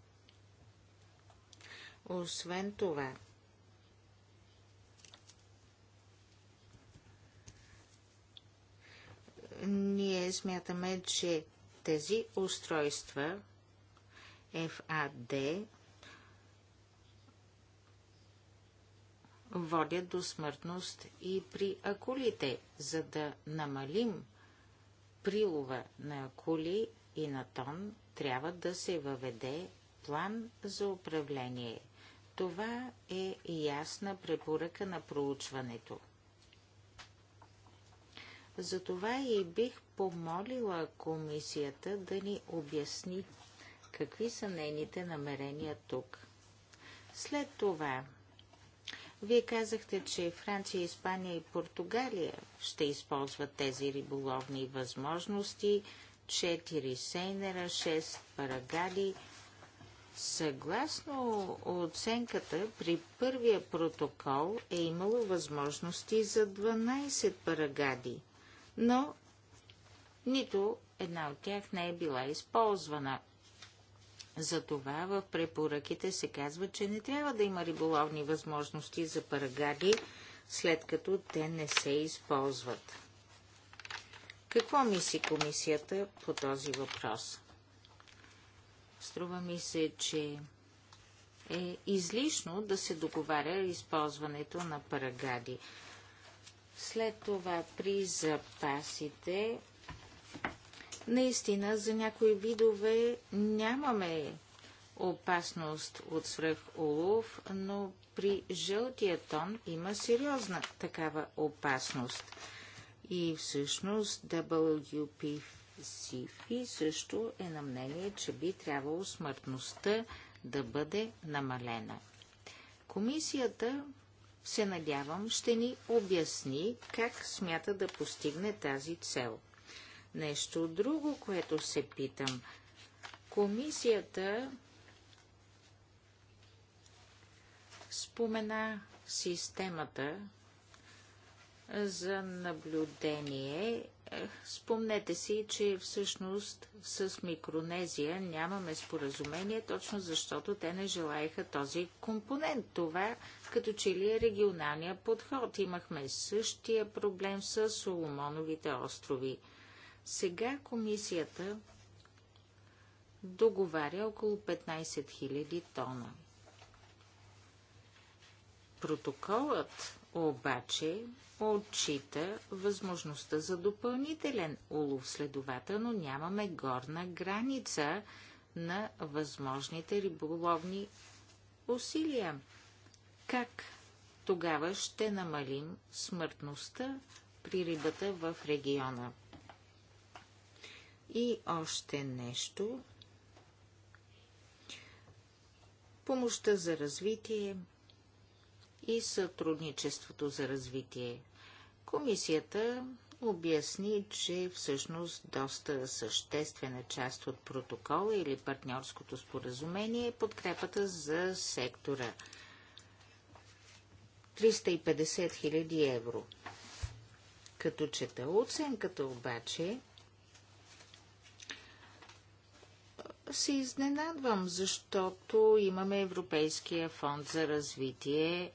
Освен това, ние смятаме, че тези устройства FAD водят до смъртност и при акулите. За да намалим прилова на акули и на тон, трябва да се въведе план за управление. Това е ясна препоръка на проучването. Затова и бих помолила комисията да ни обясни какви са нейните намерения тук. След това, вие казахте, че Франция, Испания и Португалия ще използват тези риболовни възможности, 4 сейнера, 6 парагали – Съгласно оценката, при първия протокол е имало възможности за 12 парагади, но нито една от тях не е била използвана. Затова в препоръките се казва, че не трябва да има риболовни възможности за парагади, след като те не се използват. Какво мисли комисията по този въпрос? Струва ми се, че е излишно да се договаря използването на парагади. След това при запасите, наистина за някои видове нямаме опасност от улов, но при жълтия тон има сериозна такава опасност. И всъщност WP Сифи също е на мнение, че би трябвало смъртността да бъде намалена. Комисията, се надявам, ще ни обясни как смята да постигне тази цел. Нещо друго, което се питам. Комисията спомена системата за наблюдение Спомнете си, че всъщност с Микронезия нямаме споразумение, точно защото те не желаеха този компонент. Това като че ли е регионалния подход. Имахме същия проблем с Соломоновите острови. Сега комисията договаря около 15 000 тона. Протоколът обаче отчита възможността за допълнителен улов, следователно нямаме горна граница на възможните риболовни усилия. Как тогава ще намалим смъртността при рибата в региона? И още нещо. Помощта за развитие – и сътрудничеството за развитие. Комисията обясни, че всъщност доста съществена част от протокола или партньорското споразумение е подкрепата за сектора. 350 000 евро. Като чета оценката обаче, се изненадвам, защото имаме Европейския фонд за развитие,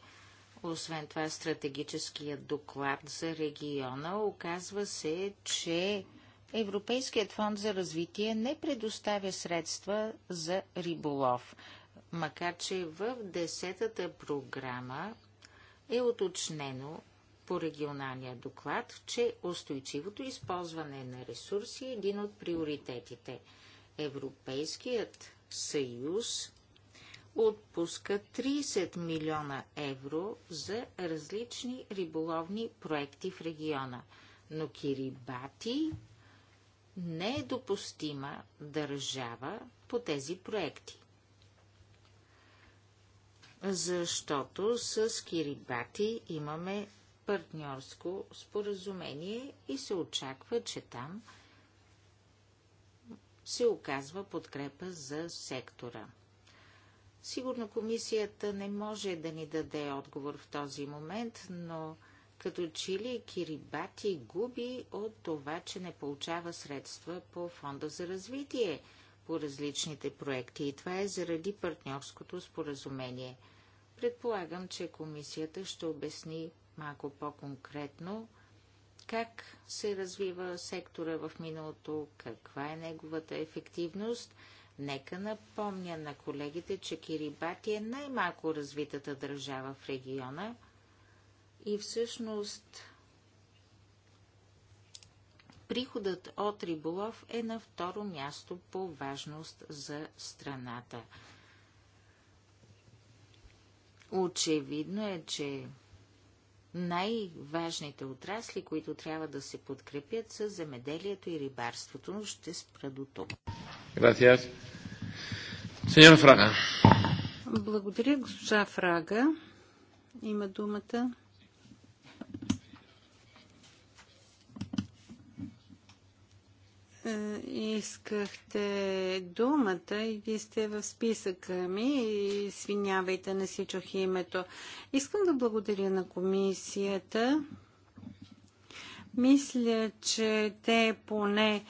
освен това стратегическия доклад за региона. Оказва се, че Европейският фонд за развитие не предоставя средства за риболов, макар че в десетата програма е уточнено по регионалния доклад, че устойчивото използване на ресурси е един от приоритетите – Европейският съюз отпуска 30 милиона евро за различни риболовни проекти в региона. Но Кирибати не е допустима държава по тези проекти. Защото с Кирибати имаме партньорско споразумение и се очаква, че там се оказва подкрепа за сектора. Сигурно комисията не може да ни даде отговор в този момент, но като Чили Кирибати губи от това, че не получава средства по Фонда за развитие по различните проекти и това е заради партньорското споразумение. Предполагам, че комисията ще обясни малко по-конкретно как се развива сектора в миналото, каква е неговата ефективност. Нека напомня на колегите, че Кирибати е най-малко развитата държава в региона и всъщност приходът от риболов е на второ място по важност за страната. Очевидно е, че най-важните отрасли, които трябва да се подкрепят са земеделието и рибарството, но ще спра до тук. Благодаря, госпожа Фрага. Има думата. Е, искахте думата и вие сте в списъка ми и свинявайте, не си чух името. Искам да благодаря на комисията. Мисля, че те поне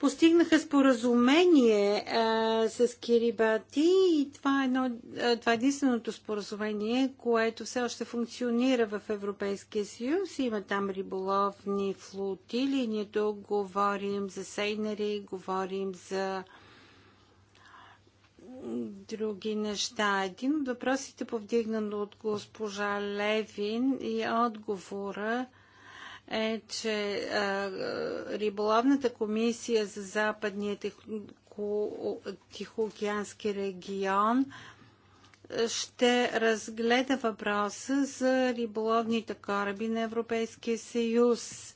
постигнаха споразумение а, с Кирибати и това е, едно, а, това е единственото споразумение, което все още функционира в Европейския съюз. Има там риболовни флотили. Ние тук говорим за сейнари, говорим за други неща. Един от въпросите, повдигнан от госпожа Левин и е отговора е, че а, Риболовната комисия за Западния Тихо, Тихоокеански регион ще разгледа въпроса за риболовните кораби на Европейския съюз.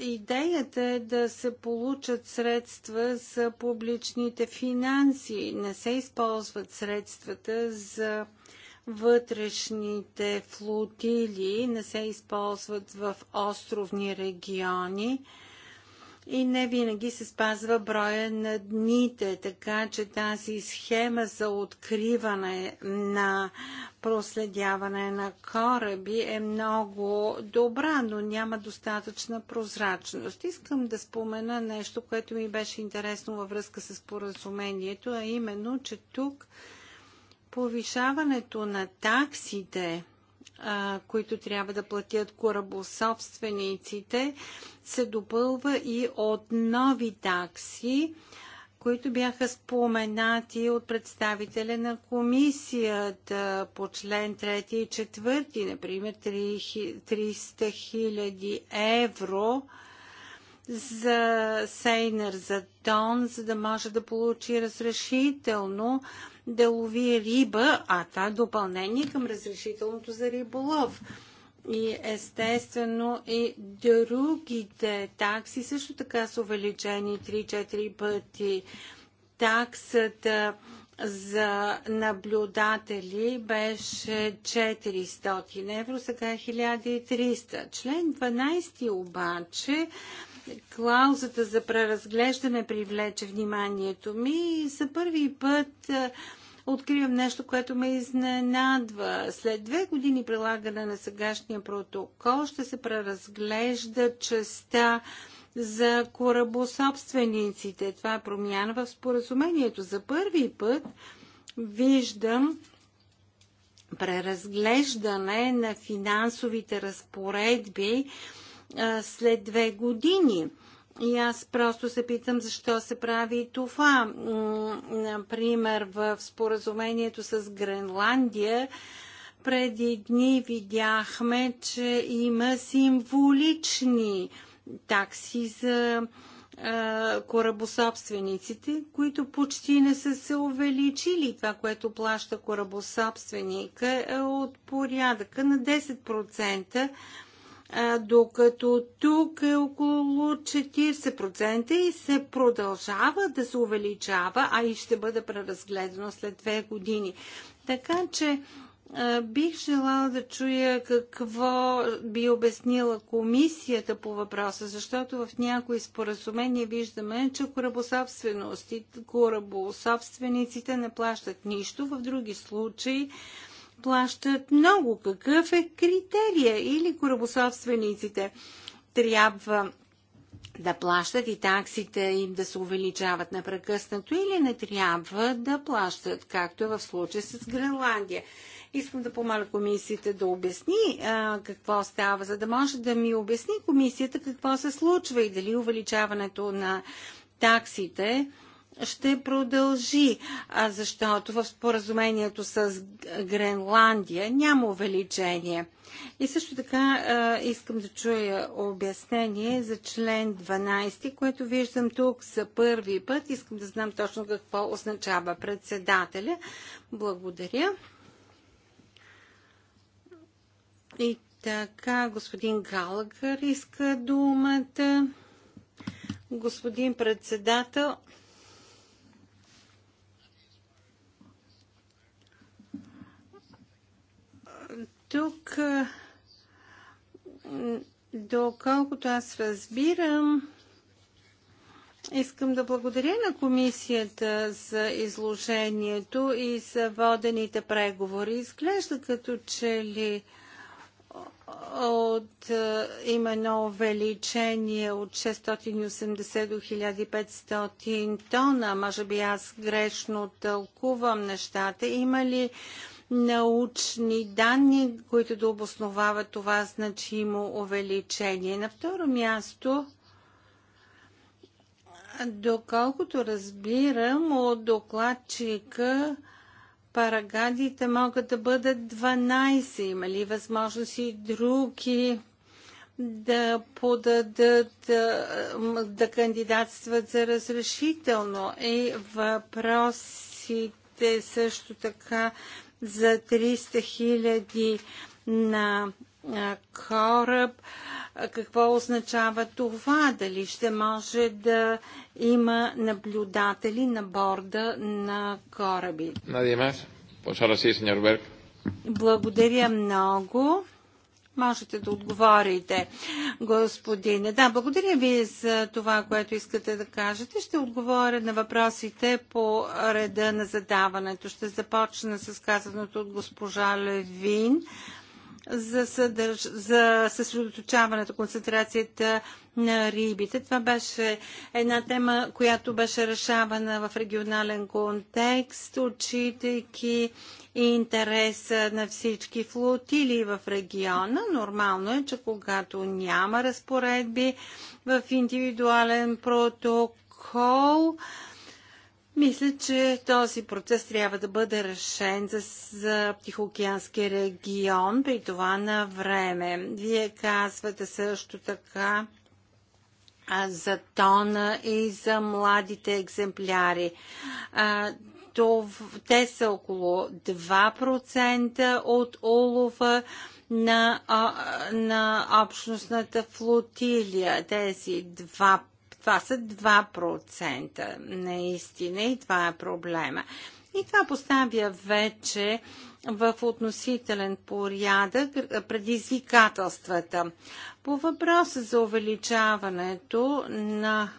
идеята е да се получат средства за публичните финанси. Не се използват средствата за вътрешните флотили не се използват в островни региони и не винаги се спазва броя на дните, така че тази схема за откриване на проследяване на кораби е много добра, но няма достатъчна прозрачност. Искам да спомена нещо, което ми беше интересно във връзка с поразумението, а именно, че тук повишаването на таксите, а, които трябва да платят корабособствениците, се допълва и от нови такси, които бяха споменати от представителя на комисията по член 3 и 4, например 300 000 евро за сейнер, за тон, за да може да получи разрешително да лови риба, а това е допълнение към разрешителното за риболов. И естествено и другите такси също така са увеличени 3-4 пъти. Таксата за наблюдатели беше 400 евро, сега е 1300. Член 12 обаче клаузата за преразглеждане привлече вниманието ми и за първи път е, откривам нещо, което ме изненадва. След две години прилагане на сегашния протокол ще се преразглежда частта за корабособствениците. Това е промяна в споразумението. За първи път виждам преразглеждане на финансовите разпоредби след две години. И аз просто се питам защо се прави това. Например, в споразумението с Гренландия преди дни видяхме, че има символични такси за корабособствениците, които почти не са се увеличили. Това, което плаща корабособственика е от порядъка на 10% докато тук е около 40% и се продължава да се увеличава, а и ще бъде преразгледано след две години. Така че Бих желала да чуя какво би обяснила комисията по въпроса, защото в някои споразумения виждаме, че корабособствениците не плащат нищо, в други случаи плащат много. Какъв е критерия? Или корабособствениците трябва да плащат и таксите им да се увеличават напрекъснато, или не трябва да плащат, както е в случая с Гренландия. Искам да помоля комисията да обясни а, какво става, за да може да ми обясни комисията какво се случва и дали увеличаването на таксите ще продължи, защото в споразумението с Гренландия няма увеличение. И също така искам да чуя обяснение за член 12, което виждам тук за първи път. Искам да знам точно какво означава председателя. Благодаря. И така, господин Галагър иска думата. Господин председател, Тук, доколкото аз разбирам, Искам да благодаря на комисията за изложението и за водените преговори. Изглежда като че ли от именно увеличение от 680 до 1500 тона. Може би аз грешно тълкувам нещата. Има ли научни данни, които да обосновават това значимо увеличение. На второ място, доколкото разбирам от докладчика, парагадите могат да бъдат 12. Има ли възможност и други да подадат, да кандидатстват за разрешително? И въпросите също така за 300 хиляди на кораб. Какво означава това? Дали ще може да има наблюдатели на борда на кораби? Благодаря много можете да отговорите, господине. Да, благодаря ви за това, което искате да кажете. Ще отговоря на въпросите по реда на задаването. Ще започна с казаното от госпожа Левин за, съдърж... за съсредоточаването, концентрацията на рибите. Това беше една тема, която беше решавана в регионален контекст, отчитайки интереса на всички флотилии в региона. Нормално е, че когато няма разпоредби в индивидуален протокол, мисля, че този процес трябва да бъде решен за, за Тихоокеанския регион, при това на време. Вие казвате също така а, за тона и за младите екземпляри. А, тов, те са около 2% от улова на, а, на общностната флотилия. Тези 2 това са 2% наистина и това е проблема. И това поставя вече в относителен порядък предизвикателствата. По въпроса за увеличаването на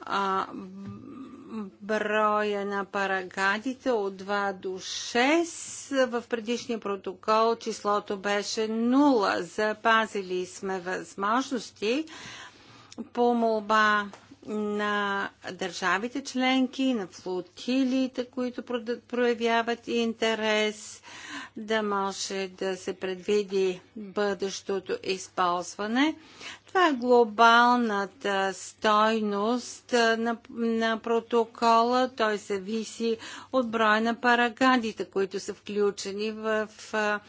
а, броя на парагадите от 2 до 6. В предишния протокол числото беше 0. Запазили сме възможности по молба на държавите членки, на флотилиите, които проявяват интерес, да може да се предвиди бъдещото използване. Това е глобалната стойност на, на протокола. Той зависи от броя на парагадите, които са включени в, в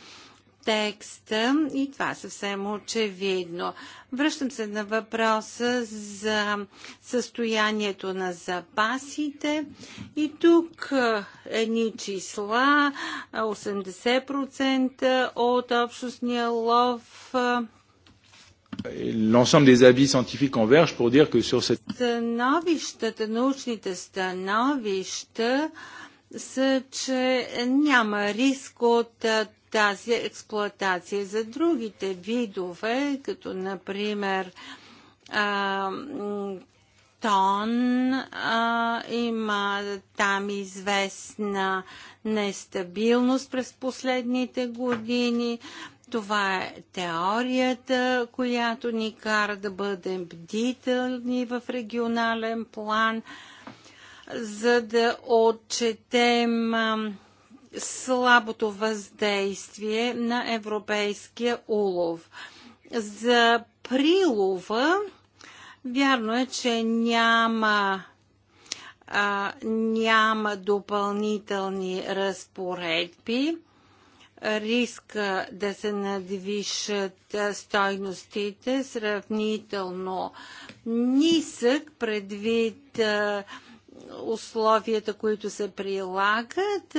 текста и това е съвсем очевидно. Връщам се на въпроса за състоянието на запасите и тук едни числа 80% от общностния лов L'ensemble des avis scientifiques convergent pour dire que sur cette... научните становища са, че няма риск от тази експлоатация. За другите видове, като например а, тон, а, има там известна нестабилност през последните години. Това е теорията, която ни кара да бъдем бдителни в регионален план, за да отчетем слабото въздействие на европейския улов. За прилова, вярно е, че няма а, няма допълнителни разпоредби. Риска да се надвишат стойностите сравнително нисък предвид а, условията, които се прилагат.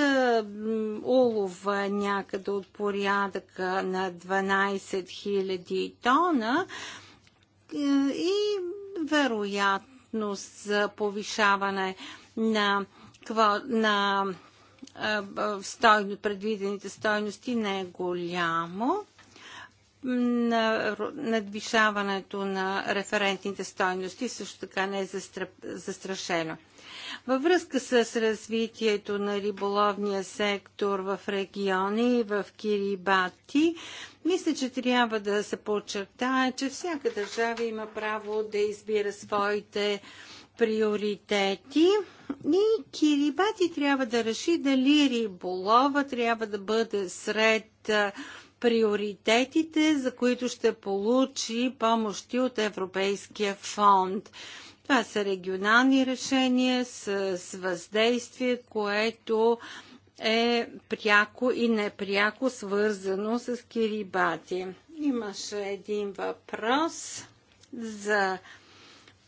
Улова някъде от порядъка на 12 000 тона е, и вероятност за повишаване на, на стойно, предвидените стойности не е голямо на надвишаването на референтните стойности също така не е застрашено. Във връзка с развитието на риболовния сектор в региони и в Кирибати, мисля, че трябва да се подчертае, че всяка държава има право да избира своите приоритети и Кирибати трябва да реши дали риболова трябва да бъде сред приоритетите, за които ще получи помощи от Европейския фонд. Това са регионални решения с, с въздействие, което е пряко и непряко свързано с Кирибати. Имаше един въпрос за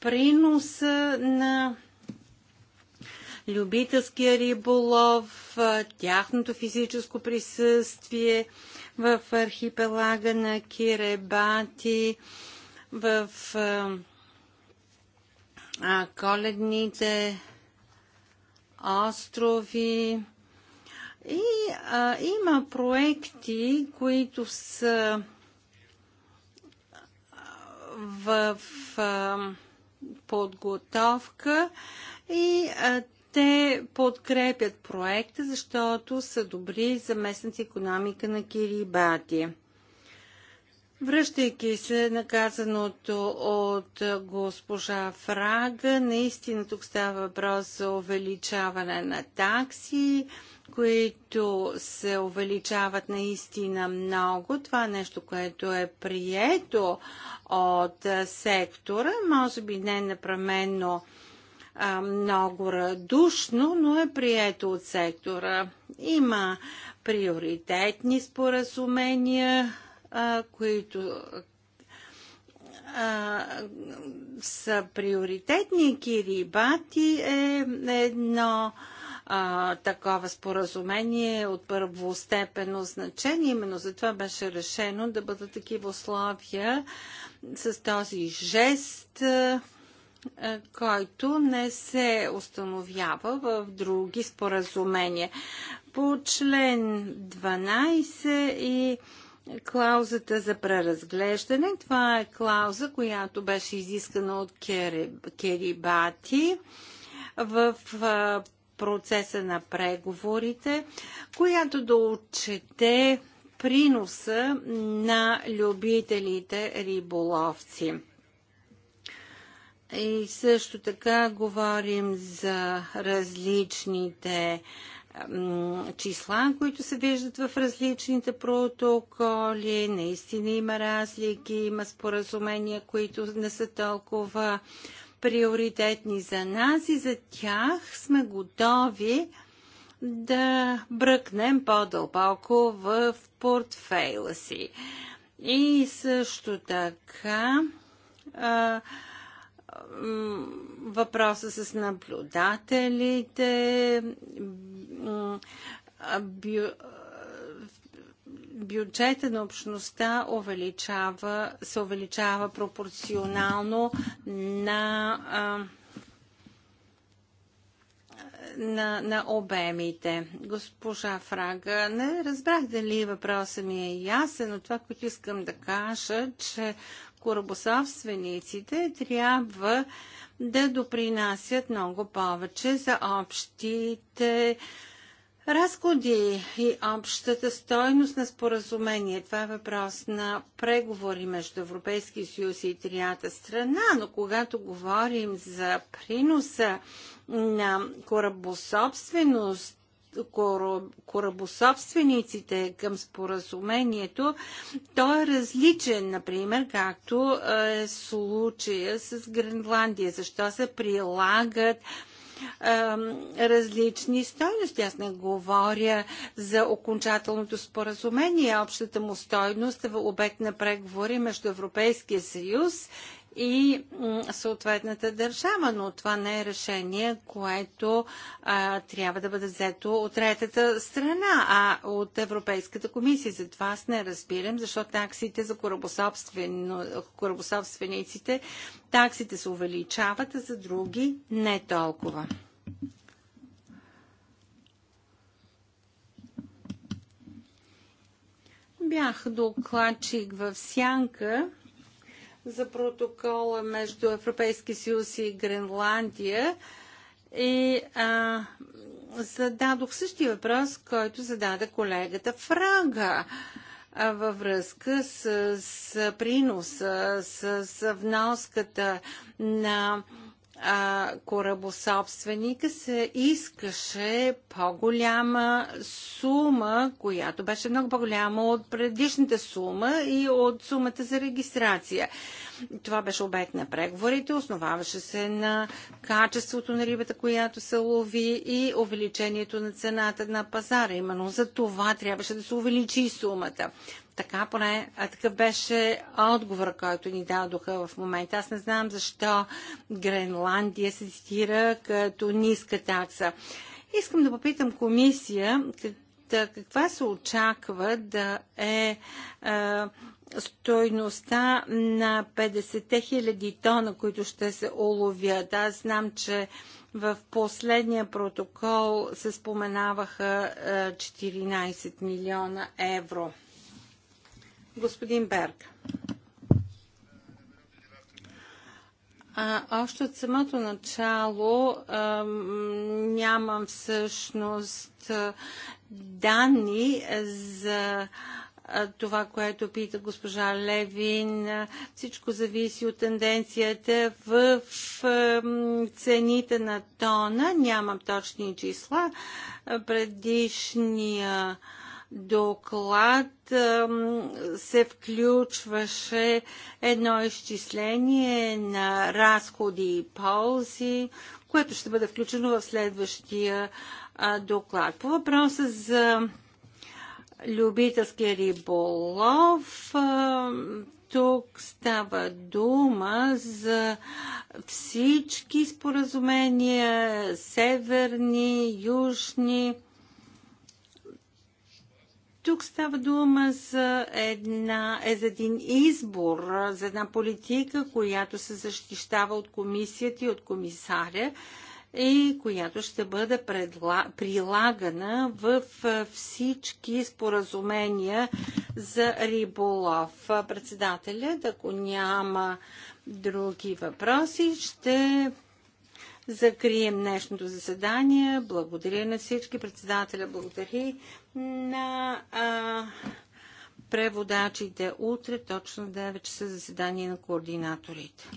приноса на любителския риболов, тяхното физическо присъствие в архипелага на Киребати, в а, коледните острови. И а, има проекти, които са в, в а, подготовка и а, те подкрепят проекта, защото са добри за местната економика на Кирибати. Връщайки се наказаното от госпожа Фрага, наистина тук става въпрос за увеличаване на такси, които се увеличават наистина много. Това е нещо, което е прието от сектора, може би не напременно много радушно, но е прието от сектора. Има приоритетни споразумения а, които а, са приоритетни. Кирибати е едно а, такова споразумение от първостепенно значение. Именно за това беше решено да бъдат такива условия с този жест, а, който не се установява в други споразумения. По член 12 и клаузата за преразглеждане. Това е клауза, която беше изискана от Керибати в процеса на преговорите, която да отчете приноса на любителите риболовци. И също така говорим за различните числа, които се виждат в различните протоколи. Наистина има разлики, има споразумения, които не са толкова приоритетни за нас и за тях сме готови да бръкнем по-дълбоко в портфейла си. И също така а, въпроса с наблюдателите, бю, бюджета на общността увеличава, се увеличава пропорционално на, на, на обемите. Госпожа Фрага, не разбрах дали въпросът ми е ясен, но това, което искам да кажа, че корабособствениците трябва да допринасят много повече за общите разходи и общата стойност на споразумение. Това е въпрос на преговори между Европейския съюз и трията страна, но когато говорим за приноса на корабособственост корабособствениците към споразумението, той е различен, например, както е случая с Гренландия. Защо се прилагат различни стойности. Аз не говоря за окончателното споразумение. Общата му стойност е в обект на преговори между Европейския съюз и съответната държава, но това не е решение, което а, трябва да бъде взето от третата страна, а от Европейската комисия. Затова аз не разбирам, защо таксите за корабособствениците, таксите се увеличават, а за други не толкова. Бях докладчик в Сянка за протокола между Европейски съюз и Гренландия. И а, зададох същия въпрос, който зададе колегата Фрага във връзка с, с приноса, с, с вноската на а, корабособственика се искаше по-голяма сума, която беше много по-голяма от предишната сума и от сумата за регистрация. Това беше обект на преговорите, основаваше се на качеството на рибата, която се лови и увеличението на цената на пазара. Именно за това трябваше да се увеличи сумата. Така поне, а такъв беше отговор, който ни дадоха в момента. Аз не знам защо Гренландия се цитира като ниска такса. Искам да попитам комисия, каква се очаква да е, е стойността на 50 000 тона, които ще се уловят. Аз знам, че в последния протокол се споменаваха 14 е, милиона евро. Господин Берг. А, още от самото начало а, нямам всъщност е, данни за а, това, което пита госпожа Левин. Всичко зависи от тенденцията в цените на тона. Нямам точни числа. Предишния доклад се включваше едно изчисление на разходи и ползи, което ще бъде включено в следващия доклад. По въпроса за любителския риболов. Тук става дума за всички споразумения, северни, южни. Тук става дума за, една, е за един избор, за една политика, която се защищава от комисията и от комисаря и която ще бъде предла... прилагана в всички споразумения за риболов. Председателя, ако няма други въпроси, ще закрием днешното заседание. Благодаря на всички. Председателя благодари на а, преводачите. Утре точно 9 часа заседание на координаторите.